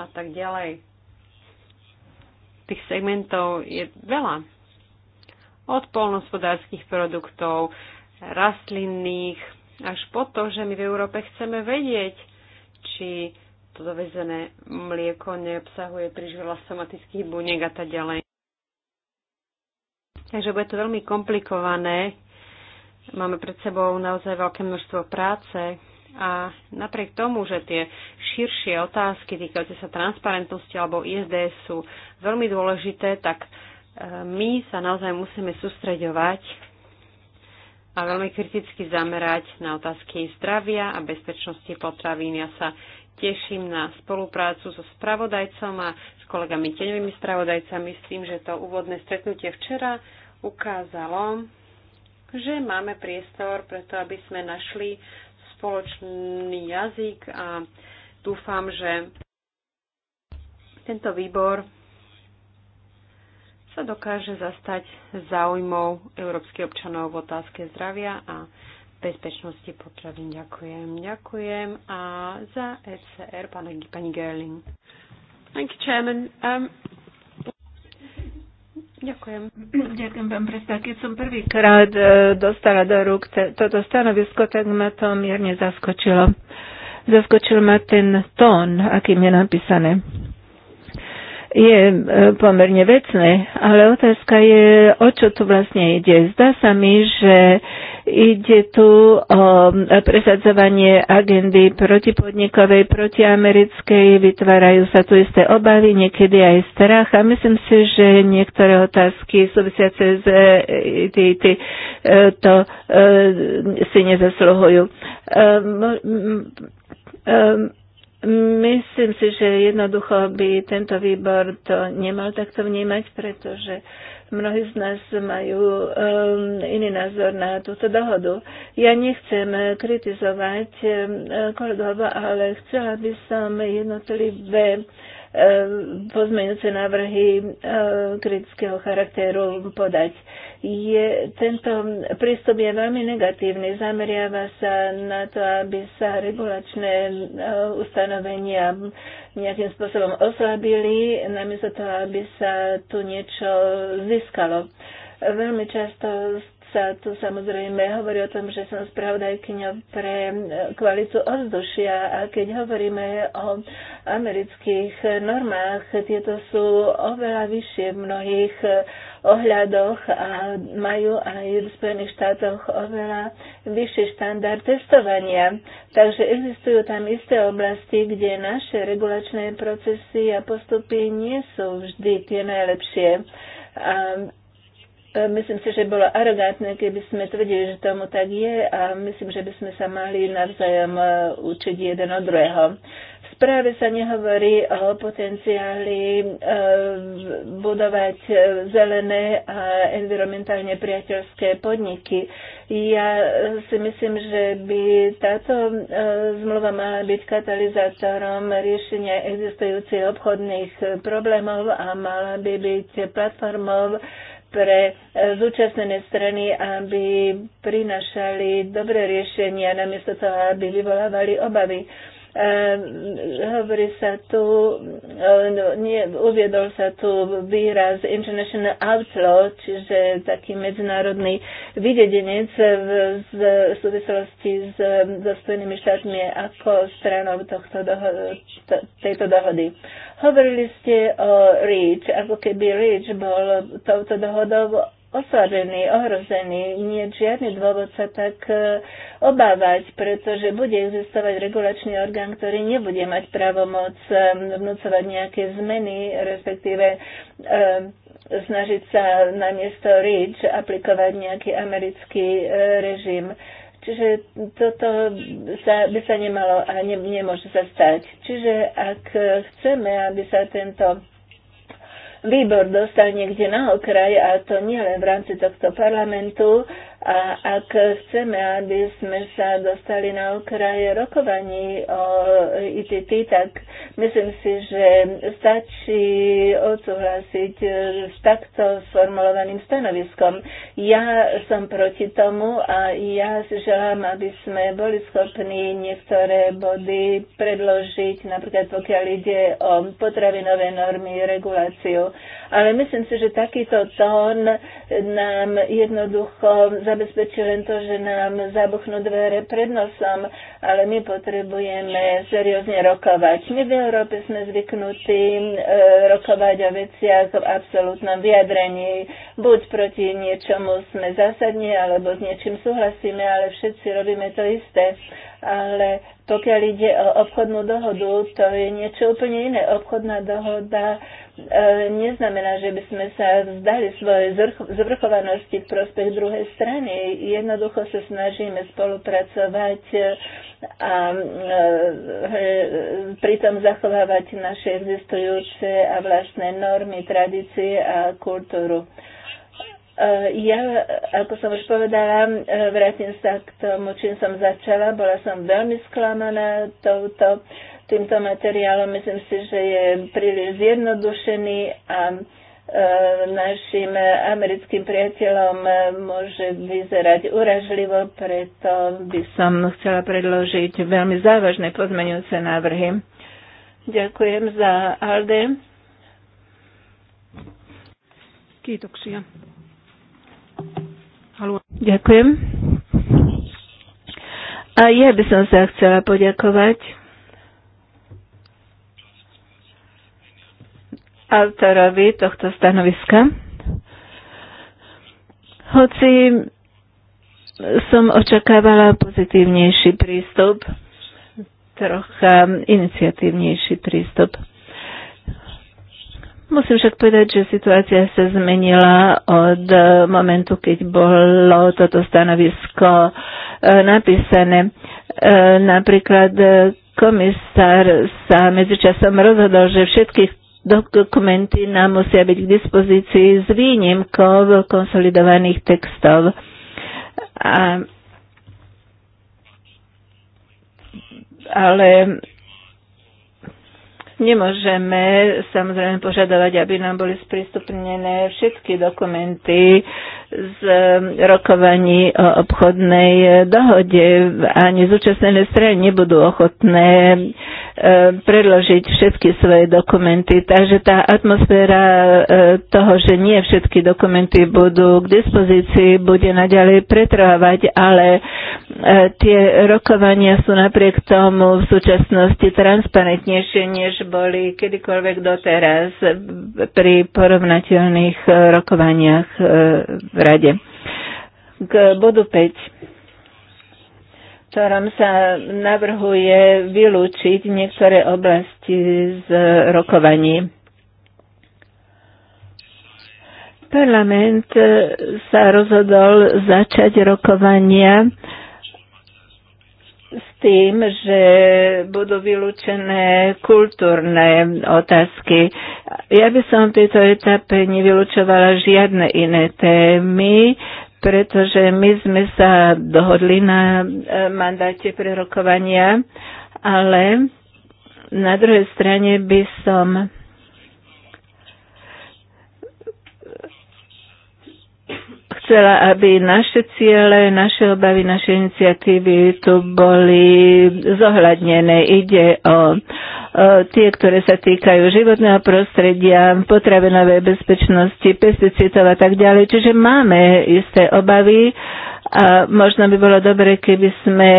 a tak ďalej. Tých segmentov je veľa od polnospodárských produktov, rastlinných, až po to, že my v Európe chceme vedieť, či to dovezené mlieko neobsahuje príliš veľa somatických buniek a tak ďalej. Takže bude to veľmi komplikované. Máme pred sebou naozaj veľké množstvo práce a napriek tomu, že tie širšie otázky týkajúce sa transparentnosti alebo ISDS sú veľmi dôležité, tak my sa naozaj musíme sústreďovať a veľmi kriticky zamerať na otázky zdravia a bezpečnosti potravín. Ja sa teším na spoluprácu so spravodajcom a s kolegami teňovými spravodajcami s tým, že to úvodné stretnutie včera ukázalo, že máme priestor preto, aby sme našli spoločný jazyk a dúfam, že tento výbor sa dokáže zastať záujmov európskych občanov v otázke zdravia a bezpečnosti potravín. Ďakujem. Ďakujem. A za FCR e pani, pani Gerling. Thank you, Chairman. Um... Ďakujem. Ďakujem vám predstav. Keď som prvýkrát e, dostala do rúk toto stanovisko, tak ma to mierne zaskočilo. Zaskočil ma ten tón, akým je napísané je e, pomerne vecné, ale otázka je, o čo tu vlastne ide. Zdá sa mi, že ide tu o e, presadzovanie agendy protipodnikovej, protiamerickej, vytvárajú sa tu isté obavy, niekedy aj strach a myslím si, že niektoré otázky súvisiace s IT e, to si nezasluhujú. Um, um, Myslím si, že jednoducho by tento výbor to nemal takto vnímať, pretože mnohí z nás majú um, iný názor na túto dohodu. Ja nechcem kritizovať um, kolegov, ale chcela by som jednotlivé Ehm, pozmeňujúce návrhy ehm, kritického charakteru podať. Je, tento prístup je veľmi negatívny. Zameriava sa na to, aby sa regulačné ehm, ustanovenia nejakým spôsobom oslabili, namiesto toho, aby sa tu niečo získalo. Veľmi často sa tu samozrejme hovorí o tom, že som spravodajkyňa pre eh, kvalitu ovzdušia a keď hovoríme o amerických normách, tieto sú oveľa vyššie v mnohých eh, ohľadoch a majú aj v Spojených štátoch oveľa vyšší štandard testovania. Takže existujú tam isté oblasti, kde naše regulačné procesy a postupy nie sú vždy tie najlepšie. A E, myslím si, že bolo arogantné, keby sme tvrdili, že tomu tak je a myslím, že by sme sa mali navzájom e, učiť jeden od druhého. V správe sa nehovorí o potenciáli e, budovať zelené a environmentálne priateľské podniky. Ja si myslím, že by táto zmluva mala byť katalizátorom riešenia existujúcich obchodných problémov a mala by byť platformou, pre e, zúčastnené strany, aby prinašali dobré riešenia, namiesto toho, aby vyvolávali obavy. Ehm, hovorí sa tu, eh, no, nie, uviedol sa tu výraz International Outlaw, čiže taký medzinárodný vydedenec v, v súvislosti s, so Spojenými štátmi ako stranou tohto doho- tejto dohody. Hovorili ste o REACH, ako keby REACH bol touto dohodou oslabení, ohrozený, Nie je žiadny dôvod sa tak e, obávať, pretože bude existovať regulačný orgán, ktorý nebude mať právomoc e, vnúcovať nejaké zmeny, respektíve e, snažiť sa na miesto REACH aplikovať nejaký americký režim. Čiže toto sa, by sa nemalo a ne, nemôže sa stať. Čiže ak chceme, aby sa tento výbor dostal niekde na okraj a to nie len v rámci tohto parlamentu, a ak chceme, aby sme sa dostali na okraje rokovaní o ITT, tak myslím si, že stačí odsúhlasiť s takto sformulovaným stanoviskom. Ja som proti tomu a ja si želám, aby sme boli schopní niektoré body predložiť, napríklad pokiaľ ide o potravinové normy, reguláciu ale myslím si, že takýto tón nám jednoducho zabezpečí len to, že nám zabuchnú dvere pred nosom, ale my potrebujeme seriózne rokovať. My v Európe sme zvyknutí e, rokovať o veciach v absolútnom vyjadrení. Buď proti niečomu sme zásadne, alebo s niečím súhlasíme, ale všetci robíme to isté. Ale pokiaľ ide o obchodnú dohodu, to je niečo úplne iné. Obchodná dohoda e, neznamená, že by sme sa vzdali svoje zvrchovanosti v prospech druhej strany. Jednoducho sa snažíme spolupracovať e, a e, e, pritom zachovávať naše existujúce a vlastné normy, tradície a kultúru. E, Eh, ja, ako som už povedala, eh, vrátim sa k tomu, čím som začala. Bola som veľmi sklamaná touto, týmto materiálom. Myslím si, že je príliš zjednodušený a eh, našim americkým priateľom môže vyzerať uražlivo, preto by som chcela predložiť veľmi závažné pozmeňujúce návrhy. Ďakujem za Alde. Kiitoksia. Ďakujem. A ja by som sa chcela poďakovať autorovi tohto stanoviska. Hoci som očakávala pozitívnejší prístup, trocha iniciatívnejší prístup. Musím však povedať, že situácia sa zmenila od momentu, keď bolo toto stanovisko e, napísané. E, napríklad e, komisár sa medzičasom rozhodol, že všetkých dokumenty nám musia byť k dispozícii s výnimkou konsolidovaných textov. A, ale Nemôžeme samozrejme požadovať, aby nám boli sprístupnené všetky dokumenty z rokovaní o obchodnej dohode. Ani zúčastnené strany nebudú ochotné e, predložiť všetky svoje dokumenty. Takže tá atmosféra e, toho, že nie všetky dokumenty budú k dispozícii, bude naďalej pretrvávať, ale e, tie rokovania sú napriek tomu v súčasnosti transparentnejšie, než boli kedykoľvek doteraz pri porovnateľných rokovaniach v rade. K bodu 5 ktorom sa navrhuje vylúčiť niektoré oblasti z rokovaní. Parlament sa rozhodol začať rokovania tým, že budú vylúčené kultúrne otázky. Ja by som v tejto etape nevylučovala žiadne iné témy, pretože my sme sa dohodli na e, mandáte prerokovania, ale na druhej strane by som chcela, aby naše ciele, naše obavy, naše iniciatívy tu boli zohľadnené. Ide o, tie, ktoré sa týkajú životného prostredia, potravinovej bezpečnosti, pesticídov a tak ďalej. Čiže máme isté obavy a možno by bolo dobre, keby sme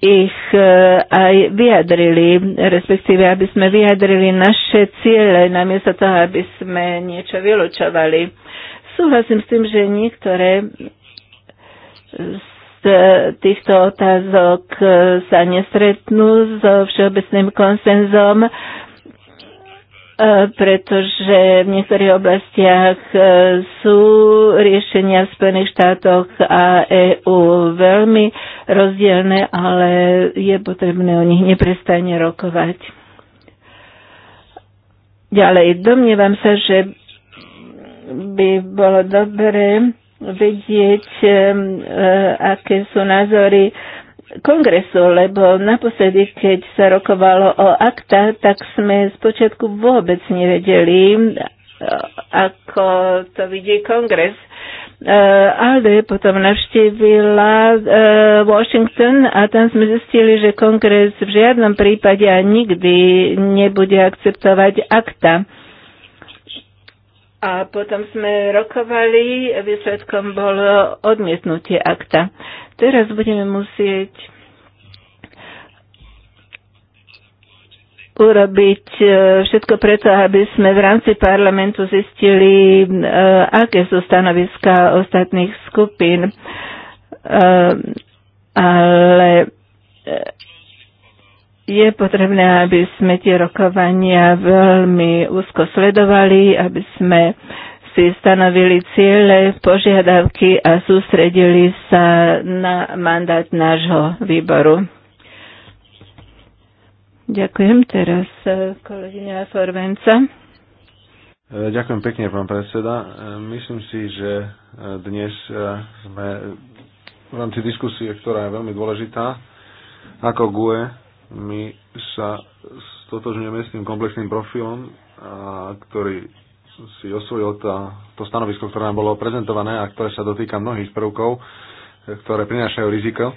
ich e, aj vyjadrili, respektíve aby sme vyjadrili naše ciele, namiesto toho, aby sme niečo vylučovali. Súhlasím s tým, že niektoré z týchto otázok sa nestretnú so všeobecným konsenzom, e, pretože v niektorých oblastiach e, sú riešenia v Spojených štátoch a EÚ veľmi rozdielne, ale je potrebné o nich neprestane rokovať. Ďalej, domnievam sa, že by bolo dobre vedieť, um, eh, aké sú názory kongresu, lebo naposledy, keď sa rokovalo o akta, tak sme spočiatku vôbec nevedeli, eh, ako to vidí kongres. Eh, Alde potom navštívila Washington a tam sme zistili, že kongres v žiadnom prípade a nikdy nebude akceptovať akta a potom sme rokovali, výsledkom bolo odmietnutie akta. Teraz budeme musieť urobiť e, všetko preto, aby sme v rámci parlamentu zistili, e, aké sú stanoviska ostatných skupín. E, ale je potrebné, aby sme tie rokovania veľmi úzko sledovali, aby sme si stanovili ciele, požiadavky a sústredili sa na mandát nášho výboru. Ďakujem teraz e, kolegyňa Forvenca. E, ďakujem pekne, pán predseda. E, myslím si, že dnes sme v rámci diskusie, ktorá je veľmi dôležitá, ako GUE my sa stotožňujeme s tým komplexným profilom, a ktorý si osvojil tá, to stanovisko, ktoré nám bolo prezentované a ktoré sa dotýka mnohých prvkov, ktoré prinášajú riziko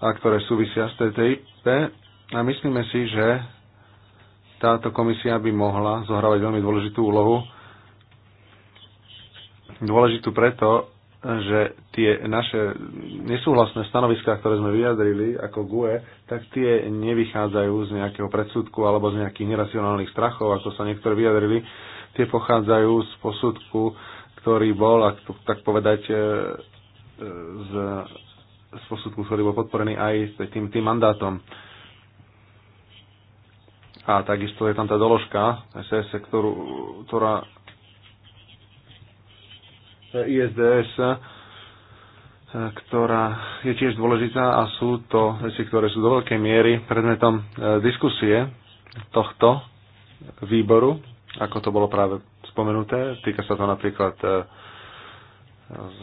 a ktoré súvisia s TTIP. A myslíme si, že táto komisia by mohla zohrávať veľmi dôležitú úlohu. Dôležitú preto, že tie naše nesúhlasné stanoviská, ktoré sme vyjadrili ako GUE, tak tie nevychádzajú z nejakého predsudku alebo z nejakých neracionálnych strachov, ako sa niektoré vyjadrili. Tie pochádzajú z posudku, ktorý bol, ak to, tak povedať, e, e, z, z posudku, ktorý bol podporený aj tým, tým mandátom. A takisto je tam tá doložka SS, ktorú, ktorá ISDS, eh, ktorá je tiež dôležitá a sú to veci, ktoré sú do veľkej miery predmetom eh, diskusie tohto výboru, ako to bolo práve spomenuté. Týka sa to napríklad eh,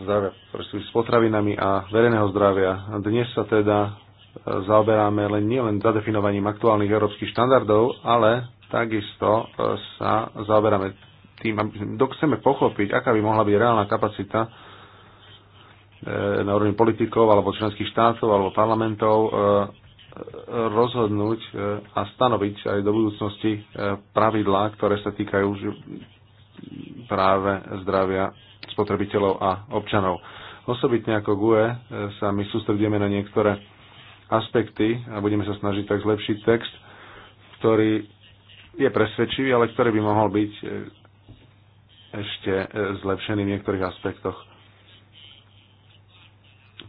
zdravia s potravinami a verejného zdravia. Dnes sa teda zaoberáme len nielen zadefinovaním aktuálnych európskych štandardov, ale takisto sa zaoberáme tým, aby, dok chceme pochopiť, aká by mohla byť reálna kapacita e, na úrovni politikov alebo členských štátov alebo parlamentov e, rozhodnúť e, a stanoviť aj do budúcnosti pravidlá, ktoré sa týkajú práve zdravia spotrebiteľov a občanov. Osobitne ako GUE sa my sústredíme na niektoré aspekty a budeme sa snažiť tak zlepšiť text, ktorý je presvedčivý, ale ktorý by mohol byť ešte e, zlepšený v niektorých aspektoch.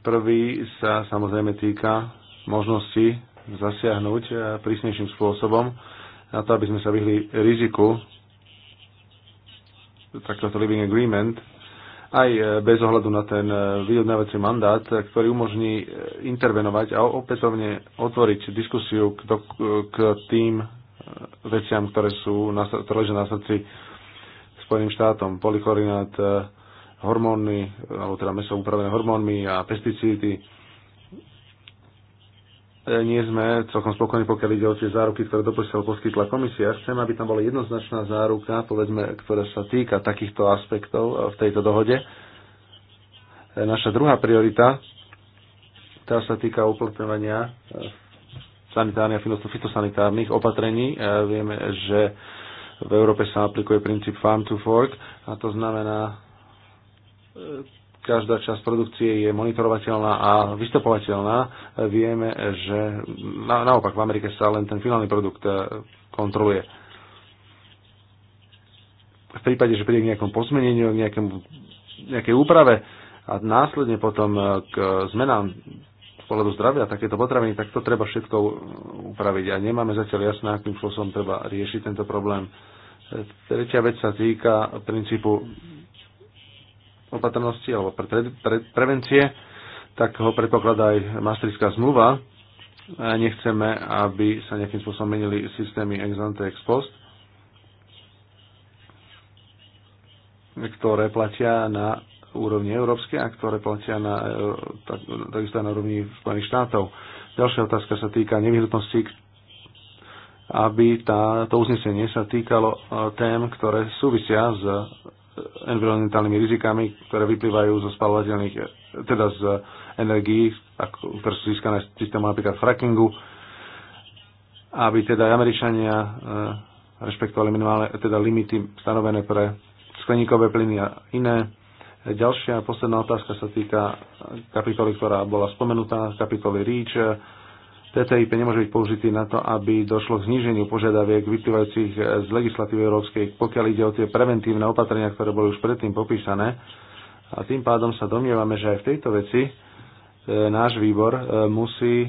Prvý sa samozrejme týka možnosti zasiahnuť e, prísnejším spôsobom na to, aby sme sa vyhli riziku takéhoto living agreement, aj e, bez ohľadu na ten vyjednávací mandát, ktorý umožní intervenovať a opätovne otvoriť diskusiu k, k tým veciam, ktoré sú ktoré na srdci Spojeným štátom, polichorinát, e, hormóny, e, alebo teda meso upravené hormónmi a pesticídy. E, nie sme celkom spokojní, pokiaľ ide o tie záruky, ktoré doposiaľ poskytla komisia. Chcem, aby tam bola jednoznačná záruka, povedzme, ktorá sa týka takýchto aspektov v tejto dohode. Naša druhá priorita, tá sa týka uplatňovania sanitárnych a fitosanitárnych opatrení. Vieme, že v Európe sa aplikuje princíp farm to fork a to znamená, e, každá časť produkcie je monitorovateľná a vystupovateľná. E, vieme, že na, naopak v Amerike sa len ten finálny produkt e, kontroluje. V prípade, že príde k nejakom pozmeneniu, k nejakému, nejakej úprave a následne potom k zmenám pohľadu zdravia takéto potraviny, tak to treba všetko upraviť a nemáme zatiaľ jasné, akým spôsobom treba riešiť tento problém. Tretia vec sa týka princípu opatrnosti alebo pre, pre, pre, prevencie, tak ho predpokladá aj Maastrichtská zmluva. Nechceme, aby sa nejakým spôsobom menili systémy ex ante, ex post, ktoré platia na úrovni európskej a ktoré platia na, e, tak, takisto aj na úrovni Spojených štátov. Ďalšia otázka sa týka nevyhnutnosti, aby tá, to uznesenie sa týkalo e, tém, ktoré súvisia s environmentálnymi rizikami, ktoré vyplývajú zo spalovateľných, e, teda z energií, ktoré sú získané systému napríklad frackingu, aby teda Američania rešpektovali minimálne, teda limity stanovené pre skleníkové plyny a iné Ďalšia posledná otázka sa týka kapitoly, ktorá bola spomenutá, kapitoly REACH. TTIP nemôže byť použitý na to, aby došlo k zníženiu požiadaviek vyplývajúcich z legislatívy európskej, pokiaľ ide o tie preventívne opatrenia, ktoré boli už predtým popísané. A tým pádom sa domnievame, že aj v tejto veci e, náš výbor e, musí e,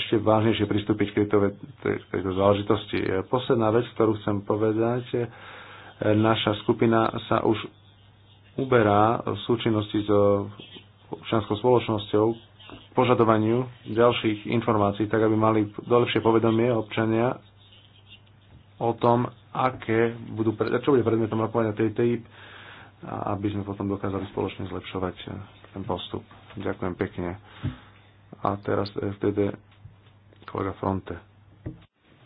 ešte vážnejšie pristúpiť k tejto, k tejto záležitosti. Posledná vec, ktorú chcem povedať, naša skupina sa už uberá v súčinnosti s eh, občianskou spoločnosťou k požadovaniu ďalších informácií, tak aby mali dolepšie povedomie občania o tom, aké budú, čo bude predmetom rokovania TIP, aby sme potom dokázali spoločne zlepšovať eh, ten postup. Ďakujem pekne. A teraz FTD kolega Fronte.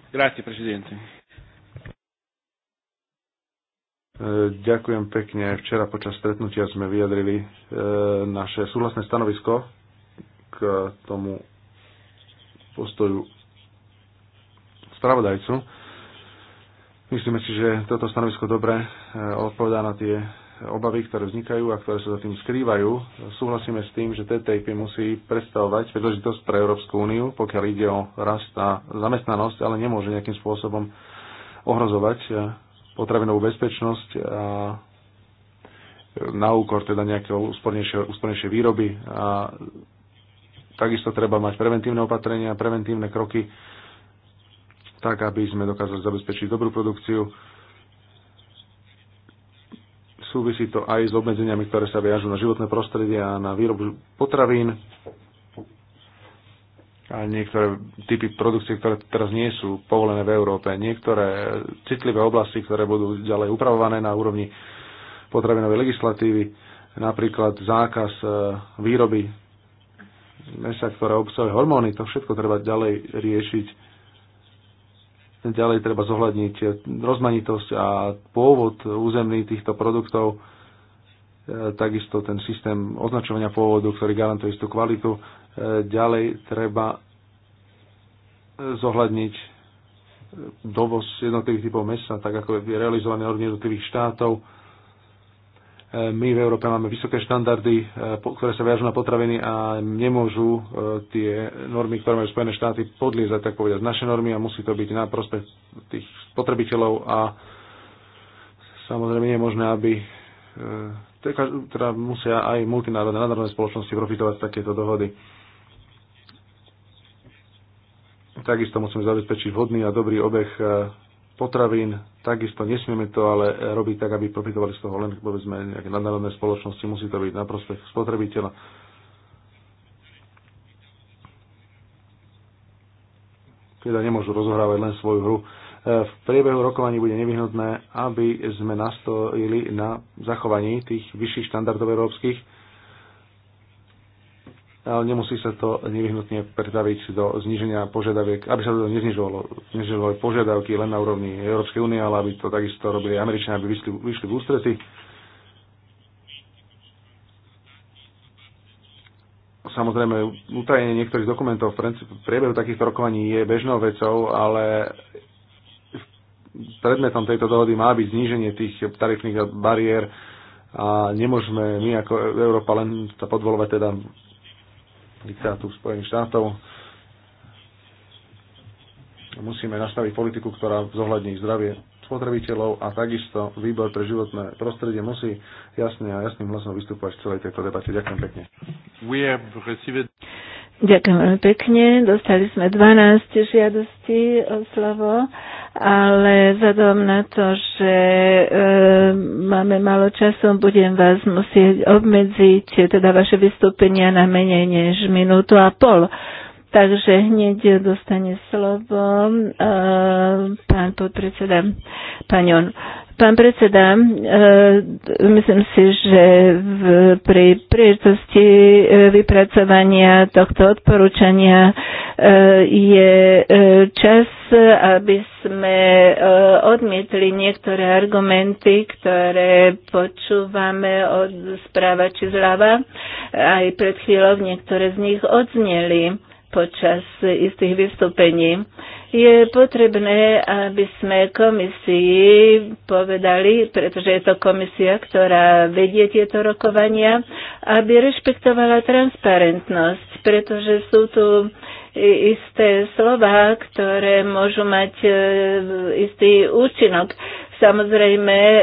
Grazie, presidente. E, ďakujem pekne. Včera počas stretnutia sme vyjadrili e, naše súhlasné stanovisko k tomu postoju spravodajcu. Myslíme si, že toto stanovisko dobre e, odpovedá na tie obavy, ktoré vznikajú a ktoré sa za tým skrývajú. Súhlasíme s tým, že TTIP musí predstavovať príležitosť pre Európsku úniu, pokiaľ ide o rast a zamestnanosť, ale nemôže nejakým spôsobom ohrozovať potravinovú bezpečnosť a e, na úkor teda nejakého úspornejšej výroby a takisto treba mať preventívne opatrenia, preventívne kroky, tak aby sme dokázali zabezpečiť dobrú produkciu. Súvisí to aj s obmedzeniami, ktoré sa viažú na životné prostredie a na výrobu potravín a niektoré typy produkcie, ktoré teraz nie sú povolené v Európe, niektoré citlivé oblasti, ktoré budú ďalej upravované na úrovni potravinovej legislatívy, napríklad zákaz e, výroby mesa, ktoré obsahuje hormóny, to všetko treba ďalej riešiť. Ďalej treba zohľadniť e, rozmanitosť a pôvod územný týchto produktov, e, takisto ten systém označovania pôvodu, ktorý garantuje istú kvalitu Ďalej treba zohľadniť dovoz jednotlivých typov mesa, tak ako je realizované od jednotlivých štátov. My v Európe máme vysoké štandardy, ktoré sa viažú na potraviny a nemôžu e, tie normy, ktoré majú Spojené štáty, podliezať, tak povedať, naše normy a musí to byť na prospech tých spotrebiteľov a samozrejme nie je možné, aby e, teda musia aj multinárodné nadnárodné spoločnosti profitovať z takéto dohody Takisto musíme zabezpečiť vhodný a dobrý obeh e, potravín. Takisto nesmieme to ale e, robiť tak, aby profitovali z toho len povedzme nejaké nadnárodné spoločnosti. Musí to byť na prospech spotrebiteľa. Teda nemôžu rozohrávať len svoju hru. E, v priebehu rokovaní bude nevyhnutné, aby sme nastojili na zachovaní tých vyšších štandardov európskych ale nemusí sa to nevyhnutne pretaviť do zniženia požiadaviek, aby sa to neznižovalo, neznižovalo požiadavky len na úrovni Európskej únie, ale aby to takisto robili Američania, aby vyšli, vyšli v ústrety. Samozrejme, utajenie niektorých dokumentov v priebehu takýchto rokovaní je bežnou vecou, ale predmetom tejto dohody má byť zníženie tých tarifných bariér a nemôžeme my ako Európa len sa podvolovať teda diktátu Spojených štátov. Musíme nastaviť politiku, ktorá zohľadní zdravie spotrebiteľov a takisto výbor pre životné prostredie musí jasne a jasným hlasom vystúpať v celej tejto debate. Ďakujem pekne. Ďakujem veľmi pekne. Dostali sme 12 žiadostí o slovo ale vzhľadom na to, že e, máme malo času, budem vás musieť obmedziť, teda vaše vystúpenia na menej než minútu a pol. Takže hneď dostane slovo e, pán podpredseda on Pán predseda, e, myslím si, že v, pri príležitosti e, vypracovania tohto odporúčania e, je čas, aby sme odmietli niektoré argumenty, ktoré počúvame od správa či zľava. Aj pred chvíľou niektoré z nich odzneli počas istých vystúpení. Je potrebné, aby sme komisii povedali, pretože je to komisia, ktorá vedie tieto rokovania, aby rešpektovala transparentnosť, pretože sú tu isté slova, ktoré môžu mať e, istý účinok. Samozrejme e,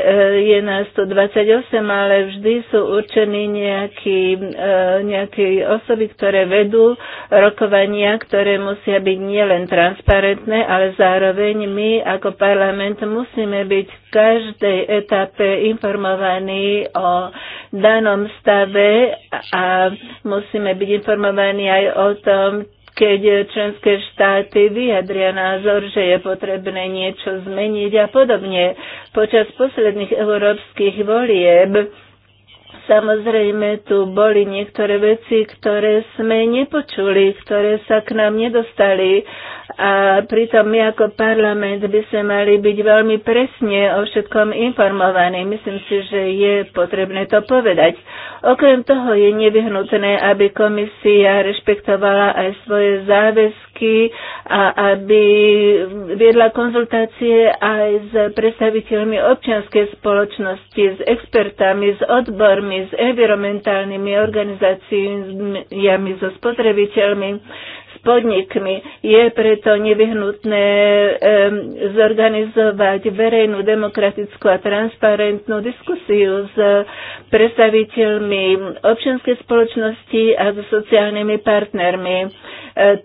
je nás tu 28, ale vždy sú určení nejakí, e, nejaké osoby, ktoré vedú rokovania, ktoré musia byť nielen transparentné, ale zároveň my ako parlament musíme byť v každej etape informovaní o danom stave a musíme byť informovaní aj o tom, keď členské štáty vyjadria názor, že je potrebné niečo zmeniť a podobne. Počas posledných európskych volieb Samozrejme, tu boli niektoré veci, ktoré sme nepočuli, ktoré sa k nám nedostali a pritom my ako parlament by sme mali byť veľmi presne o všetkom informovaní. Myslím si, že je potrebné to povedať. Okrem toho je nevyhnutné, aby komisia rešpektovala aj svoje záväzky otázky a aby viedla konzultácie aj s predstaviteľmi občianskej spoločnosti, s expertami, s odbormi, s environmentálnymi organizáciami, so spotrebiteľmi podnikmi. Je preto nevyhnutné zorganizovať verejnú, demokratickú a transparentnú diskusiu s predstaviteľmi občianskej spoločnosti a so sociálnymi partnermi.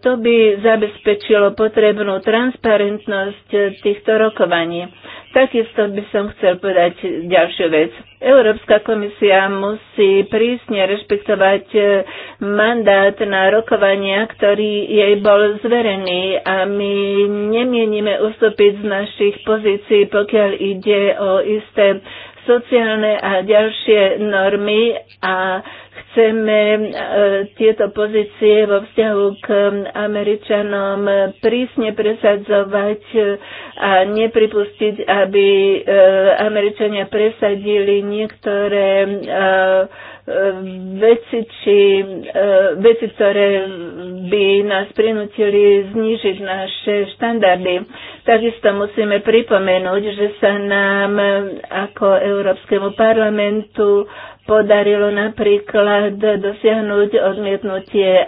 To by zabezpečilo potrebnú transparentnosť eh, týchto rokovaní. Takisto by som chcel povedať ďalšiu vec. Európska komisia musí prísne rešpektovať eh, mandát na rokovania, ktorý jej bol zverený a my nemienime ustúpiť z našich pozícií, pokiaľ ide o isté sociálne a ďalšie normy a chceme e, tieto pozície vo vzťahu k Američanom prísne presadzovať e, a nepripustiť, aby e, Američania presadili niektoré veci, či, veci, ktoré by nás prinútili znižiť naše štandardy. Takisto musíme pripomenúť, že sa nám ako Európskemu parlamentu podarilo napríklad dosiahnuť odmietnutie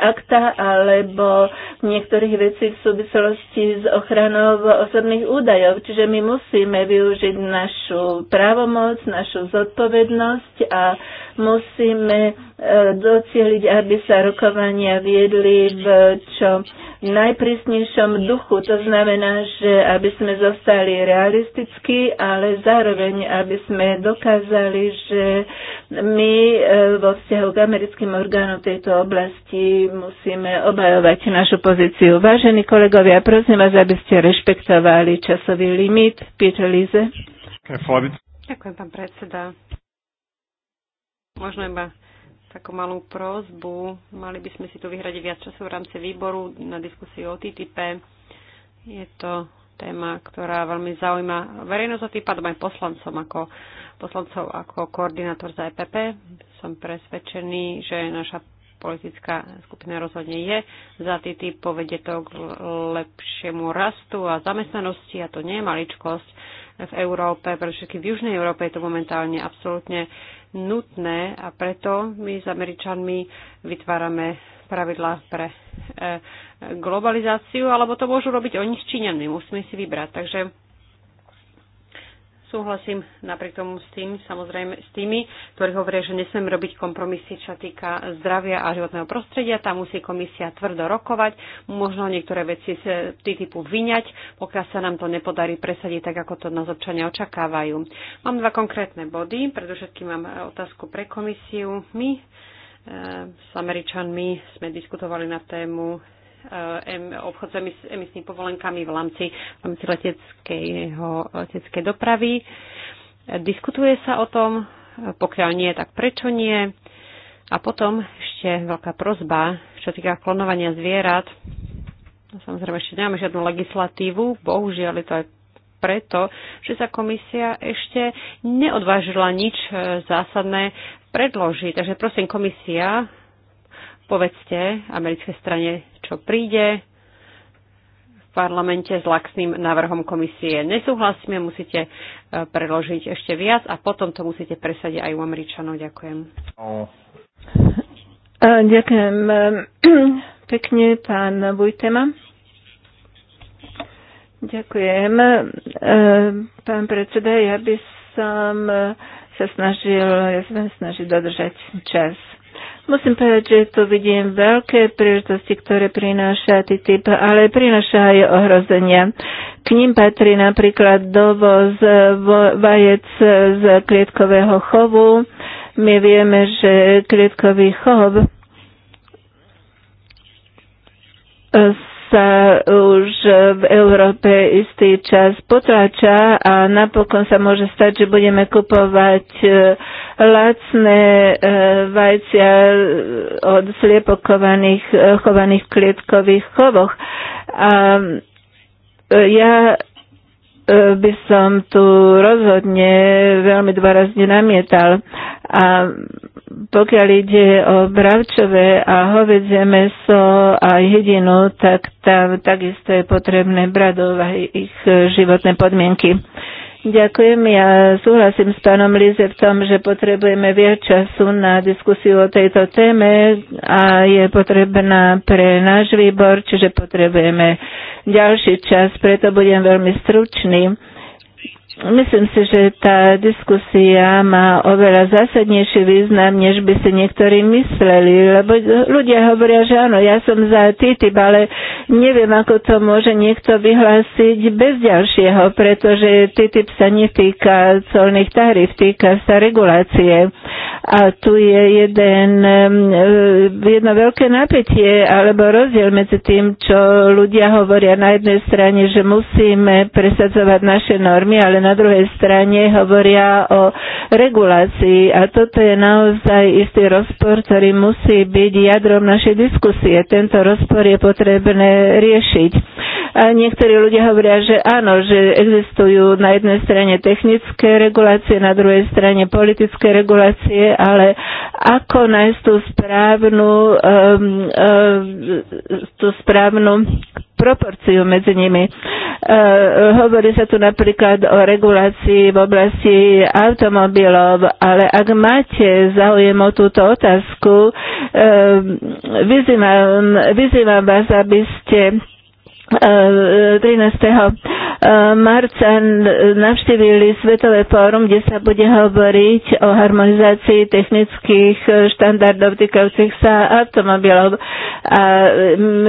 akta alebo niektorých vecí v súvislosti s ochranou osobných údajov. Čiže my musíme využiť našu právomoc, našu zodpovednosť a musíme e, docieliť, aby sa rokovania viedli v čo najprísnejšom duchu. To znamená, že aby sme zostali realistickí, ale zároveň, aby sme dokázali, že my e, vo vzťahu k americkým orgánom tejto oblasti musíme obajovať našu pozíciu. Vážení kolegovia, prosím vás, aby ste rešpektovali časový limit. Peter Lize. Ďakujem, pán predseda. Možno iba takú malú prozbu. Mali by sme si tu vyhradiť viac času v rámci výboru na diskusiu o TTIP. Je to téma, ktorá veľmi zaujíma verejnosť a tým pádom aj poslancom ako, poslancov ako koordinátor za EPP. Som presvedčený, že naša politická skupina rozhodne je za TTIP, povedie to k lepšiemu rastu a zamestnanosti a to nie je maličkosť v Európe, pretože v Južnej Európe je to momentálne absolútne nutné a preto my s Američanmi vytvárame pravidlá pre e, globalizáciu, alebo to môžu robiť oni s Číňanmi. Musíme si vybrať. Takže Súhlasím napriek tomu s tým, samozrejme s tými, ktorí hovoria, že nesmieme robiť kompromisy, čo týka zdravia a životného prostredia. Tam musí komisia tvrdo rokovať, možno niektoré veci z typu vyňať, pokiaľ sa nám to nepodarí presadiť tak, ako to nás občania očakávajú. Mám dva konkrétne body, predovšetkým mám otázku pre komisiu. My eh, s Američanmi sme diskutovali na tému obchod s emisnými povolenkami v rámci, v rámci leteckej dopravy. Diskutuje sa o tom, pokiaľ nie, tak prečo nie. A potom ešte veľká prozba, čo týka klonovania zvierat. No, samozrejme, ešte nemáme žiadnu legislatívu, bohužiaľ je to aj preto, že sa komisia ešte neodvážila nič e, zásadné predložiť. Takže prosím, komisia, povedzte americkej strane čo príde. V parlamente s laxným návrhom komisie nesúhlasíme, musíte e, preložiť ešte viac a potom to musíte presadiť aj u Američanov. Ďakujem. No. E, ďakujem e, pekne, pán Vujtema. Ďakujem. Pán predseda, ja by som sa snažil, ja som snažil dodržať čas. Musím povedať, že tu vidím veľké príležitosti, ktoré prináša TTIP, ale prináša aj ohrozenia. K ním patrí napríklad dovoz vajec z klietkového chovu. My vieme, že klietkový chov sa už v Európe istý čas potláča a napokon sa môže stať, že budeme kupovať e, lacné e, vajcia e, od sliepokovaných chovaných klietkových chovoch. A ja by som tu rozhodne veľmi dôrazne namietal. A pokiaľ ide o bravčové a hovedzie meso a jedinu, tak tam takisto je potrebné brať do úvahy ich životné podmienky. Ďakujem. Ja súhlasím s pánom Lize v tom, že potrebujeme viac času na diskusiu o tejto téme a je potrebná pre náš výbor, čiže potrebujeme ďalší čas, preto budem veľmi stručný. Myslím si, že tá diskusia má oveľa zásadnejší význam, než by si niektorí mysleli, lebo ľudia hovoria, že áno, ja som za TTIP, ale neviem, ako to môže niekto vyhlásiť bez ďalšieho, pretože TTIP sa netýka colných tarif, týka sa regulácie. A tu je jeden, e, jedno veľké napätie alebo rozdiel medzi tým, čo ľudia hovoria na jednej strane, že musíme presadzovať naše normy, ale na druhej strane hovoria o regulácii. A toto je naozaj istý rozpor, ktorý musí byť jadrom našej diskusie. Tento rozpor je potrebné riešiť. A niektorí ľudia hovoria, že áno, že existujú na jednej strane technické regulácie, na druhej strane politické regulácie, ale ako nájsť tú správnu, um, um, tú správnu proporciu medzi nimi. Uh, hovorí sa tu napríklad o regulácii v oblasti automobilov, ale ak máte záujem o túto otázku, uh, vyzývam, vyzývam vás, aby ste 13. E, marca navštívili Svetové fórum, kde sa bude hovoriť o harmonizácii technických štandardov týkajúcich sa automobilov. A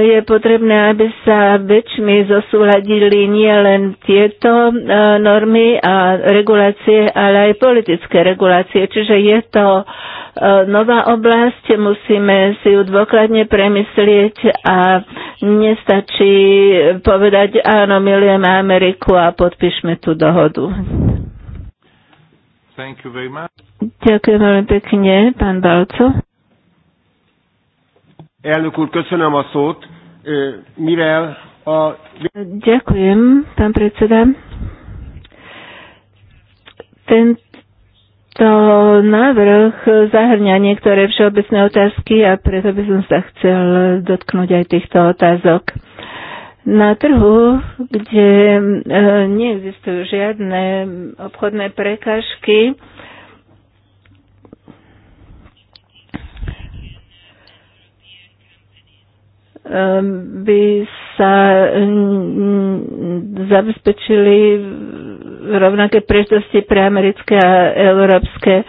je potrebné, aby sa väčšmi zosúladili nie len tieto e, normy a regulácie, ale aj politické regulácie. Čiže je to E, nová oblasť, musíme si ju dôkladne premyslieť a nestačí povedať, áno, milujeme Ameriku a podpíšme tú dohodu. Thank you very much. Ďakujem veľmi pekne, pán Balco. Elnök köszönöm a szót, e, mivel a... Ďakujem, pán predseda. Ten tento návrh zahrňa niektoré všeobecné otázky a preto by som sa chcel dotknúť aj týchto otázok. Na trhu, kde e, neexistujú žiadne obchodné prekážky, e, by sa zabezpečili rovnaké príležitosti pre americké a európske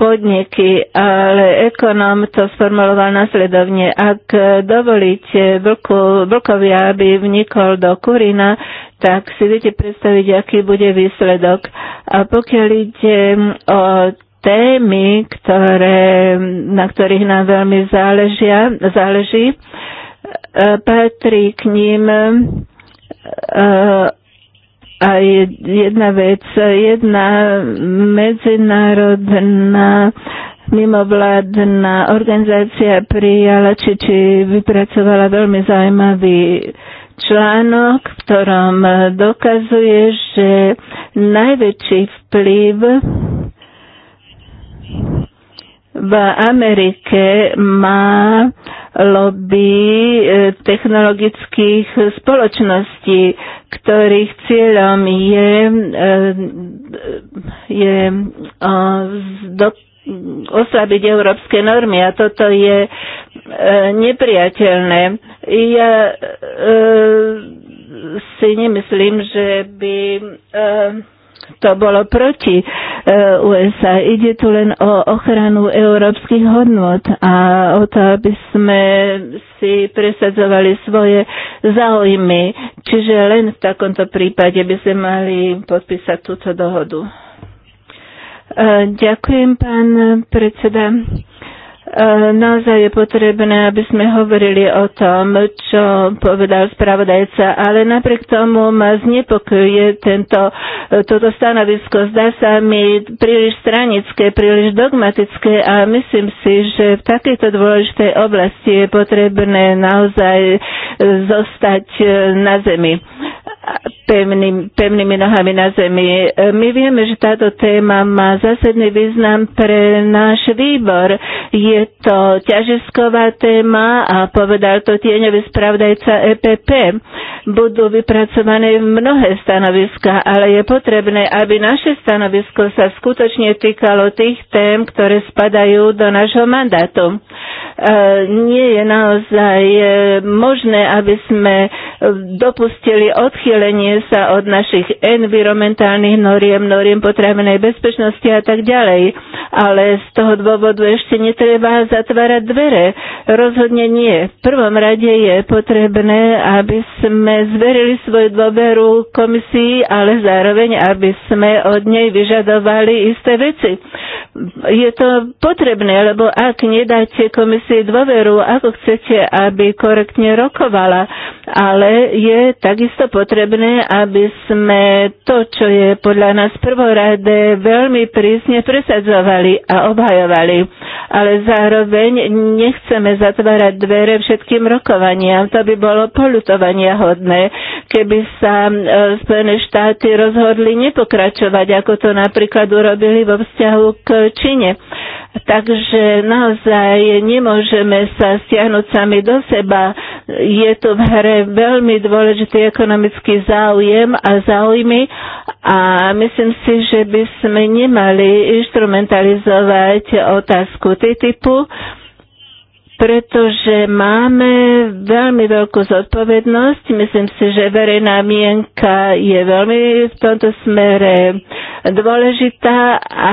podniky, ale ekonom to sformuloval nasledovne. Ak dovolíte vlku, vlkovia, aby vnikol do kurina, tak si viete predstaviť, aký bude výsledok. A pokiaľ ide o témy, ktoré, na ktorých nám veľmi záležia, záleží, e, patrí k ním e, a jedna vec, jedna medzinárodná mimovládna organizácia prijala, či, či vypracovala veľmi zaujímavý článok, v ktorom dokazuje, že najväčší vplyv v Amerike má lobby e, technologických spoločností, ktorých cieľom je, e, e, je do, oslabiť európske normy a toto je nepriateľné. Ja si nemyslím, že by to bolo proti e, USA. Ide tu len o ochranu európskych hodnot a o to, aby sme si presadzovali svoje záujmy. Čiže len v takomto prípade by sme mali podpísať túto dohodu. E, ďakujem, pán predseda. E, naozaj je potrebné, aby sme hovorili o tom, čo povedal spravodajca, ale napriek tomu ma znepokojuje tento, e, toto stanovisko. Zdá sa mi príliš stranické, príliš dogmatické a myslím si, že v takejto dôležitej oblasti je potrebné naozaj e, zostať na zemi pevným, pevnými nohami na zemi. E, my vieme, že táto téma má zásadný význam pre náš výbor. Je to ťažisková téma a povedal to tieňový spravdajca EPP. Budú vypracované mnohé stanoviska, ale je potrebné, aby naše stanovisko sa skutočne týkalo tých tém, ktoré spadajú do nášho mandátu nie je naozaj e, možné, aby sme dopustili odchýlenie sa od našich environmentálnych noriem, noriem potravenej bezpečnosti a tak ďalej. Ale z toho dôvodu ešte netreba zatvárať dvere. Rozhodne nie. V prvom rade je potrebné, aby sme zverili svoju dôveru komisii, ale zároveň, aby sme od nej vyžadovali isté veci. Je to potrebné, lebo ak nedáte komisii si dôveru, ako chcete, aby korektne rokovala, ale je takisto potrebné, aby sme to, čo je podľa nás prvoradé, veľmi prísne presadzovali a obhajovali. Ale zároveň nechceme zatvárať dvere všetkým rokovaniam. To by bolo polutovania hodné, keby sa e, Spojené štáty rozhodli nepokračovať, ako to napríklad urobili vo vzťahu k Číne. Takže naozaj nemôžeme sa stiahnuť sami do seba. Je tu v hre veľmi dôležitý ekonomický záujem a záujmy a myslím si, že by sme nemali instrumentalizovať otázku typu, pretože máme veľmi veľkú zodpovednosť. Myslím si, že verejná mienka je veľmi v tomto smere dôležitá a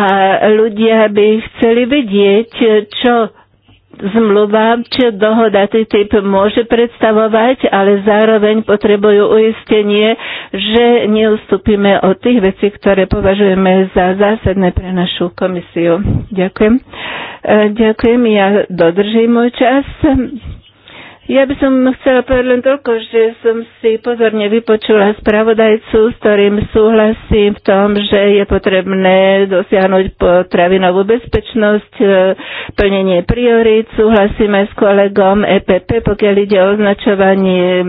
ľudia by chceli vidieť, čo zmluva čo dohoda TTIP môže predstavovať, ale zároveň potrebujú uistenie, že neustúpime od tých vecí, ktoré považujeme za zásadné pre našu komisiu. Ďakujem. E, ďakujem, ja dodržím môj čas. Ja by som chcela povedať len toľko, že som si pozorne vypočula spravodajcu, s ktorým súhlasím v tom, že je potrebné dosiahnuť potravinovú bezpečnosť, e, plnenie priorít. Súhlasíme s kolegom EPP, pokiaľ ide o označovanie e,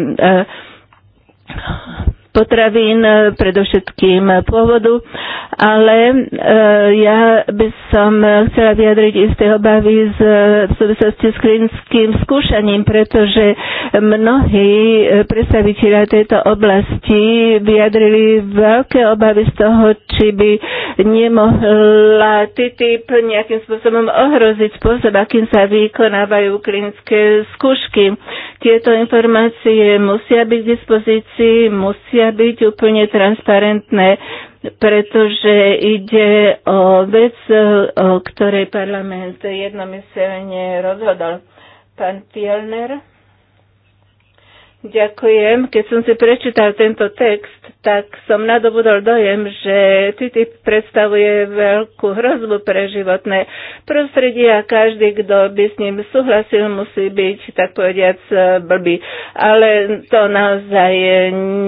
potravín, e, predovšetkým pôvodu, ale e, ja by som chcela vyjadriť isté obavy z, v súvislosti s klinickým skúšaním, pretože mnohí e, predstaviteľa tejto oblasti vyjadrili veľké obavy z toho, či by nemohla TTIP nejakým spôsobom ohroziť spôsob, akým sa vykonávajú klinické skúšky. Tieto informácie musia byť k dispozícii, musia byť úplne transparentné, pretože ide o vec, o ktorej parlament jednomyselne rozhodol. Pán Fielner. Ďakujem. Keď som si prečítal tento text, tak som nadobudol dojem, že TTIP predstavuje veľkú hrozbu pre životné prostredie a každý, kto by s ním súhlasil, musí byť, tak povediac, blbý. Ale to naozaj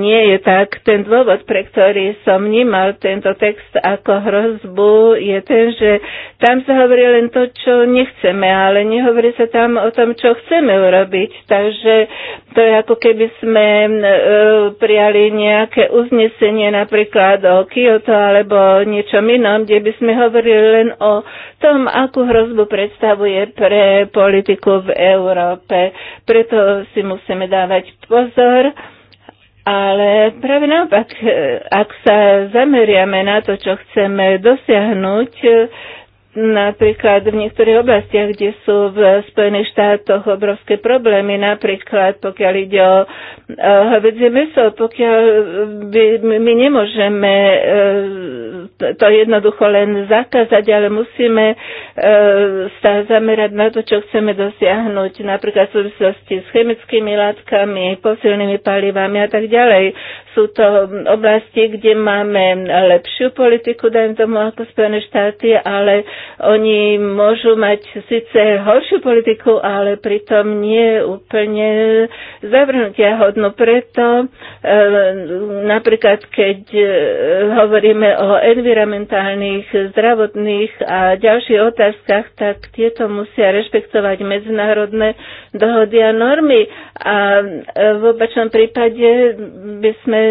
nie je tak. Ten dôvod, pre ktorý som vnímal tento text ako hrozbu, je ten, že tam sa hovorí len to, čo nechceme, ale nehovorí sa tam o tom, čo chceme urobiť. Takže to je ako keby sme e, prijali nejaké uznesenie napríklad o Kyoto alebo niečom inom, kde by sme hovorili len o tom, akú hrozbu predstavuje pre politiku v Európe. Preto si musíme dávať pozor. Ale práve naopak, e, ak sa zameriame na to, čo chceme dosiahnuť, napríklad v niektorých oblastiach, kde sú v Spojených štátoch obrovské problémy, napríklad pokiaľ ide o e, hovedzie meso, pokiaľ e, by, my nemôžeme e, to jednoducho len zakázať, ale musíme sa zamerať na to, čo chceme dosiahnuť, napríklad v súvislosti s chemickými látkami, posilnými palivami a tak ďalej. Sú to oblasti, kde máme lepšiu politiku, dajme tomu ako Spojené štáty, ale oni môžu mať síce horšiu politiku, ale pritom nie úplne zavrhnutia hodnú. Preto e, napríklad, keď e, hovoríme o environmentálnych, zdravotných a ďalších otázkach, tak tieto musia rešpektovať medzinárodné dohody a normy. A e, v obačnom prípade by sme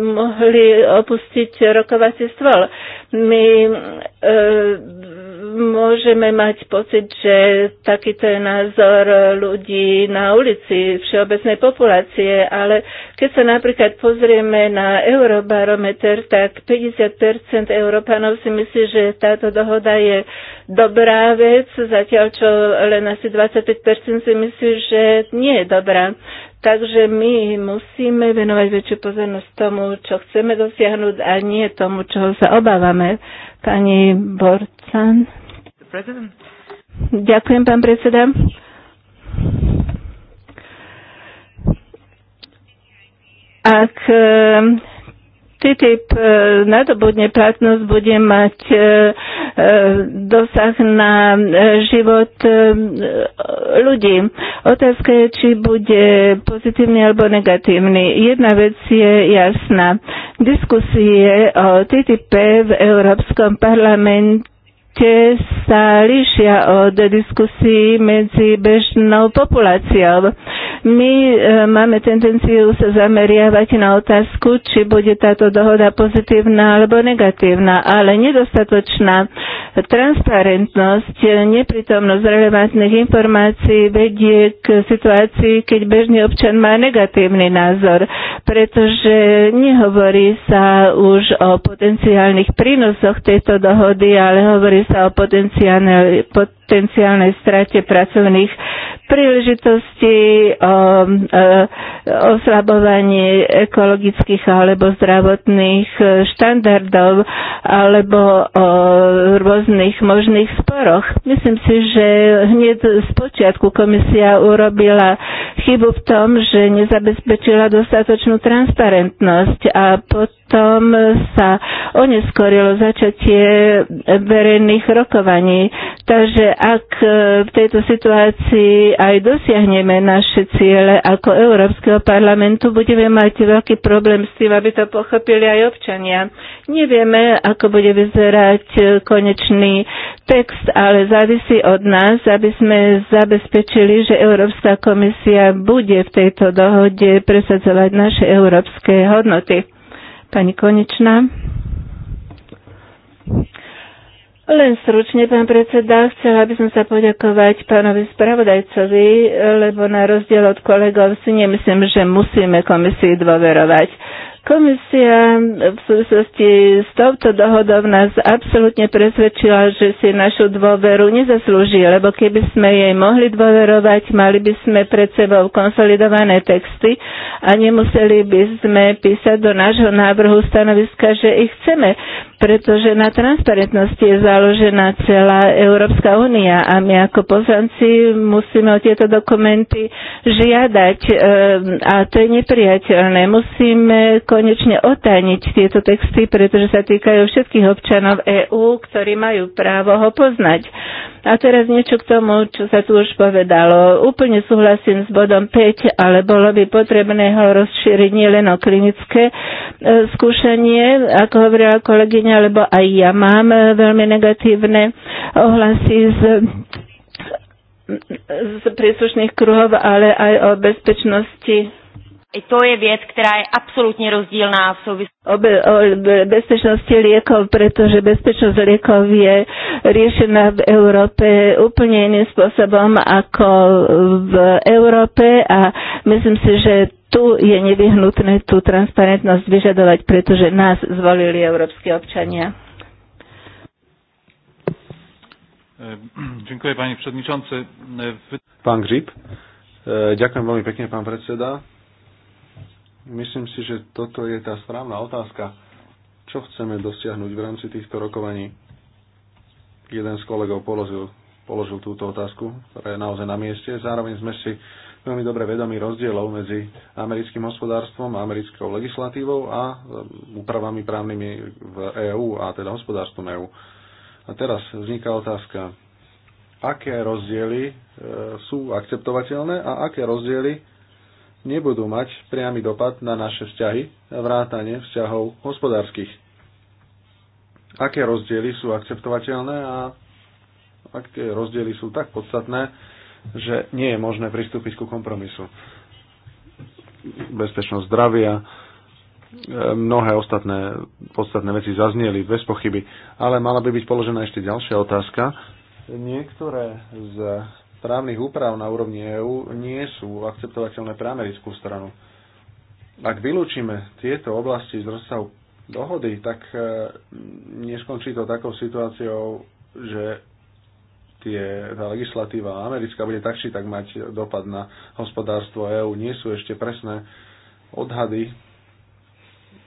mohli opustiť rokovací stôl. My e, môžeme mať pocit, že takýto je názor ľudí na ulici, všeobecnej populácie, ale keď sa napríklad pozrieme na eurobarometer, tak 50% Európanov si myslí, že táto dohoda je dobrá vec, zatiaľ čo len asi 25% si myslí, že nie je dobrá. Takže my musíme venovať väčšiu pozornosť tomu, čo chceme dosiahnuť a nie tomu, čo sa obávame. Pani Borcan. Ďakujem, pán predseda. Ak e, TTIP e, nadobudne platnosť, bude mať e, dosah na život ľudí. Otázka je, či bude pozitívny alebo negatívny. Jedna vec je jasná. Diskusie o TTIP v Európskom parlamente tie sa líšia od diskusí medzi bežnou populáciou. My e, máme tendenciu sa zameriavať na otázku, či bude táto dohoda pozitívna alebo negatívna, ale nedostatočná transparentnosť, neprítomnosť relevantných informácií vedie k situácii, keď bežný občan má negatívny názor pretože nehovorí sa už o potenciálnych prínosoch tejto dohody, ale hovorí sa o potenciálnej, potenciálnej strate pracovných príležitostí, o, oslabovanie ekologických alebo zdravotných štandardov alebo o rôznych možných sporoch. Myslím si, že hneď z počiatku komisia urobila chybu v tom, že nezabezpečila dostatočnú dostatočnú transparentnosť a pod potom sa oneskorilo začatie verejných rokovaní. Takže ak e, v tejto situácii aj dosiahneme naše ciele ako Európskeho parlamentu, budeme mať veľký problém s tým, aby to pochopili aj občania. Nevieme, ako bude vyzerať e, konečný text, ale závisí od nás, aby sme zabezpečili, že Európska komisia bude v tejto dohode presadzovať naše európske hodnoty. Pani Konečná. Len stručne, pán predseda, chcela by som sa poďakovať pánovi spravodajcovi, lebo na rozdiel od kolegov si nemyslím, že musíme komisii dôverovať. Komisia v súvislosti s touto dohodou nás absolútne presvedčila, že si našu dôveru nezaslúži, lebo keby sme jej mohli dôverovať, mali by sme pred sebou konsolidované texty a nemuseli by sme písať do nášho návrhu stanoviska, že ich chceme pretože na transparentnosti je založená celá Európska únia a my ako poslanci musíme o tieto dokumenty žiadať e, a to je nepriateľné. Musíme konečne otániť tieto texty, pretože sa týkajú všetkých občanov EÚ, ktorí majú právo ho poznať. A teraz niečo k tomu, čo sa tu už povedalo. Úplne súhlasím s bodom 5, ale bolo by potrebné ho rozšíriť nielen o klinické e, skúšanie, ako hovorila kolegyňa opatrenia, lebo aj ja mám e, veľmi negatívne ohlasy z z príslušných kruhov, ale aj o bezpečnosti i to je vec, ktorá je absolútne rozdielná v súvislosti. O, be, o bezpečnosti liekov, pretože bezpečnosť liekov je riešená v Európe úplne iným spôsobom ako v Európe a myslím si, že tu je nevyhnutné tú transparentnosť vyžadovať, pretože nás zvolili európsky občania. Ďakujem, pani predsedničance. Pán Gříp. Ďakujem veľmi pekne, pán predseda. Myslím si, že toto je tá správna otázka. Čo chceme dosiahnuť v rámci týchto rokovaní? Jeden z kolegov položil, položil túto otázku, ktorá je naozaj na mieste. Zároveň sme si veľmi dobre vedomí rozdielov medzi americkým hospodárstvom, americkou legislatívou a um, úpravami právnymi v EÚ a teda hospodárstvom EÚ. A teraz vzniká otázka, aké rozdiely e, sú akceptovateľné a aké rozdiely nebudú mať priamy dopad na naše vzťahy, vrátane vzťahov hospodárskych. Aké rozdiely sú akceptovateľné a aké rozdiely sú tak podstatné, že nie je možné pristúpiť ku kompromisu. Bezpečnosť zdravia, e, mnohé ostatné podstatné veci zazneli, bez pochyby, ale mala by byť položená ešte ďalšia otázka. Niektoré z právnych úprav na úrovni EÚ nie sú akceptovateľné pre americkú stranu. Ak vylúčime tieto oblasti z rozsahu dohody, tak e, neskončí to takou situáciou, že tie, tá legislatíva americká bude tak či tak mať dopad na hospodárstvo EÚ. Nie sú ešte presné odhady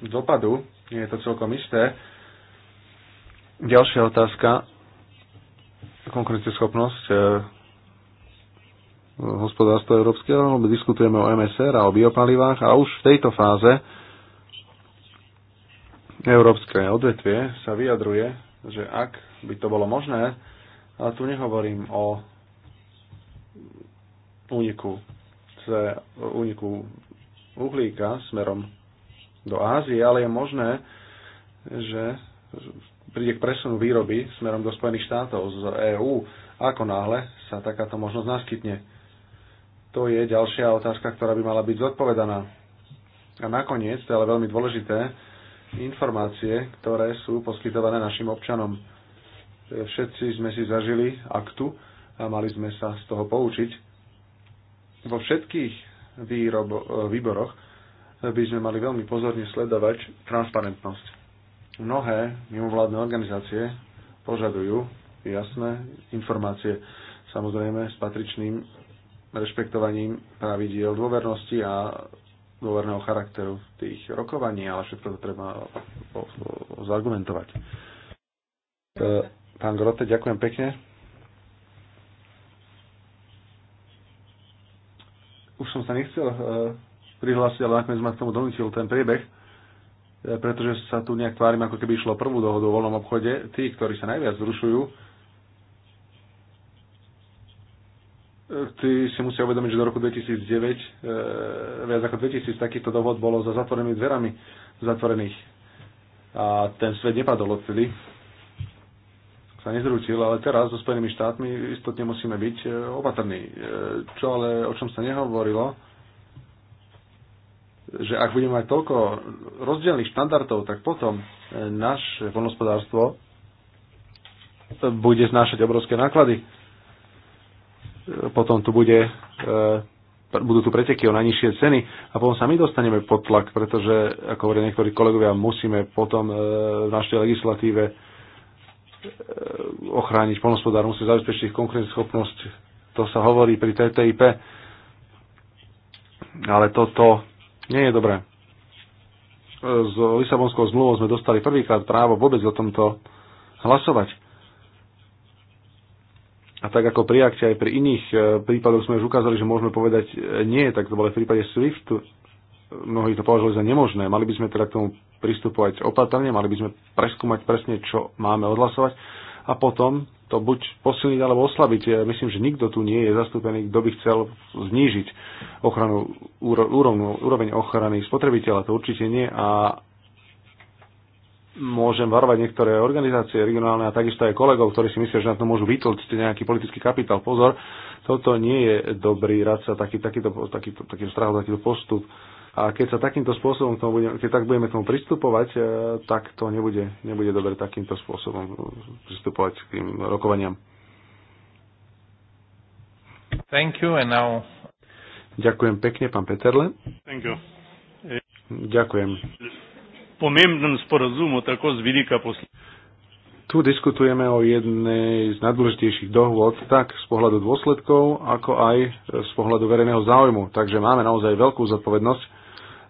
dopadu, nie je to celkom isté. Ďalšia otázka, konkurencieschopnosť e, hospodárstva Európskej únie, diskutujeme o MSR a o biopalivách a už v tejto fáze európske odvetvie sa vyjadruje, že ak by to bolo možné, a tu nehovorím o úniku, úniku uhlíka smerom do Ázie, ale je možné, že príde k presunu výroby smerom do Spojených štátov z EÚ, ako náhle sa takáto možnosť naskytne. To je ďalšia otázka, ktorá by mala byť zodpovedaná. A nakoniec, to je ale veľmi dôležité, informácie, ktoré sú poskytované našim občanom. Všetci sme si zažili aktu a mali sme sa z toho poučiť. Vo všetkých výrobo, e, výboroch by sme mali veľmi pozorne sledovať transparentnosť. Mnohé mimovládne organizácie požadujú jasné informácie, samozrejme s patričným rešpektovaním pravidiel dôvernosti a dôverného charakteru tých rokovaní, ale všetko to treba zargumentovať. E, pán Grote, ďakujem pekne. Už som sa nechcel e, prihlásiť, ale nakoniec ma k tomu donútil ten priebeh, e, pretože sa tu nejak tvárim, ako keby išlo prvú dohodu o voľnom obchode. Tí, ktorí sa najviac zrušujú, Ty si musia uvedomiť, že do roku 2009 e, viac ako 2000 takýchto dohod bolo za zatvorenými dverami zatvorených. A ten svet nepadol odtedy. Sa nezrútil, ale teraz so Spojenými štátmi istotne musíme byť e, opatrní. E, čo ale, o čom sa nehovorilo, že ak budeme mať toľko rozdielných štandardov, tak potom e, naše poľnospodárstvo bude znášať obrovské náklady potom tu bude, e, budú tu preteky o najnižšie ceny a potom sa my dostaneme pod tlak, pretože, ako hovorí niektorí kolegovia, musíme potom e, v našej legislatíve e, ochrániť polnospodár, musí zabezpečiť ich konkurenceschopnosť. To sa hovorí pri TTIP, ale toto nie je dobré. S Lisabonskou zmluvou sme dostali prvýkrát právo vôbec o tomto hlasovať a tak ako pri akte aj pri iných e, prípadoch sme už ukázali, že môžeme povedať e, nie, tak to bolo v prípade SWIFT, mnohí to považovali za nemožné. Mali by sme teda k tomu pristupovať opatrne, mali by sme preskúmať presne, čo máme odhlasovať a potom to buď posilniť alebo oslabiť. Ja myslím, že nikto tu nie je zastúpený, kto by chcel znížiť ochranu, úroveň ochrany spotrebiteľa. To určite nie. A môžem varovať niektoré organizácie regionálne a takisto aj kolegov, ktorí si myslia, že na to môžu vytlčiť nejaký politický kapitál. Pozor, toto nie je dobrý rad sa taký, takýto, takýto, takýto strach, takýto postup. A keď sa takýmto spôsobom, tomu budeme, keď tak budeme k tomu pristupovať, e, tak to nebude, nebude dobre takýmto spôsobom pristupovať k tým rokovaniam. Thank you and now... Ďakujem pekne, pán Peterle. Thank you. Ďakujem pomembnem sporazumu tako z vidika poslednjih. Tu diskutujeme o jednej z najdôležitejších dohôd, tak z pohľadu dôsledkov, ako aj z pohľadu verejného záujmu. Takže máme naozaj veľkú zodpovednosť.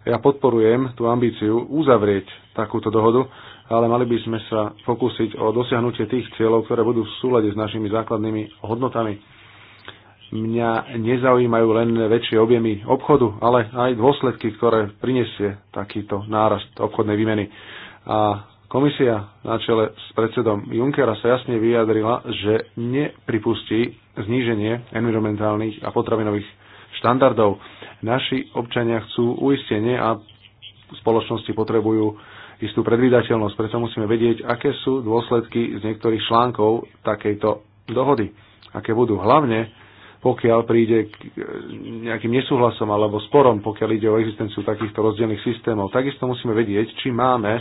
Ja podporujem tú ambíciu uzavrieť takúto dohodu, ale mali by sme sa pokúsiť o dosiahnutie tých cieľov, ktoré budú v súlade s našimi základnými hodnotami mňa nezaujímajú len väčšie objemy obchodu, ale aj dôsledky, ktoré prinesie takýto nárast obchodnej výmeny. A komisia na čele s predsedom Junckera sa jasne vyjadrila, že nepripustí zníženie environmentálnych a potravinových štandardov. Naši občania chcú uistenie a spoločnosti potrebujú istú predvídateľnosť, preto musíme vedieť, aké sú dôsledky z niektorých článkov takejto dohody. Aké budú hlavne pokiaľ príde k e, nejakým nesúhlasom alebo sporom, pokiaľ ide o existenciu takýchto rozdielných systémov. Takisto musíme vedieť, či máme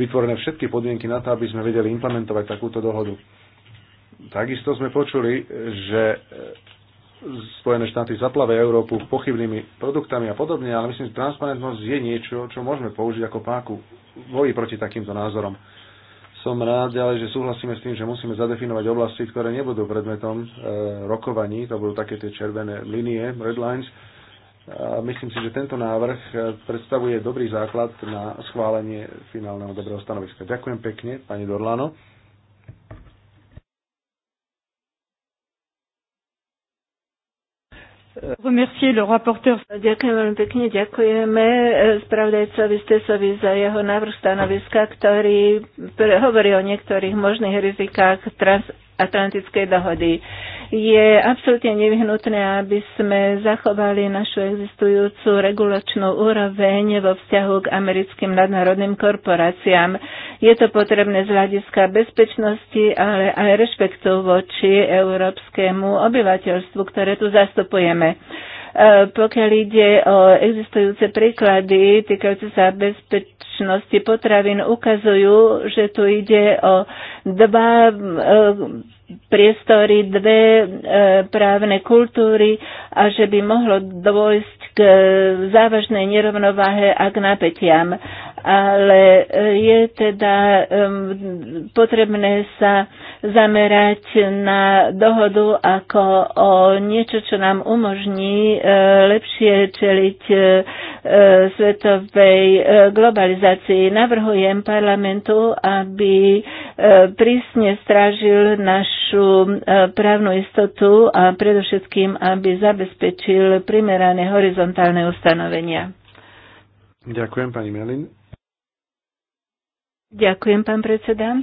vytvorené všetky podmienky na to, aby sme vedeli implementovať takúto dohodu. Takisto sme počuli, že e, Spojené štáty zaplavia Európu pochybnými produktami a podobne, ale myslím, že transparentnosť je niečo, čo môžeme použiť ako páku voji proti takýmto názorom. Som rád ale že súhlasíme s tým, že musíme zadefinovať oblasti, ktoré nebudú predmetom e, rokovaní, to budú také tie červené linie, red lines. A myslím si, že tento návrh e, predstavuje dobrý základ na schválenie finálneho dobrého stanoviska. Ďakujem pekne, pani Dorlano. Ďakujem veľmi pekne, ďakujeme e, spravodajcovi Stesovi za jeho návrh stanoviska, ktorý hovorí o niektorých možných rizikách trans- Atlantickej dohody. Je absolútne nevyhnutné, aby sme zachovali našu existujúcu regulačnú úroveň vo vzťahu k americkým nadnárodným korporáciám. Je to potrebné z hľadiska bezpečnosti, ale aj rešpektu voči európskemu obyvateľstvu, ktoré tu zastupujeme. Eh, pokiaľ ide o existujúce príklady týkajúce sa bezpečnosti potravín, ukazujú, že tu ide o dva eh, priestory, dve eh, právne kultúry a že by mohlo dôjsť k závažnej nerovnováhe a k napätiam ale e, je teda potrebné sa zamerať na dohodu ako o niečo, čo nám umožní e, lepšie čeliť e, svetovej globalizácii. Navrhujem parlamentu, aby prísne strážil našu právnu istotu a predovšetkým, aby zabezpečil primerané horizontálne ustanovenia. Ďakujem, pani Melin. Ďakujem, pán predseda.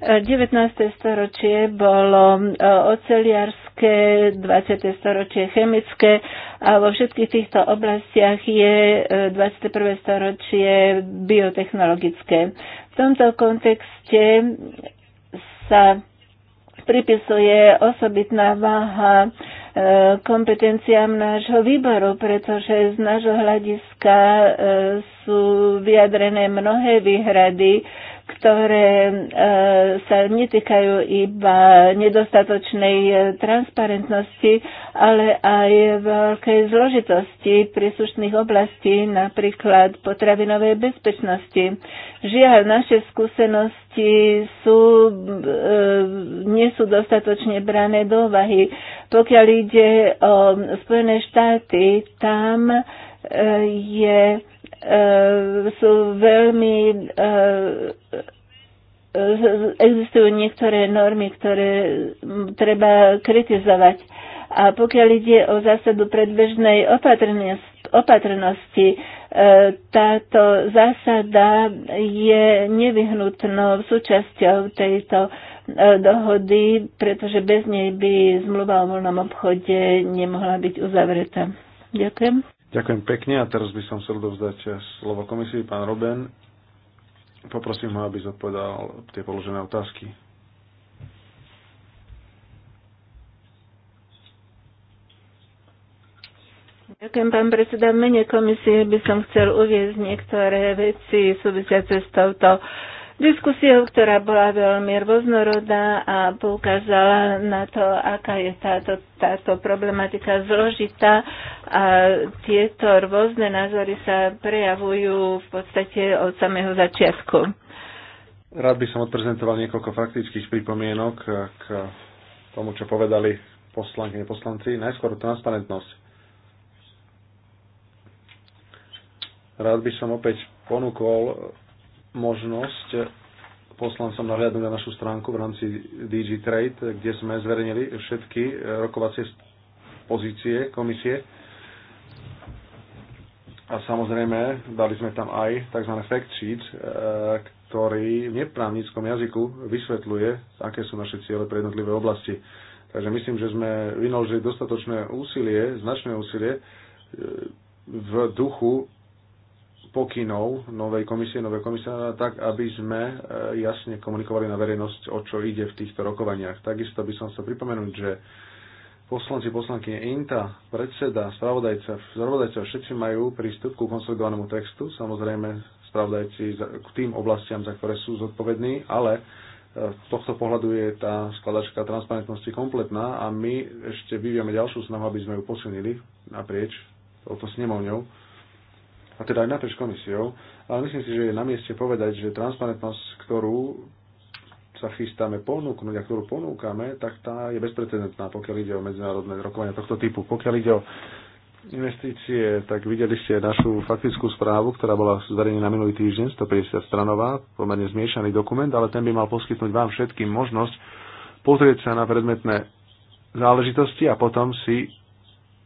19. E, storočie bolo e, oceliarské, 20. storočie chemické a vo všetkých týchto oblastiach je 21. E, storočie biotechnologické. V tomto kontexte sa pripisuje osobitná váha E, kompetenciám nášho výboru, pretože z nášho hľadiska e, sú vyjadrené mnohé výhrady ktoré e, sa netýkajú iba nedostatočnej e, transparentnosti, ale aj veľkej zložitosti príslušných oblastí, napríklad potravinovej bezpečnosti. Žiaľ, naše skúsenosti sú, e, nie sú dostatočne brané do úvahy. Pokiaľ ide o Spojené štáty, tam je E, sú veľmi e, e, existujú niektoré normy, ktoré treba kritizovať. A pokiaľ ide o zásadu predbežnej opatrnosti, táto zásada je nevyhnutnou súčasťou tejto dohody, pretože bez nej by zmluva o voľnom obchode nemohla byť uzavretá. Ďakujem. Ďakujem pekne a teraz by som chcel dovzdať slovo komisii. Pán Roben, poprosím ho, aby zodpovedal tie položené otázky. Ďakujem, pán predseda. mene komisie by som chcel uvieť niektoré veci súvisiace s touto diskusiou, ktorá bola veľmi rôznorodá a poukázala na to, aká je táto, táto problematika zložitá a tieto rôzne názory sa prejavujú v podstate od samého začiatku. Rád by som odprezentoval niekoľko faktických pripomienok k tomu, čo povedali poslankyne poslanci. Najskôr transparentnosť. Rád by som opäť ponúkol možnosť poslancom nahliadnúť na našu stránku v rámci DG Trade, kde sme zverejnili všetky rokovacie pozície komisie. A samozrejme, dali sme tam aj tzv. fact sheet, e, ktorý v neprávnickom jazyku vysvetľuje, aké sú naše ciele pre jednotlivé oblasti. Takže myslím, že sme vynaložili dostatočné úsilie, značné úsilie e, v duchu pokynov novej komisie, novej komisára, tak aby sme e, jasne komunikovali na verejnosť, o čo ide v týchto rokovaniach. Takisto by som chcel pripomenúť, že poslanci, poslanky INTA, predseda, spravodajca, spravodajca všetci majú prístup ku konsolidovanému textu, samozrejme spravodajci k tým oblastiam, za ktoré sú zodpovední, ale e, z tohto pohľadu je tá skladačka transparentnosti kompletná a my ešte vyvíjame ďalšiu snahu, aby sme ju posunili naprieč touto snemovňou a teda aj naprieč komisiou, ale myslím si, že je na mieste povedať, že transparentnosť, ktorú sa chystáme ponúknuť a ktorú ponúkame, tak tá je bezprecedentná, pokiaľ ide o medzinárodné rokovania tohto typu. Pokiaľ ide o investície, tak videli ste našu faktickú správu, ktorá bola zverejnená minulý týždeň, 150 stranová, pomerne zmiešaný dokument, ale ten by mal poskytnúť vám všetkým možnosť pozrieť sa na predmetné záležitosti a potom si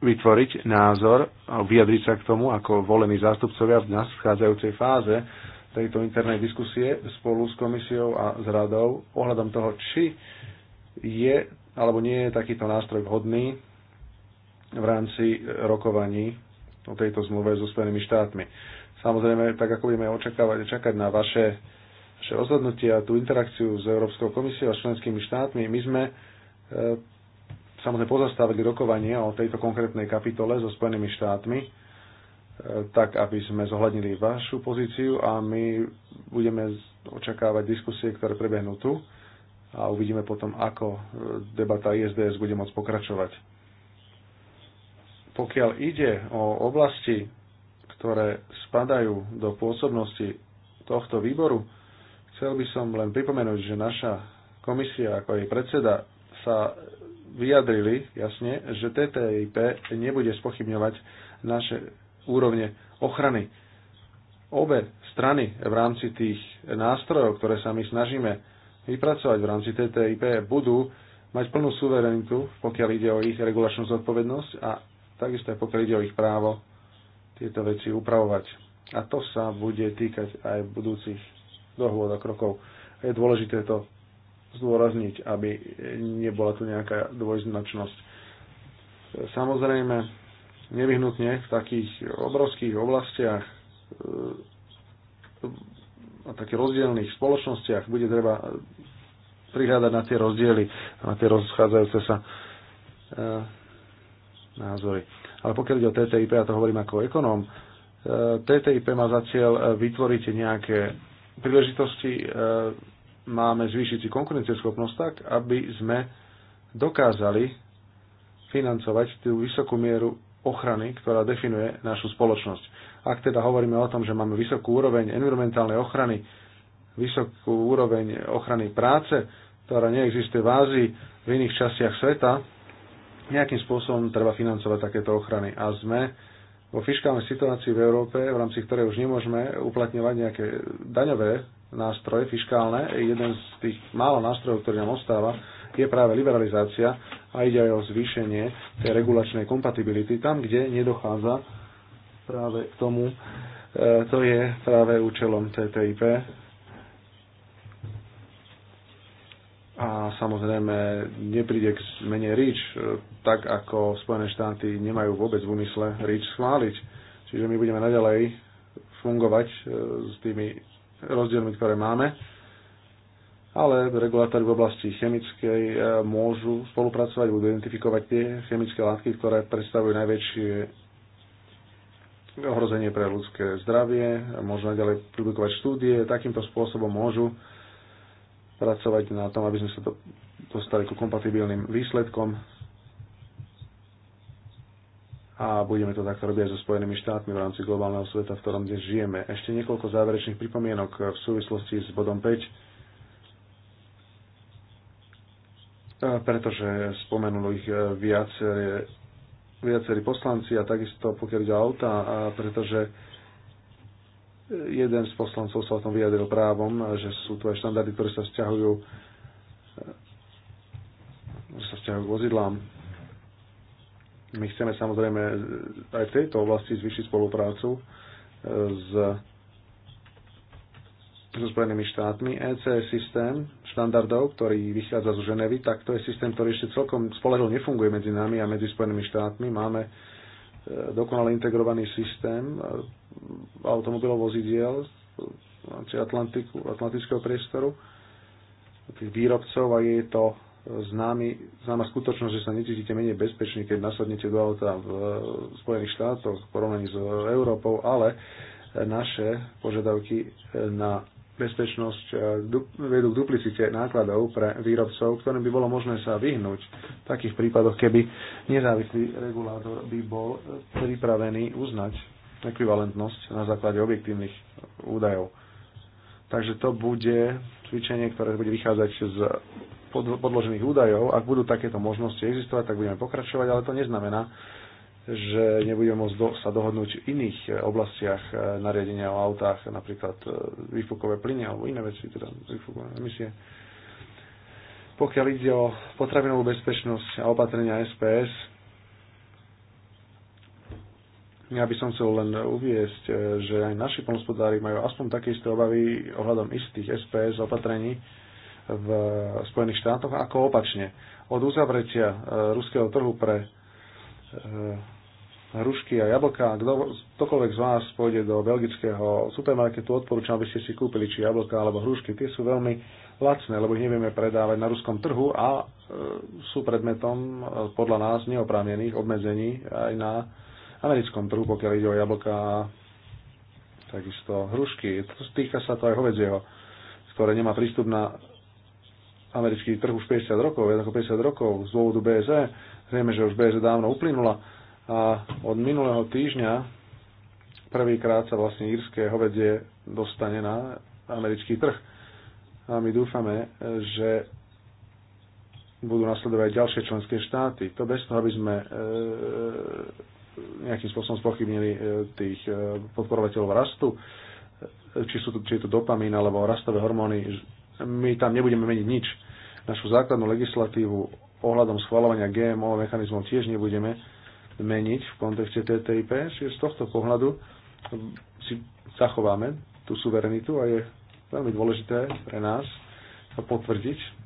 vytvoriť názor a vyjadriť sa k tomu ako volení zástupcovia v nadchádzajúcej fáze tejto internej diskusie spolu s komisiou a s radou ohľadom toho, či je alebo nie je takýto nástroj vhodný v rámci rokovaní o tejto zmluve so Spojenými štátmi. Samozrejme, tak ako budeme očakávať, čakať na vaše, vaše rozhodnutia, tú interakciu s Európskou komisiou a členskými štátmi, my sme e, samozrejme pozastavili rokovanie o tejto konkrétnej kapitole so Spojenými štátmi, e, tak aby sme zohľadnili vašu pozíciu a my budeme očakávať diskusie, ktoré prebehnú tu a uvidíme potom, ako e, debata ISDS bude môcť pokračovať. Pokiaľ ide o oblasti, ktoré spadajú do pôsobnosti tohto výboru, chcel by som len pripomenúť, že naša komisia ako jej predseda sa vyjadrili jasne, že TTIP nebude spochybňovať naše úrovne ochrany. Obe strany v rámci tých nástrojov, ktoré sa my snažíme vypracovať v rámci TTIP, budú mať plnú suverenitu, pokiaľ ide o ich regulačnú zodpovednosť a takisto aj pokiaľ ide o ich právo tieto veci upravovať. A to sa bude týkať aj budúcich dohôd a krokov. Je dôležité to zdôrazniť, aby nebola tu nejaká dvojznačnosť. Samozrejme, nevyhnutne v takých obrovských oblastiach e, a takých rozdielných spoločnostiach bude treba prihľadať na tie rozdiely a na tie rozchádzajúce sa e, názory. Ale pokiaľ ide o TTIP, ja to hovorím ako ekonóm, e, TTIP má za cieľ vytvoriť nejaké príležitosti máme zvýšiť si konkurencieschopnosť tak, aby sme dokázali financovať tú vysokú mieru ochrany, ktorá definuje našu spoločnosť. Ak teda hovoríme o tom, že máme vysokú úroveň environmentálnej ochrany, vysokú úroveň ochrany práce, ktorá neexistuje v Ázii, v iných častiach sveta, nejakým spôsobom treba financovať takéto ochrany. A sme vo fiskálnej situácii v Európe, v rámci ktorej už nemôžeme uplatňovať nejaké daňové nástroje fiskálne, jeden z tých málo nástrojov, ktorý nám ostáva, je práve liberalizácia a ide aj o zvýšenie tej regulačnej kompatibility tam, kde nedochádza práve k tomu. E, to je práve účelom TTIP. A samozrejme nepríde k zmene REACH, e, tak ako Spojené štáty nemajú vôbec v úmysle REACH schváliť. Čiže my budeme naďalej fungovať e, s tými rozdielmi, ktoré máme, ale regulátory v oblasti chemickej eh, môžu spolupracovať, budú identifikovať tie chemické látky, ktoré predstavujú najväčšie ohrozenie pre ľudské zdravie, môžu naďalej publikovať štúdie, takýmto spôsobom môžu pracovať na tom, aby sme sa dostali ku kompatibilným výsledkom a budeme to takto robiť aj so Spojenými štátmi v rámci globálneho sveta, v ktorom dnes žijeme. Ešte niekoľko záverečných pripomienok v súvislosti s bodom 5, pretože spomenul ich e, viaceré, viacerí poslanci a takisto pokiaľ ide auta, a pretože jeden z poslancov sa o tom vyjadril právom, že sú tu aj štandardy, ktoré sa vzťahujú e, sa vzťahujú k vozidlám my chceme samozrejme aj v tejto oblasti zvyšiť spoluprácu e, s, so Spojenými štátmi. EC systém štandardov, ktorý vychádza zo Ženevy, tak to je systém, ktorý ešte celkom spolehlo nefunguje medzi nami a medzi Spojenými štátmi. Máme e, dokonale integrovaný systém e, automobilov vozidiel v rámci Atlantiku, atlantického priestoru, tých výrobcov a je to známy, známa skutočnosť, že sa necítite menej bezpečný, keď nasadnete do auta v Spojených štátoch v porovnaní s Európou, ale naše požiadavky na bezpečnosť e, vedú k duplicite nákladov pre výrobcov, ktorým by bolo možné sa vyhnúť v takých prípadoch, keby nezávislý regulátor by bol pripravený uznať ekvivalentnosť na základe objektívnych údajov. Takže to bude cvičenie, ktoré bude vychádzať z podložených údajov. Ak budú takéto možnosti existovať, tak budeme pokračovať, ale to neznamená, že nebudeme môcť do, sa dohodnúť v iných e, oblastiach e, nariadenia o autách, napríklad e, výfukové plyny alebo iné veci, teda výfukové emisie. Pokiaľ ide o potravinovú bezpečnosť a opatrenia SPS, ja by som chcel len uviesť, že aj naši polnospodári majú aspoň také isté obavy ohľadom istých SPS opatrení, v Spojených štátoch, ako opačne. Od uzavretia e, ruského trhu pre e, hrušky a jablka. Kto, ktokoľvek z vás pôjde do belgického supermarketu, odporúčam, aby ste si kúpili či jablka alebo hrušky. Tie sú veľmi lacné, lebo ich nevieme predávať na ruskom trhu a e, sú predmetom e, podľa nás neoprávnených obmedzení aj na americkom trhu, pokiaľ ide o jablka a takisto hrušky. Týka sa to aj hovedzieho, ktoré nemá prístup na americký trh už 50 rokov, viac ako 50 rokov z dôvodu BSE. Vieme, že už BSE dávno uplynula a od minulého týždňa prvýkrát sa vlastne írske hovedie dostane na americký trh. A my dúfame, že budú nasledovať ďalšie členské štáty. To bez toho, aby sme e, nejakým spôsobom spochybnili e, tých e, podporovateľov rastu, e, či, sú to, či je to dopamín alebo rastové hormóny my tam nebudeme meniť nič. Našu základnú legislatívu ohľadom schvalovania GMO mechanizmov tiež nebudeme meniť v kontexte TTIP, čiže z tohto pohľadu si zachováme tú suverenitu a je veľmi dôležité pre nás to potvrdiť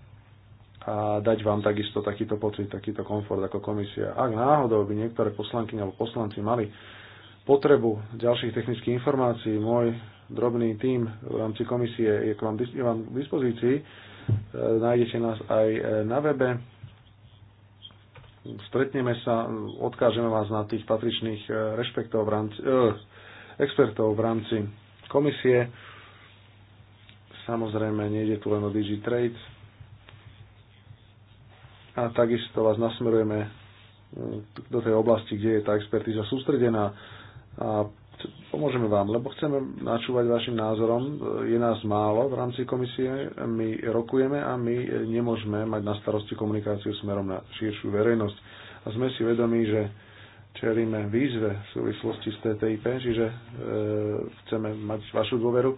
a dať vám takisto takýto pocit, takýto komfort ako komisia. Ak náhodou by niektoré poslanky alebo poslanci mali potrebu ďalších technických informácií, môj drobný tím v rámci komisie je k vám, je vám k dispozícii. E, nájdete nás aj e, na webe. Stretneme sa, odkážeme vás na tých patričných e, rešpektov v rámci, eh, expertov v rámci komisie. Samozrejme, nejde tu len o DigiTrade. A takisto vás nasmerujeme do tej oblasti, kde je tá expertíza sústredená a Pomôžeme vám, lebo chceme načúvať vašim názorom. Je nás málo v rámci komisie, my rokujeme a my nemôžeme mať na starosti komunikáciu smerom na širšiu verejnosť. A sme si vedomí, že čelíme výzve v súvislosti s TTIP, čiže e, chceme mať vašu dôveru,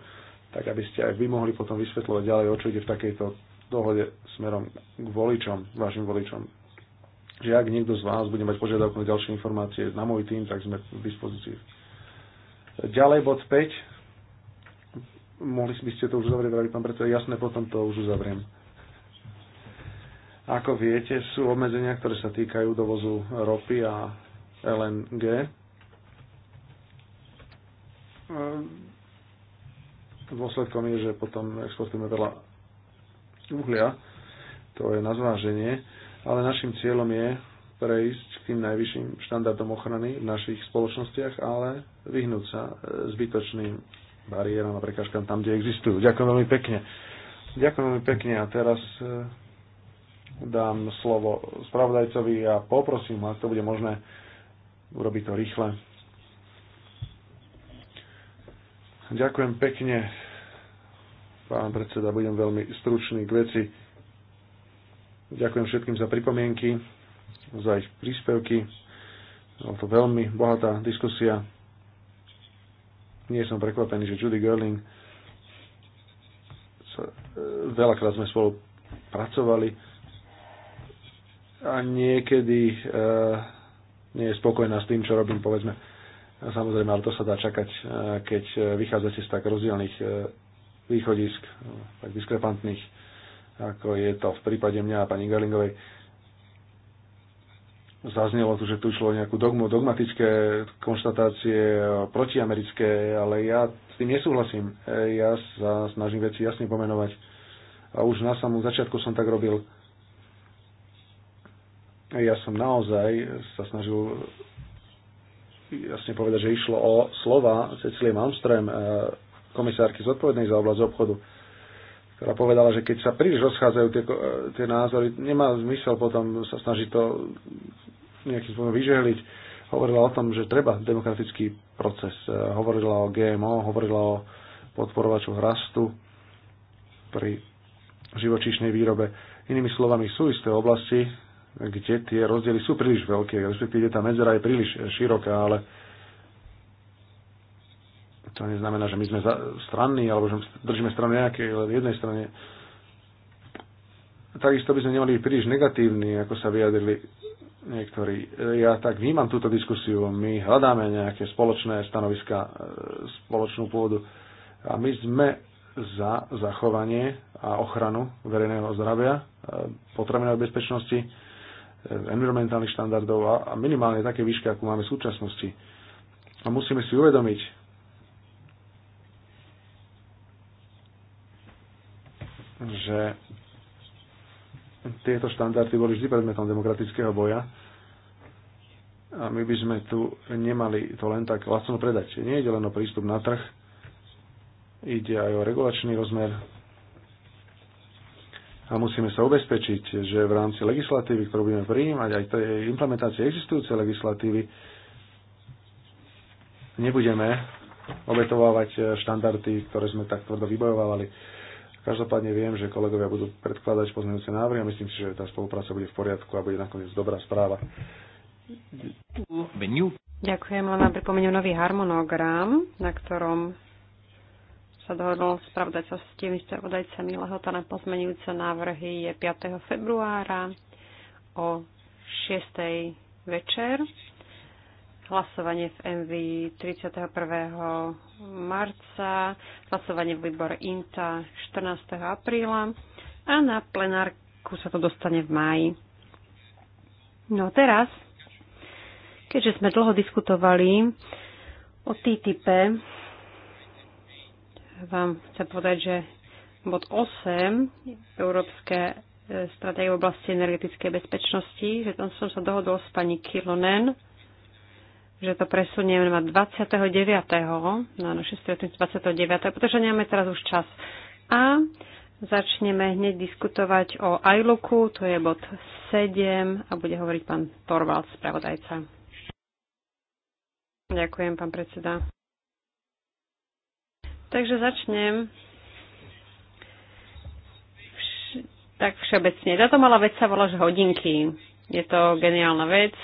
tak aby ste aj vy mohli potom vysvetľovať ďalej, o čo ide v takejto dohode smerom k voličom, vašim voličom. Že ak niekto z vás bude mať požiadavku na ďalšie informácie na môj tým, tak sme v dispozícii. Ďalej bod 5. Mohli by ste to už uzavrieť, drahý pán predseda, jasné, potom to už uzavriem. Ako viete, sú obmedzenia, ktoré sa týkajú dovozu ropy a LNG. Ehm, dôsledkom je, že potom exportujeme veľa uhlia. To je na zváženie. Ale našim cieľom je prejsť k tým najvyšším štandardom ochrany v našich spoločnostiach, ale vyhnúť sa e, zbytočným bariérom a prekážkam tam, kde existujú. Ďakujem veľmi pekne. Ďakujem veľmi pekne a teraz e, dám slovo spravodajcovi a poprosím, ak to bude možné, urobiť to rýchle. Ďakujem pekne, pán predseda, budem veľmi stručný k veci. Ďakujem všetkým za pripomienky za ich príspevky. Bola to veľmi bohatá diskusia. Nie som prekvapený, že Judy Gerling sa, e, veľakrát sme spolu pracovali a niekedy e, nie je spokojná s tým, čo robím, povedzme. Samozrejme, ale to sa dá čakať, e, keď e, vychádzate z tak rozdielných východisk, tak diskrepantných, ako je to v prípade mňa a pani Gerlingovej zaznelo tu, že tu išlo nejakú dogmu, dogmatické konštatácie protiamerické, ale ja s tým nesúhlasím. E, ja sa snažím veci jasne pomenovať. A už na samom začiatku som tak robil. E, ja som naozaj sa snažil jasne povedať, že išlo o slova Cecilie Malmström, e, komisárky zodpovednej za oblasť obchodu ktorá povedala, že keď sa príliš rozchádzajú tie, tie názory, nemá zmysel potom sa snažiť to nejakým spôsobom vyžehliť. Hovorila o tom, že treba demokratický proces. E, hovorila o GMO, hovorila o podporovaču rastu pri živočíšnej výrobe. Inými slovami, sú isté oblasti, kde tie rozdiely sú príliš veľké, respektíve tá medzera je príliš široká, ale to neznamená, že my sme stranní, alebo že držíme stranu nejakej, ale v jednej strane. Takisto by sme nemali byť príliš negatívni, ako sa vyjadrili niektorí. Ja tak vnímam túto diskusiu. My hľadáme nejaké spoločné stanoviska, e, spoločnú pôdu. A my sme za zachovanie a ochranu verejného zdravia, e, potravinovej bezpečnosti, e, environmentálnych štandardov a minimálne také výšky, ako máme v súčasnosti. A musíme si uvedomiť, že tieto štandardy boli vždy predmetom demokratického boja a my by sme tu nemali to len tak lacno predať. Nie ide len o prístup na trh, ide aj o regulačný rozmer a musíme sa ubezpečiť, že v rámci legislatívy, ktorú budeme prijímať, aj tej implementácie existujúcej legislatívy, nebudeme obetovávať štandardy, ktoré sme tak tvrdo vybojovali. Každopádne viem, že kolegovia budú predkladať pozmeňujúce návrhy a myslím si, že tá spolupráca bude v poriadku a bude nakoniec dobrá správa. Ďakujem, len vám pripomeniem nový harmonogram, na ktorom sa dohodol spravodajca s tými spravodajcami lehota na pozmeňujúce návrhy je 5. februára o 6. večer. Hlasovanie v MV 31 marca, hlasovanie v výbor INTA 14. apríla a na plenárku sa to dostane v máji. No teraz, keďže sme dlho diskutovali o TTIP, vám chcem povedať, že bod 8 Európske e, stratégie v oblasti energetickej bezpečnosti, že tam som sa dohodol s pani Kilonen, že to presunieme na 29. na naše stretnutie 29. pretože nemáme teraz už čas. A začneme hneď diskutovať o iLooku, to je bod 7 a bude hovoriť pán Torvald, spravodajca. Ďakujem, pán predseda. Takže začnem vš- tak všeobecne. Táto malá vec sa volá hodinky. Je to geniálna vec,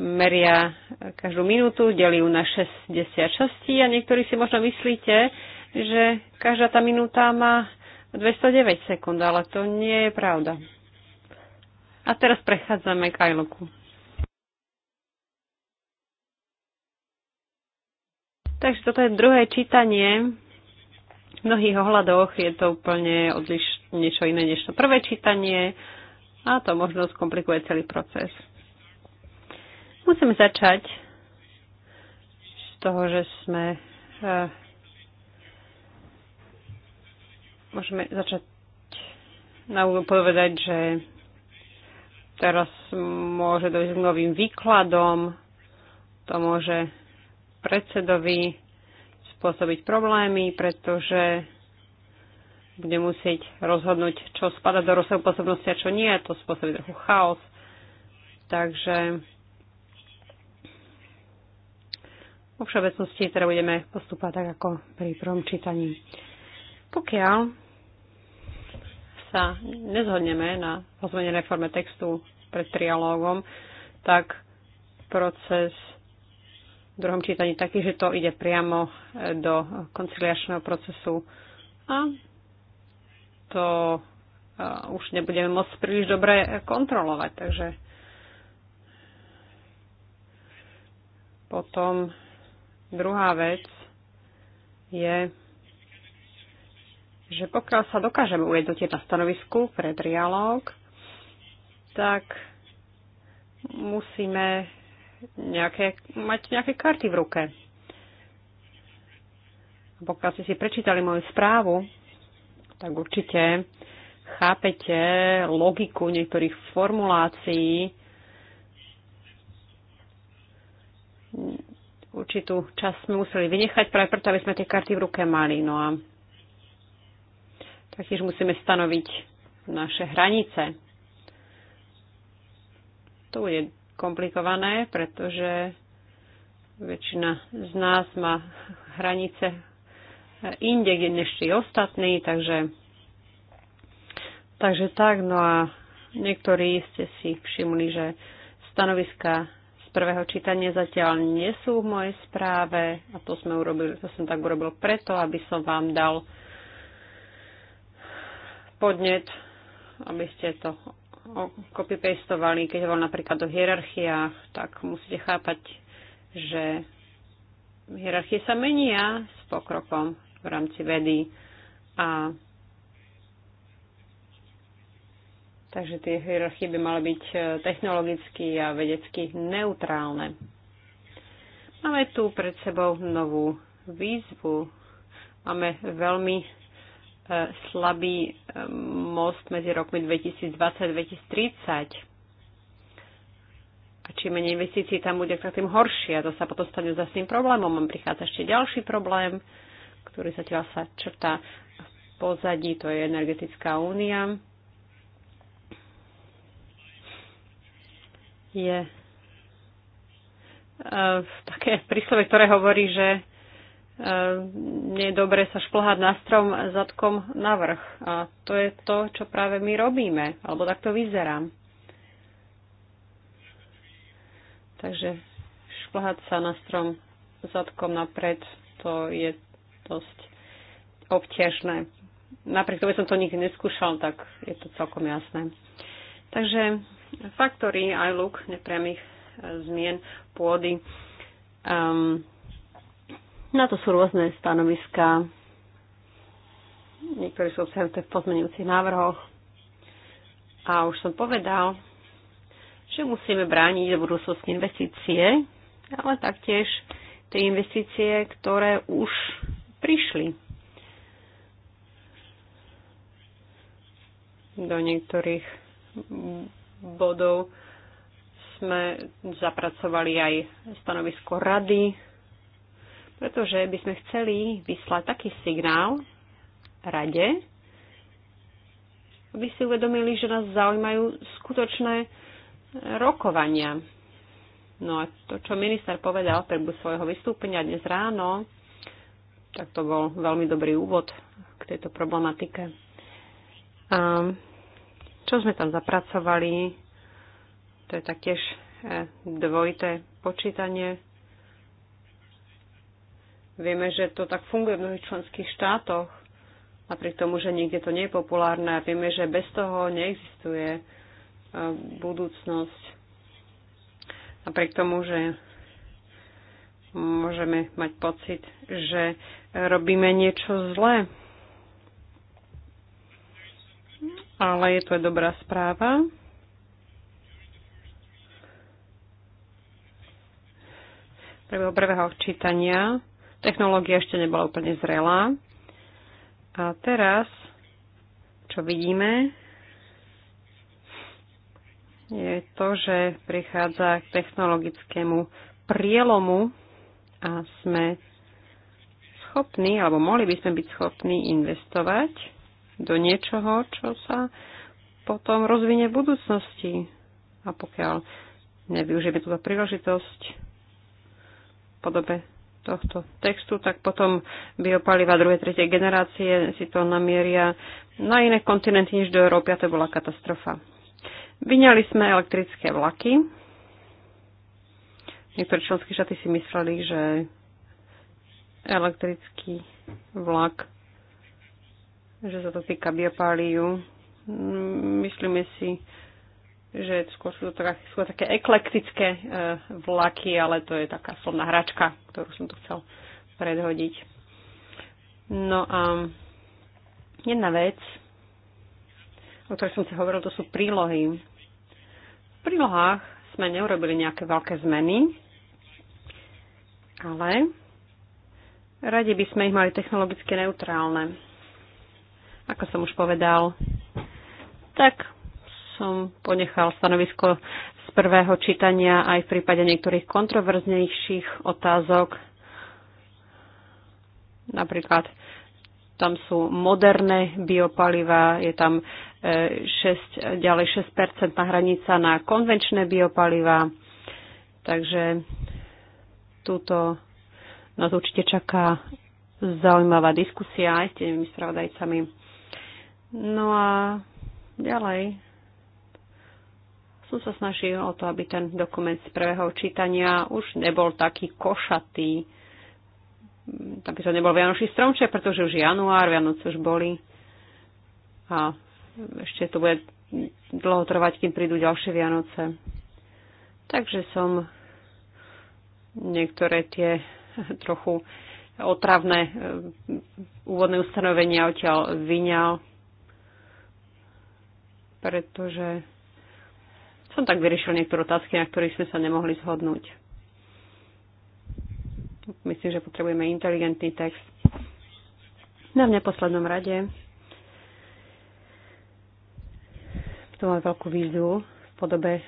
meria každú minútu, delí ju na 60 častí a niektorí si možno myslíte, že každá tá minúta má 209 sekúnd, ale to nie je pravda. A teraz prechádzame k iLooku. Takže toto je druhé čítanie. V mnohých ohľadoch je to úplne odliš- niečo iné než to prvé čítanie a to možno skomplikuje celý proces. Musíme začať z toho, že sme e, môžeme začať na úvod povedať, že teraz môže dojsť k novým výkladom, to môže predsedovi spôsobiť problémy, pretože bude musieť rozhodnúť, čo spada do rozsahu pôsobnosti a čo nie, to spôsobí trochu chaos. Takže Vo všeobecnosti teda budeme postupovať tak ako pri prvom čítaní. Pokiaľ sa nezhodneme na pozmenené forme textu pred trialógom, tak proces v druhom čítaní taký, že to ide priamo eh, do konciliačného procesu a to eh, už nebudeme môcť príliš dobre kontrolovať. Takže potom Druhá vec je, že pokiaľ sa dokážeme ujednotiť na stanovisku pre trialóg, tak musíme nejaké, mať nejaké karty v ruke. Pokiaľ ste si prečítali moju správu, tak určite chápete logiku niektorých formulácií určitú časť sme museli vynechať práve preto, aby sme tie karty v ruke mali. No a taktiež musíme stanoviť naše hranice. To bude komplikované, pretože väčšina z nás má hranice inde, kde než tí ostatní, takže, takže tak. No a niektorí ste si všimli, že stanoviska z prvého čítania zatiaľ nie sú v mojej správe a to, sme urobili, to som tak urobil preto, aby som vám dal podnet, aby ste to copy-pastovali. Keď hovorím napríklad o hierarchiách, tak musíte chápať, že hierarchie sa menia s pokrokom v rámci vedy a Takže tie hierarchie by mali byť e, technologicky a vedecky neutrálne. Máme tu pred sebou novú výzvu. Máme veľmi e, slabý e, most medzi rokmi 2020 a 2030. A čím menej investícií tam bude, tak tým horšie. A to sa potom stane za tým problémom. A prichádza ešte ďalší problém, ktorý zatiaľ sa črta v pozadí. To je energetická únia je e, také príslove, ktoré hovorí, že e, nie je dobre sa šplhať na strom zadkom na vrch. A to je to, čo práve my robíme, alebo takto vyzerám. Takže šplhať sa na strom zadkom napred, to je dosť obťažné. Napriek tomu som to nikdy neskúšal, tak je to celkom jasné. Takže faktory aj luk nepriamých eh, zmien pôdy. Um, na to sú rôzne stanoviská. Niektorí sú obsahnuté v pozmenujúcich návrhoch. A už som povedal, že musíme brániť do budúcnosti investície, ale taktiež tie investície, ktoré už prišli do niektorých bodov sme zapracovali aj stanovisko rady, pretože by sme chceli vyslať taký signál rade, aby si uvedomili, že nás zaujímajú skutočné rokovania. No a to, čo minister povedal pre svojho vystúpenia dnes ráno, tak to bol veľmi dobrý úvod k tejto problematike. A čo sme tam zapracovali? To je taktiež e, dvojité počítanie. Vieme, že to tak funguje v mnohých členských štátoch, napriek tomu, že niekde to nie je populárne a vieme, že bez toho neexistuje e, budúcnosť. Napriek tomu, že môžeme mať pocit, že robíme niečo zlé. ale je to aj dobrá správa. Prvého, prvého čítania. Technológia ešte nebola úplne zrelá. A teraz, čo vidíme, je to, že prichádza k technologickému prielomu a sme schopní, alebo mohli by sme byť schopní investovať do niečoho, čo sa potom rozvinie v budúcnosti. A pokiaľ nevyužijeme túto príležitosť v podobe tohto textu, tak potom biopaliva druhej, tretej generácie si to namieria na iné kontinenty než do Európy a to bola katastrofa. Vyňali sme elektrické vlaky. Niektorí členské štáty si mysleli, že elektrický vlak že sa to týka biopáliu. Myslíme si, že skôr sú to skôr také eklektické e, vlaky, ale to je taká slovná hračka, ktorú som tu chcel predhodiť. No a jedna vec, o ktorej som si hovoril, to sú prílohy. V prílohách sme neurobili nejaké veľké zmeny, ale radi by sme ich mali technologicky neutrálne. Ako som už povedal, tak som ponechal stanovisko z prvého čítania aj v prípade niektorých kontroverznejších otázok. Napríklad tam sú moderné biopaliva, je tam 6, e, ďalej 6% hranica na konvenčné biopaliva. Takže túto nás určite čaká zaujímavá diskusia aj s tými spravodajcami. No a ďalej som sa snažil o to, aby ten dokument z prvého čítania už nebol taký košatý, aby to nebol Vianočný stromček, pretože už január, Vianoce už boli a ešte to bude dlho trvať, kým prídu ďalšie Vianoce. Takže som niektoré tie trochu otravné eh, úvodné ustanovenia odtiaľ vyňal pretože som tak vyriešil niektoré otázky, na ktorých sme sa nemohli zhodnúť. Myslím, že potrebujeme inteligentný text. Na v neposlednom rade tu máme veľkú výzvu v podobe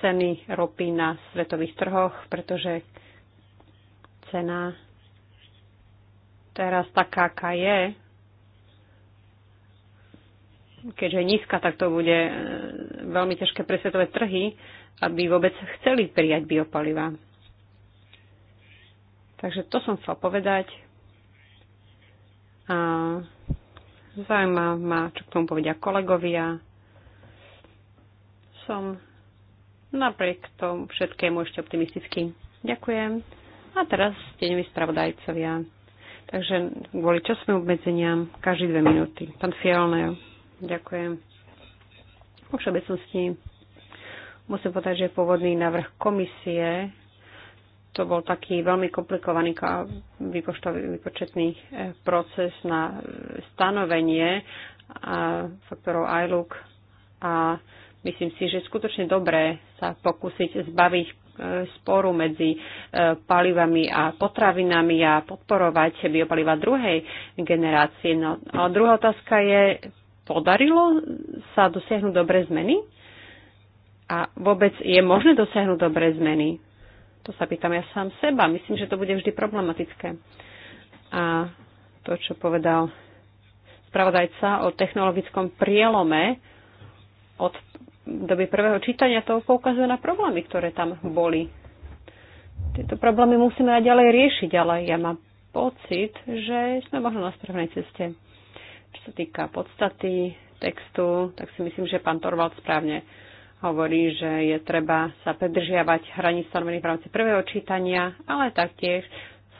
ceny ropy na svetových trhoch, pretože cena teraz taká, aká je, keďže je nízka, tak to bude e, veľmi ťažké pre svetové trhy, aby vôbec chceli prijať biopaliva. Takže to som chcel povedať. A zaujíma ma, čo k tomu povedia kolegovia. Som napriek tomu všetkému ešte optimistický. Ďakujem. A teraz steňoví spravodajcovia. Takže kvôli časným obmedzeniam každý dve minúty. Pán Fialné. Ďakujem. Vo všeobecnosti musím povedať, že pôvodný návrh komisie to bol taký veľmi komplikovaný výpočetný e, proces na e, stanovenie faktorov ILUK a myslím si, že je skutočne dobré sa pokúsiť zbaviť e, sporu medzi palivami a potravinami a podporovať biopaliva druhej generácie. No, a druhá otázka je, podarilo sa dosiahnuť dobré zmeny? A vôbec je možné dosiahnuť dobré zmeny? To sa pýtam ja sám seba. Myslím, že to bude vždy problematické. A to, čo povedal spravodajca o technologickom prielome od doby prvého čítania, to poukazuje na problémy, ktoré tam boli. Tieto problémy musíme aj ďalej riešiť, ale ja mám pocit, že sme možno na správnej ceste. Čo sa týka podstaty textu, tak si myslím, že pán Torvald správne hovorí, že je treba sa predržiavať hraní stanovených v rámci prvého čítania, ale taktiež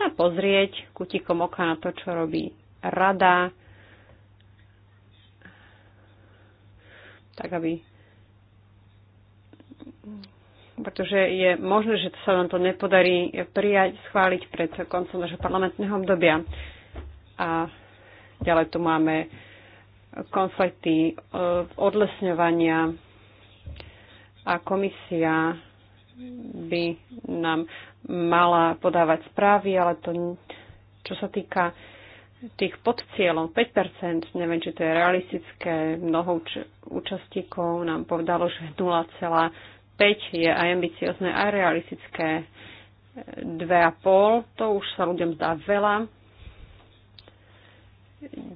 sa pozrieť kutikom oka na to, čo robí rada, tak aby pretože je možné, že sa nám to nepodarí prijať, schváliť pred koncom našho parlamentného obdobia. A Ďalej tu máme konflikty e, odlesňovania a komisia by nám mala podávať správy, ale to, čo sa týka tých podcieľov 5%, neviem, či to je realistické, mnoho účastíkov účastníkov nám povedalo, že 0,5 je aj ambiciozne, aj realistické 2,5, e, to už sa ľuďom zdá veľa,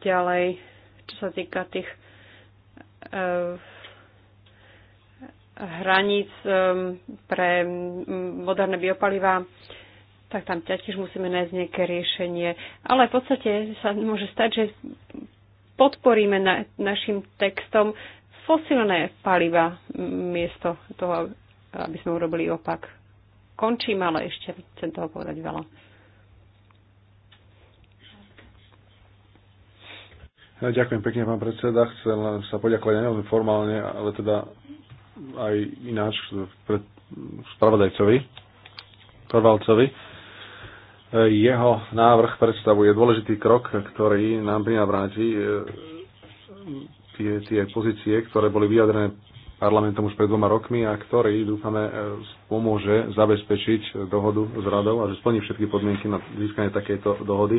Ďalej, čo sa týka tých eh, hraníc ehm, pre moderné biopalivá, tak tam tiež musíme nájsť nejaké riešenie. Ale v podstate sa môže stať, že podporíme na, našim textom fosilné paliva miesto toho, aby sme urobili opak. Končím, ale ešte chcem toho povedať veľa. Ďakujem pekne, pán predseda. Chcel sa poďakovať len formálne, ale teda aj ináč pred spravodajcovi, Korvalcovi. Jeho návrh predstavuje dôležitý krok, ktorý nám prinavráti e, tie, tie pozície, ktoré boli vyjadrené parlamentom už pred dvoma rokmi a ktorý, dúfame, e, pomôže zabezpečiť dohodu s radou a že splní všetky podmienky na získanie takejto dohody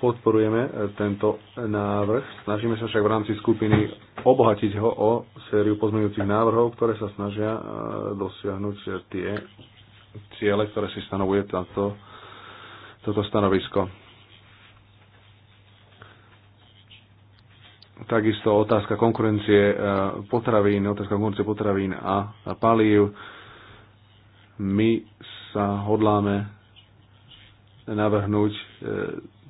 podporujeme e, tento návrh. Snažíme sa však v rámci skupiny obohatiť ho o sériu pozmeňujúcich návrhov, ktoré sa snažia e, dosiahnuť tie ciele, ktoré si stanovuje tato, toto stanovisko. Takisto otázka konkurencie e, potravín, otázka konkurencie potravín a palív. My sa hodláme navrhnúť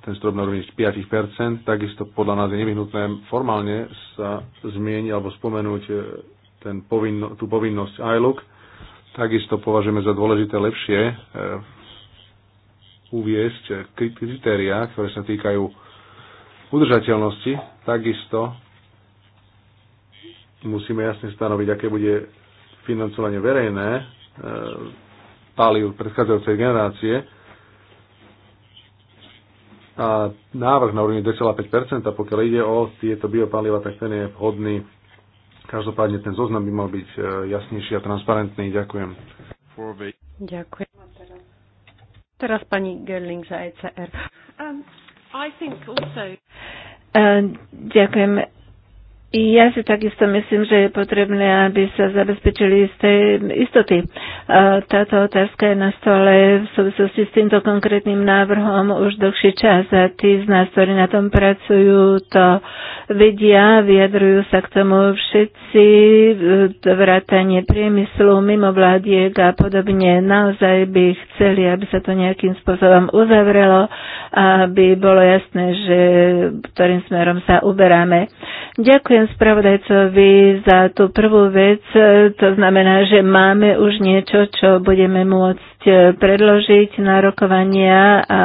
ten strop na rovni 5%, takisto podľa nás je nevyhnutné formálne sa zmieniť alebo spomenúť e, ten povinno, tú povinnosť ILOC. Takisto považujeme za dôležité lepšie e, uviesť e, kritériá, ktoré sa týkajú udržateľnosti. Takisto musíme jasne stanoviť, aké bude financovanie verejné palív predchádzajúcej generácie a návrh na úrovni 2,5%, pokiaľ ide o tieto biopaliva, tak ten je vhodný. Každopádne ten zoznam by mal byť e, jasnejší a transparentný. Ďakujem. Ďakujem. Teraz pani Gerling za ECR. Um, I think also... Uh, Ďakujem. I ja si takisto myslím, že je potrebné, aby sa zabezpečili isté istoty. Táto otázka je na stole v súvislosti s týmto konkrétnym návrhom už dlhší čas a tí z nás, ktorí na tom pracujú, to vedia, vyjadrujú sa k tomu všetci, e, vrátanie priemyslu, mimovládiek a podobne. Naozaj by chceli, aby sa to nejakým spôsobom uzavrelo, aby bolo jasné, že ktorým smerom sa uberáme. Ďakujem Ďakujem spravodajcovi za tú prvú vec. To znamená, že máme už niečo, čo budeme môcť e, predložiť na rokovania a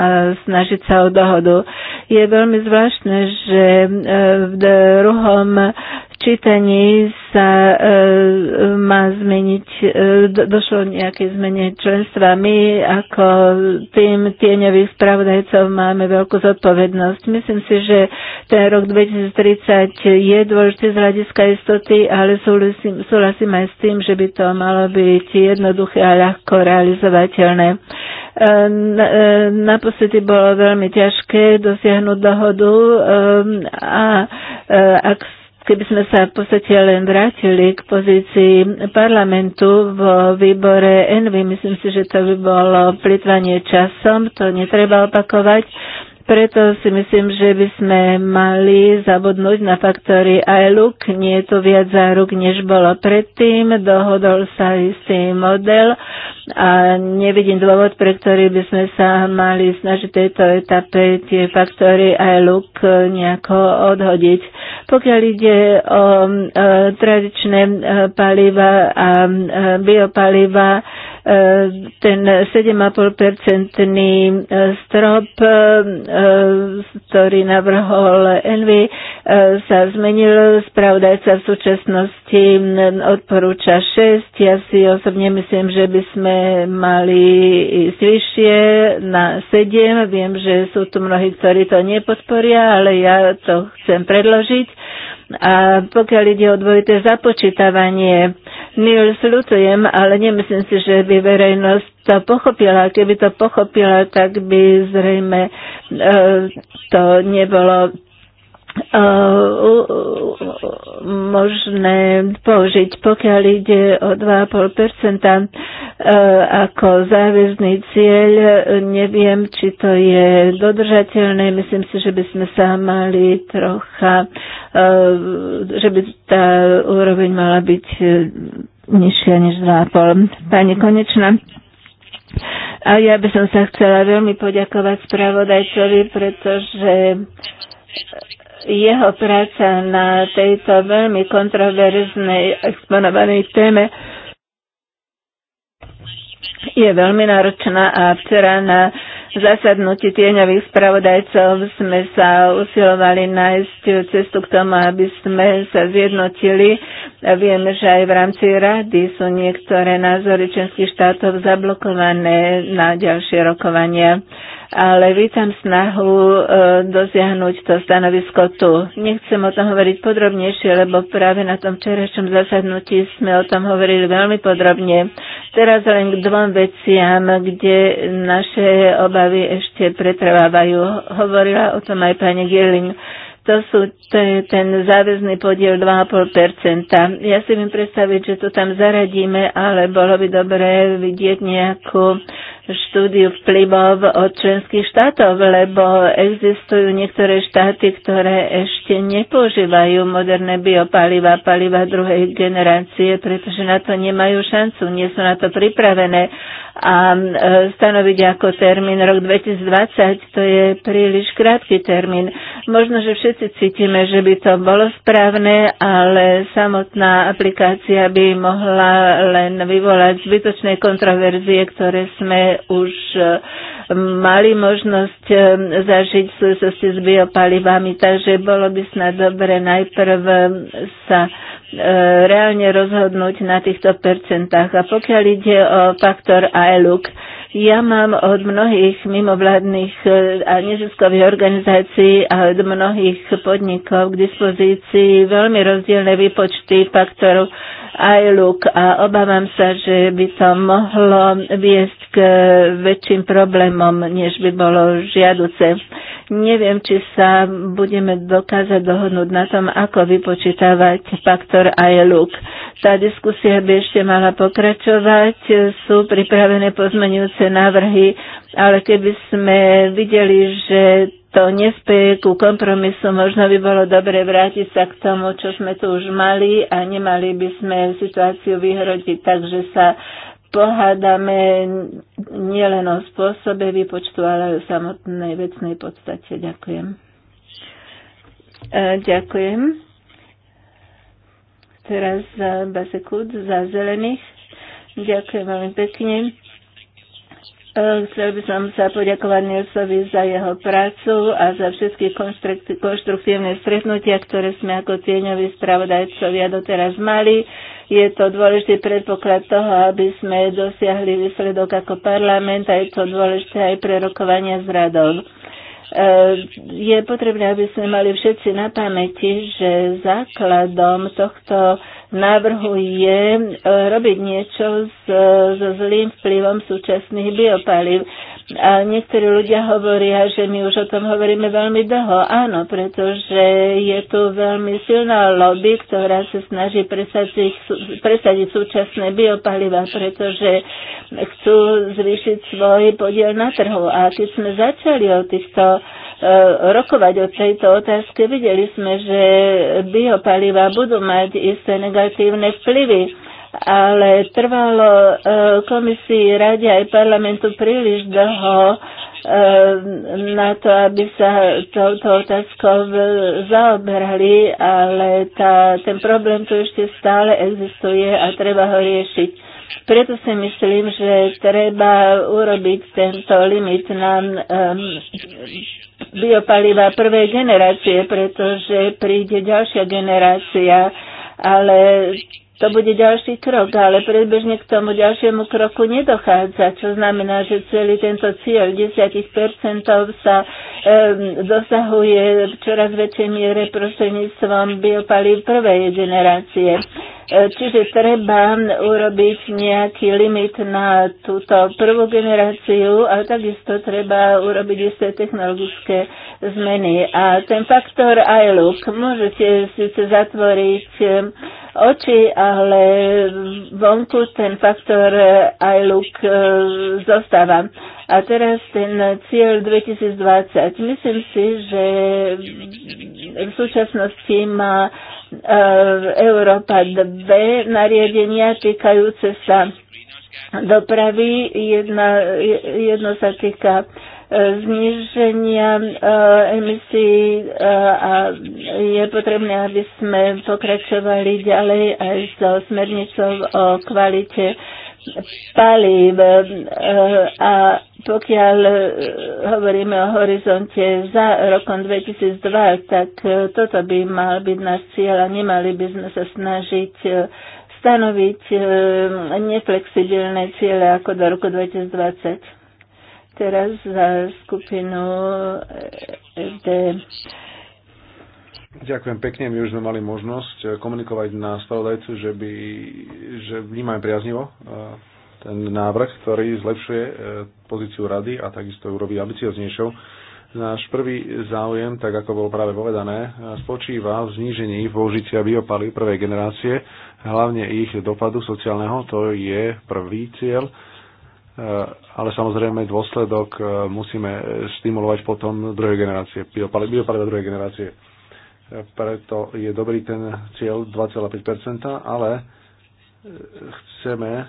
snažiť sa o dohodu. Je veľmi zvláštne, že e, v druhom čítaní sa e, má zmeniť, e, do, došlo nejaké zmene členstva. My ako tým tieňových spravodajcov máme veľkú zodpovednosť. Myslím si, že ten rok 2030 je dôležitý z hľadiska istoty, ale súhlasím, súhlasím aj s tým, že by to malo byť jednoduché a ľahko realizovateľné. E, e, naposledy bolo veľmi ťažké dosiahnuť dohodu e, a ak keby sme sa v podstate len vrátili k pozícii parlamentu vo výbore Envy, myslím si, že to by bolo plitvanie časom, to netreba opakovať. Preto si myslím, že by sme mali zabudnúť na faktory ILUK. Nie je to viac záruk, než bolo predtým. Dohodol sa istý model a nevidím dôvod, pre ktorý by sme sa mali snažiť tejto etape tie faktory ILUK nejako odhodiť. Pokiaľ ide o e, tradičné e, paliva a e, biopaliva, ten 7,5-percentný e, strop, e, e, ktorý navrhol Envy, sa zmenil. Spravodajca v súčasnosti odporúča 6. Ja si osobne myslím, že by sme mali ísť vyššie na 7. Viem, že sú tu mnohí, ktorí to nepodporia, ale ja to chcem predložiť. A pokiaľ ide o dvojité započítavanie, Nils, ľutujem, ale nemyslím si, že by verejnosť to pochopila. Keby to pochopila, tak by zrejme e, to nebolo Eh, možné použiť, pokiaľ ide o 2,5% eh, ako záväzný cieľ. Neviem, či to je dodržateľné. Myslím si, že by sme sa mali trocha, eh, že by tá úroveň mala byť nižšia než 2,5. Pani Konečná. A ja by som sa chcela veľmi poďakovať spravodajcovi, pretože jeho práca na tejto veľmi kontroverznej exponovanej téme je veľmi náročná a včera na zasadnutí tieňových spravodajcov sme sa usilovali nájsť cestu k tomu, aby sme sa zjednotili. Viem, že aj v rámci rady sú niektoré názory členských štátov zablokované na ďalšie rokovania ale vítam snahu e, dosiahnuť to stanovisko tu. Nechcem o tom hovoriť podrobnejšie, lebo práve na tom včerajšom zasadnutí sme o tom hovorili veľmi podrobne. Teraz len k dvom veciam, kde naše obavy ešte pretrvávajú. Hovorila o tom aj pani Gierling to, sú, to je ten záväzný podiel 2,5%. Ja si viem predstaviť, že to tam zaradíme, ale bolo by dobré vidieť nejakú štúdiu vplyvov od členských štátov, lebo existujú niektoré štáty, ktoré ešte nepoužívajú moderné biopaliva, paliva druhej generácie, pretože na to nemajú šancu, nie sú na to pripravené. A e, stanoviť ako termín rok 2020, to je príliš krátky termín. Možno, že všetci cítime, že by to bolo správne, ale samotná aplikácia by mohla len vyvolať zbytočné kontroverzie, ktoré sme už eh, mali možnosť eh, zažiť v súvislosti s biopalivami, takže bolo by snad dobre najprv sa eh, reálne rozhodnúť na týchto percentách. A pokiaľ ide o faktor ILUK, ja mám od mnohých mimovládnych e, a neziskových organizácií a od mnohých podnikov k dispozícii veľmi rozdielne výpočty faktorov ILUK a obávam sa, že by to mohlo viesť k väčším problémom, než by bolo žiaduce. Neviem, či sa budeme dokázať dohodnúť na tom, ako vypočítavať faktor ILUK. Tá diskusia by ešte mala pokračovať, sú pripravené pozmenujúce návrhy, ale keby sme videli, že to nespieje ku kompromisu. Možno by bolo dobre vrátiť sa k tomu, čo sme tu už mali a nemali by sme situáciu vyhrotiť, takže sa pohádame nielen o spôsobe vypočtu, ale aj o samotnej vecnej podstate. Ďakujem. E, ďakujem. Teraz za e, Basekut, za zelených. Ďakujem veľmi pekne. E, chcel by som sa poďakovať Nilsovi za jeho prácu a za všetky konštruktívne stretnutia, ktoré sme ako tieňoví spravodajcovia doteraz mali. Je to dôležitý predpoklad toho, aby sme dosiahli výsledok ako parlament a je to dôležité aj pre rokovania s radou. E, je potrebné, aby sme mali všetci na pamäti, že základom tohto návrhu je e, robiť niečo so zlým vplyvom súčasných biopalív. A niektorí ľudia hovoria, že my už o tom hovoríme veľmi dlho. Áno, pretože je tu veľmi silná lobby, ktorá sa snaží presadiť, presadiť súčasné biopaliva, pretože chcú zvýšiť svoj podiel na trhu. A keď sme začali o týchto Eh, rokovať o tejto otázke. Videli sme, že biopaliva budú mať isté negatívne vplyvy ale trvalo eh, komisii, rade aj parlamentu príliš dlho eh, na to, aby sa touto otázkou zaoberali, ale tá, ten problém tu ešte stále existuje a treba ho riešiť. Preto si myslím, že treba urobiť tento limit na um, biopaliva prvej generácie, pretože príde ďalšia generácia, ale to bude ďalší krok, ale predbežne k tomu ďalšiemu kroku nedochádza, čo znamená, že celý tento cieľ 10% sa e, dosahuje v čoraz väčšej miere prostredníctvom biopalív prvej generácie. E, čiže treba urobiť nejaký limit na túto prvú generáciu a takisto treba urobiť isté technologické zmeny. A ten faktor iLook, môžete síce zatvoriť e, oči, ale vonku ten faktor iLook e, zostáva. A teraz ten cieľ 2020. Myslím si, že v súčasnosti má E, Európa 2 nariadenia týkajúce sa dopravy. Jedna, jedno sa týka e, zníženia e, emisí a je potrebné, aby sme pokračovali ďalej aj so smernicou o kvalite palív eh, a pokiaľ eh, hovoríme o horizonte za rokom 2002, tak eh, toto by mal byť náš cieľ a nemali by sme sa snažiť stanoviť neflexibilné ciele ako do roku 2020. Teraz za skupinu FD. Ďakujem pekne. My už sme mali možnosť eh, komunikovať na spravodajcu, že, by, že vnímajú priaznivo eh, ten návrh, ktorý zlepšuje eh, pozíciu rady a takisto ju robí ambicioznejšou. Náš prvý záujem, tak ako bolo práve povedané, spočíva v znížení použitia biopaly prvej generácie, hlavne ich dopadu sociálneho, to je prvý cieľ, ale samozrejme dôsledok musíme stimulovať potom druhej generácie, biopaly druhej generácie preto je dobrý ten cieľ 2,5%, ale e, chceme e,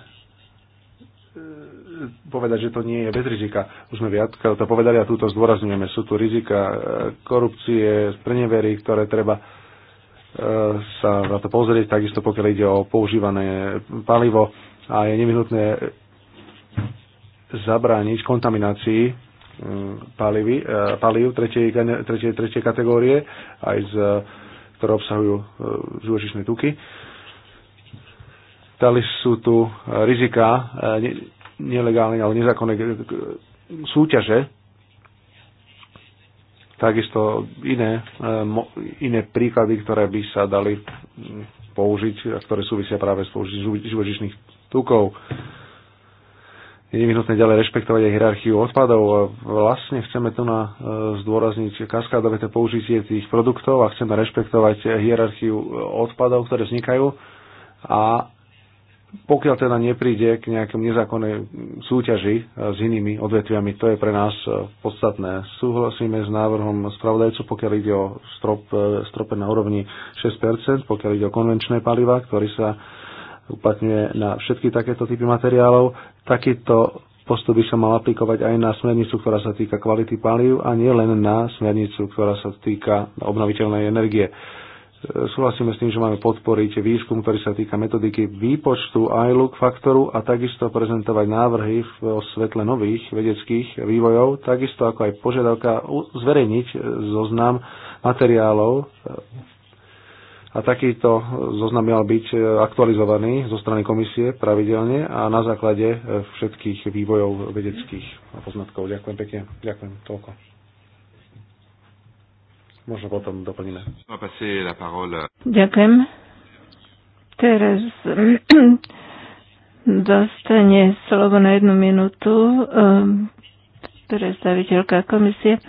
povedať, že to nie je bez rizika. Už sme viackrát to povedali a túto zdôrazňujeme. Sú tu rizika e, korupcie, prenevery, ktoré treba sa na to pozrieť, takisto pokiaľ ide o používané palivo a je nevyhnutné zabrániť kontaminácii Mm, palivy, e, palív tretej, tretej, tretej kategórie, aj z, ktoré obsahujú e, živočišné tuky. Tali sú tu rizika e, nelegálnej alebo nezákonnej súťaže, takisto iné, iné príklady, ktoré by sa dali mm, použiť a ktoré súvisia práve s použitím živočišných tukov je nutné ďalej rešpektovať aj hierarchiu odpadov. A vlastne chceme tu na e, zdôrazniť kaskádové to použitie tých produktov a chceme rešpektovať hierarchiu e, odpadov, ktoré vznikajú a pokiaľ teda nepríde k nejakom nezákonnej súťaži e, s inými odvetviami, to je pre nás podstatné. Súhlasíme s návrhom spravodajcu, pokiaľ ide o strop, strope na úrovni 6%, pokiaľ ide o konvenčné paliva, ktorý sa uplatňuje na všetky takéto typy materiálov. Takýto postup by sa mal aplikovať aj na smernicu, ktorá sa týka kvality palív a nie len na smernicu, ktorá sa týka obnoviteľnej energie. Súhlasíme s tým, že máme podporiť výskum, ktorý sa týka metodiky výpočtu look faktoru a takisto prezentovať návrhy v svetle nových vedeckých vývojov, takisto ako aj požiadavka zverejniť zoznam materiálov a takýto zoznam mal byť e, aktualizovaný zo strany komisie pravidelne a na základe e, všetkých vývojov vedeckých a poznatkov. Ďakujem pekne. Ďakujem toľko. Možno potom doplníme. Ďakujem. Teraz dostane slovo na jednu minútu e, predstaviteľka komisie.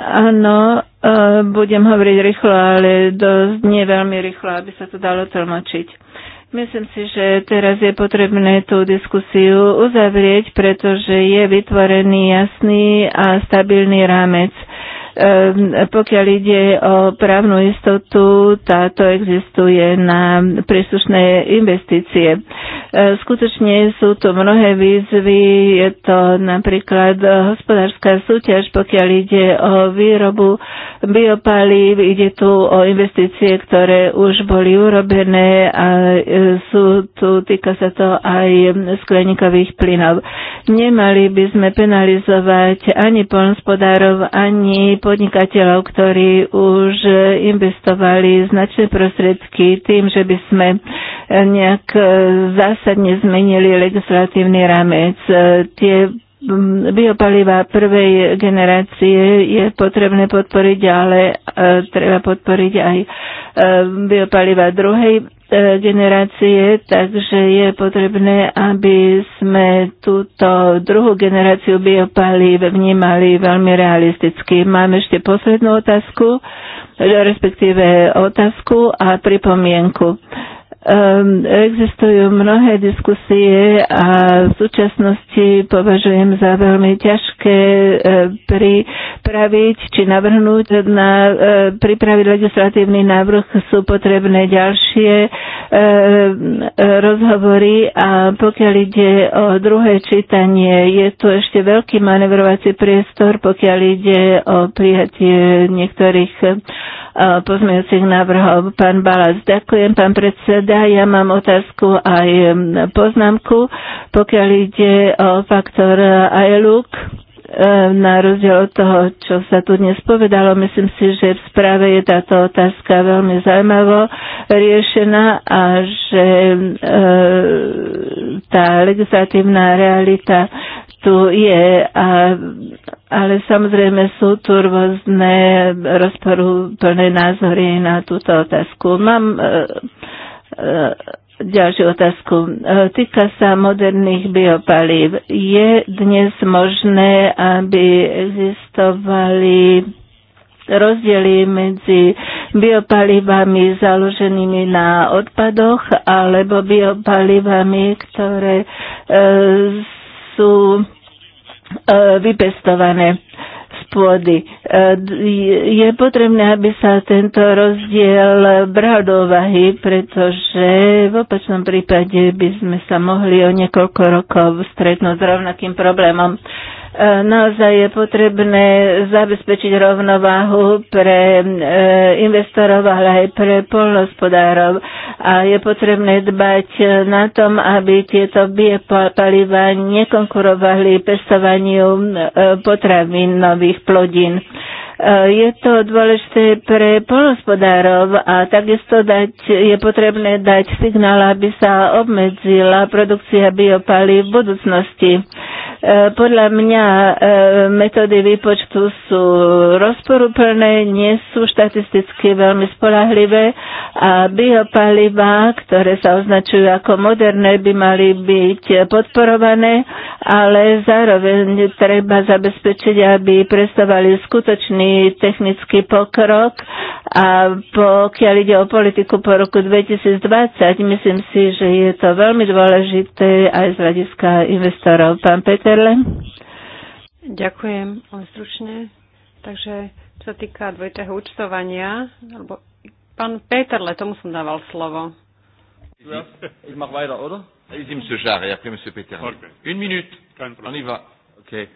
Áno, Eh, budem hovoriť rýchlo, ale dosť nie veľmi rýchlo, aby sa to dalo tlmočiť. Myslím si, že teraz je potrebné tú diskusiu uzavrieť, pretože je vytvorený jasný a stabilný rámec. Ehm, pokiaľ ide o právnu istotu, táto existuje na príslušné investície. Ehm, skutočne sú to mnohé výzvy, je to napríklad hospodárska súťaž, pokiaľ ide o výrobu biopalív, ide tu o investície, ktoré už boli urobené a e, sú tu, týka sa to aj skleníkových plynov. Nemali by sme penalizovať ani polnospodárov, ani podnikateľov, ktorí už investovali značné prostriedky tým, že by sme nejak zásadne zmenili legislatívny rámec. Tie biopaliva prvej generácie je potrebné podporiť, ale e, treba podporiť aj e, biopaliva druhej E, generácie, takže je potrebné, aby sme túto druhú generáciu biopalív vnímali veľmi realisticky. Mám ešte poslednú otázku, respektíve otázku a pripomienku. Um, existujú mnohé diskusie a v súčasnosti považujem za veľmi ťažké uh, pripraviť či navrhnúť na uh, pripraviť legislatívny návrh sú potrebné ďalšie uh, rozhovory a pokiaľ ide o druhé čítanie, je tu ešte veľký manevrovací priestor, pokiaľ ide o prijatie niektorých E, pozmejúcich návrhov. Pán Balas, ďakujem, pán predseda. Ja mám otázku aj poznámku, pokiaľ ide o faktor ILUK Ehm, na rozdiel od toho, čo sa tu dnes povedalo, myslím si, že v správe je táto otázka veľmi zaujímavo riešená a že ehm, tá legislatívna realita tu je, a, ale samozrejme sú tu rôzne rozporúplné názory na túto otázku. Mám ehm, ďalšiu otázku. E, týka sa moderných biopalív. Je dnes možné, aby existovali rozdiely medzi biopalivami založenými na odpadoch alebo biopalivami, ktoré e, sú e, vypestované pôdy. E, je potrebné, aby sa tento rozdiel bral do ovahy, pretože v opačnom prípade by sme sa mohli o niekoľko rokov stretnúť s rovnakým problémom. E, naozaj je potrebné zabezpečiť rovnováhu pre e, investorov, ale aj pre polnospodárov. A je potrebné dbať na tom, aby tieto biopaliva nekonkurovali pestovaniu e, potravín nových plodín. Je to dôležité pre polospodárov a takisto dať, je potrebné dať signál, aby sa obmedzila produkcia biopalív v budúcnosti. E, podľa mňa e, metódy výpočtu sú rozporúplné, nie sú štatisticky veľmi spolahlivé a biopaliva, ktoré sa označujú ako moderné, by mali byť podporované, ale zároveň treba zabezpečiť, aby predstavovali skutočný technický pokrok a pokiaľ ide o politiku po roku 2020, myslím si, že je to veľmi dôležité aj z hľadiska investorov. Pán Peterle? Ďakujem, len stručne. Takže čo sa týka dvojitého účtovania, alebo pán Peterle, tomu som dával slovo. Ich mach weiter, oder? Allez-y, Monsieur Jarre, ja, après Monsieur Peterle. Okay. Une minute. On y va. Okay.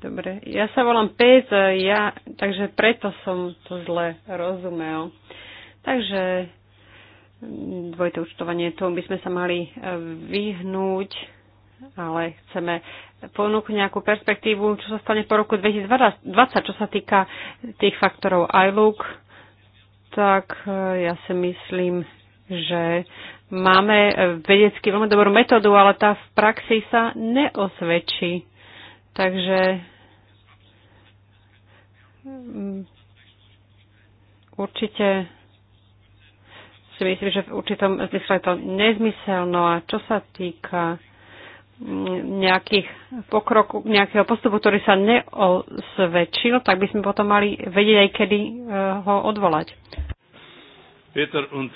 Dobre, ja sa volám Pec, e, ja, takže preto som to zle rozumel. Takže mm, dvojité účtovanie, tomu by sme sa mali e, vyhnúť, ale chceme ponúknuť nejakú perspektívu, čo sa stane po roku 2020, čo sa týka tých faktorov iLook, tak e, ja si myslím, že máme vedecky veľmi dobrú metódu, ale tá v praxi sa neosvedčí. Takže mm, určite si myslím, že v určitom zmysle je to nezmyselno a čo sa týka mm, nejakých pokroku, nejakého postupu, ktorý sa neosvedčil, tak by sme potom mali vedieť aj, kedy e, ho odvolať. Peter und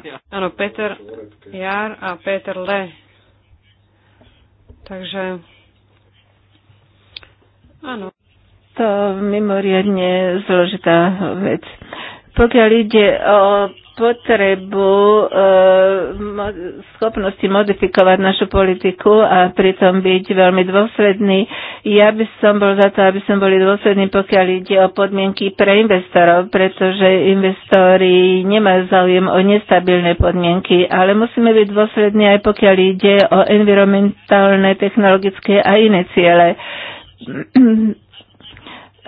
Ja. Áno, Peter Jar a Peter Le. Takže Áno. To mimoriadne zložitá vec. Pokiaľ ide o potrebu e, schopnosti modifikovať našu politiku a pritom byť veľmi dôsledný. Ja by som bol za to, aby sme boli dôslední, pokiaľ ide o podmienky pre investorov, pretože investori nemajú záujem o nestabilné podmienky, ale musíme byť dôslední aj pokiaľ ide o environmentálne, technologické a iné ciele. Uh,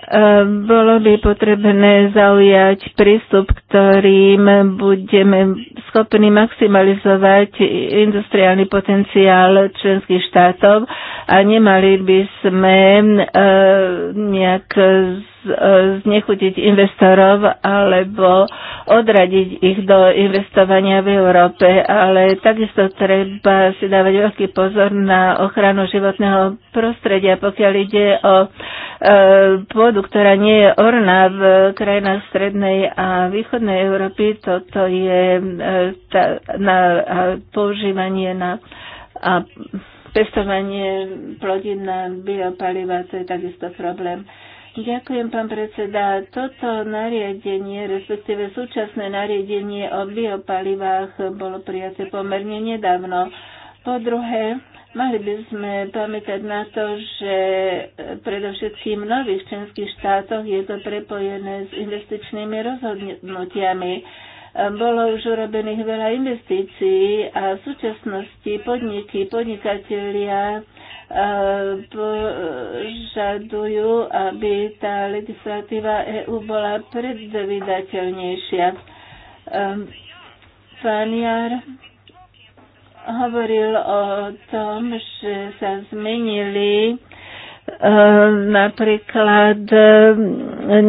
Ehm, bolo by potrebné zaujať prístup, ktorým budeme schopní maximalizovať industriálny potenciál členských štátov a nemali by sme ehm, nejak E, znechutiť investorov alebo odradiť ich do investovania v Európe, ale takisto treba si dávať veľký pozor na ochranu životného prostredia, pokiaľ ide o e, pôdu, ktorá nie je orná v krajinách strednej a východnej Európy. Toto je e, na používanie na a pestovanie plodín na biopaliva, to je takisto problém. Ďakujem, pán predseda. Toto nariadenie, respektíve súčasné nariadenie o biopalivách bolo prijaté pomerne nedávno. Po druhé, mali by sme pamätať na to, že predovšetkým v nových členských štátoch je to prepojené s investičnými rozhodnutiami. Bolo už urobených veľa investícií a v súčasnosti podniky, podnikatelia požadujú, aby tá legislatíva EU bola predvydateľnejšia. Ehm, pán Jar hovoril o tom, že sa zmenili ehm, napríklad ehm,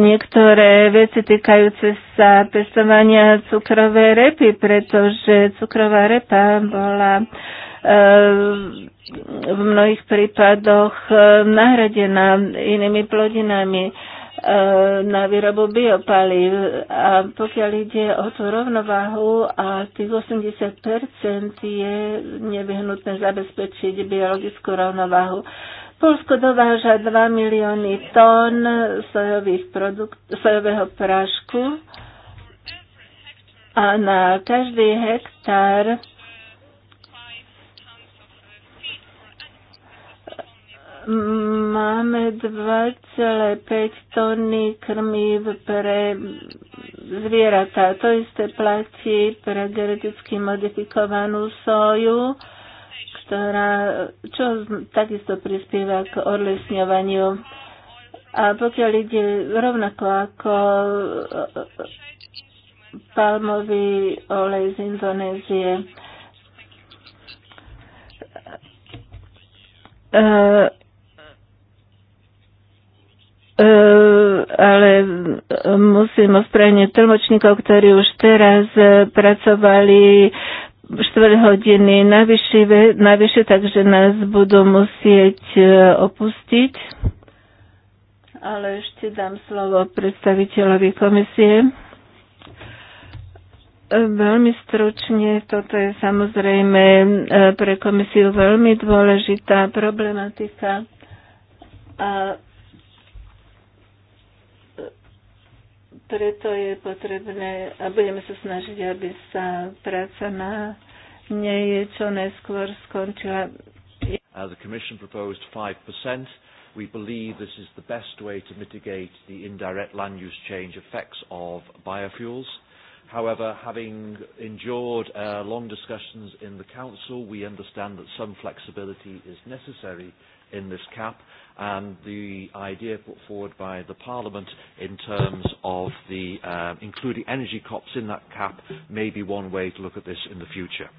niektoré veci týkajúce sa pestovania cukrovej repy, pretože cukrová repa bola uh, Eh, v mnohých prípadoch eh, nahradená inými plodinami eh, na výrobu biopalív. A pokiaľ ide o tú rovnováhu a tých 80 je nevyhnutné zabezpečiť biologickú rovnováhu. Polsko dováža 2 milióny tón sojových produkt, sojového prášku a na každý hektár Máme 2,5 tony krmiv pre zvieratá. To isté platí pre geneticky modifikovanú soju, ktorá čo takisto prispieva k odlesňovaniu. A pokiaľ ide rovnako ako e, e, e, palmový olej z Indonézie, ale musím ospravedlniť tlmočníkov, ktorí už teraz e, pracovali 4 hodiny navyše, takže nás budú musieť e, opustiť. Ale ešte dám slovo predstaviteľovi komisie. E, veľmi stručne, toto je samozrejme pre komisiu veľmi dôležitá problematika. A Preto je potrebné a budeme sa snažiť, aby sa práca na nej čo neskôr skončila. Uh, the Commission proposed 5%. We believe this is the best way to mitigate the indirect land use change effects of biofuels. However, having endured uh, long discussions in the Council, we understand that some flexibility is necessary in this cap and the idea put forward by the Parliament in terms of the uh, including energy COPs in that cap may be one way to look at this in the future.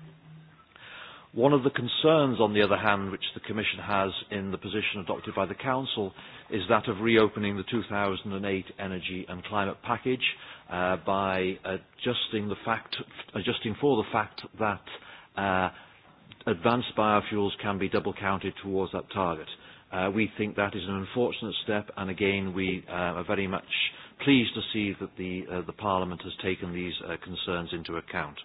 One of the concerns, on the other hand, which the Commission has in the position adopted by the Council is that of reopening the 2008 Energy and Climate Package uh, by adjusting, the fact, adjusting for the fact that uh, advanced biofuels can be double counted towards that target. Uh, we think that is an unfortunate step, and again, we uh, are very much pleased to see that the, uh, the Parliament has taken these uh, concerns into account.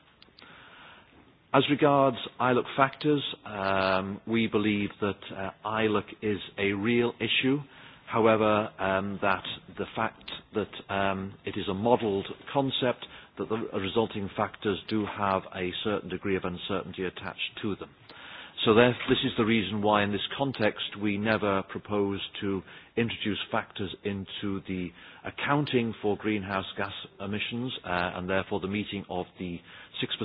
As regards ILUC factors, um, we believe that uh, ILUC is a real issue. However, um, that the fact that um, it is a modelled concept that the resulting factors do have a certain degree of uncertainty attached to them. So there, this is the reason why in this context we never propose to introduce factors into the accounting for greenhouse gas emissions uh, and therefore the meeting of the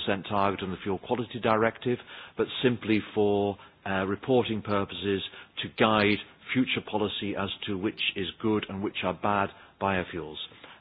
6% target and the Fuel Quality Directive, but simply for uh, reporting purposes to guide future policy as to which is good and which are bad biofuels.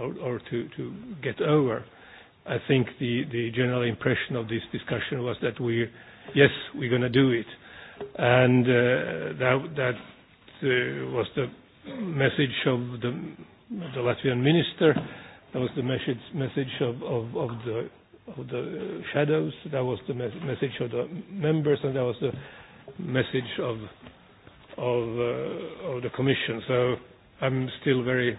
or, or to, to get over. I think the, the general impression of this discussion was that we, yes, we're going to do it. And uh, that, that uh, was the message of the, the Latvian minister. That was the message, message of, of, of, the, of the shadows. That was the me- message of the members, and that was the message of of, uh, of the Commission. So I'm still very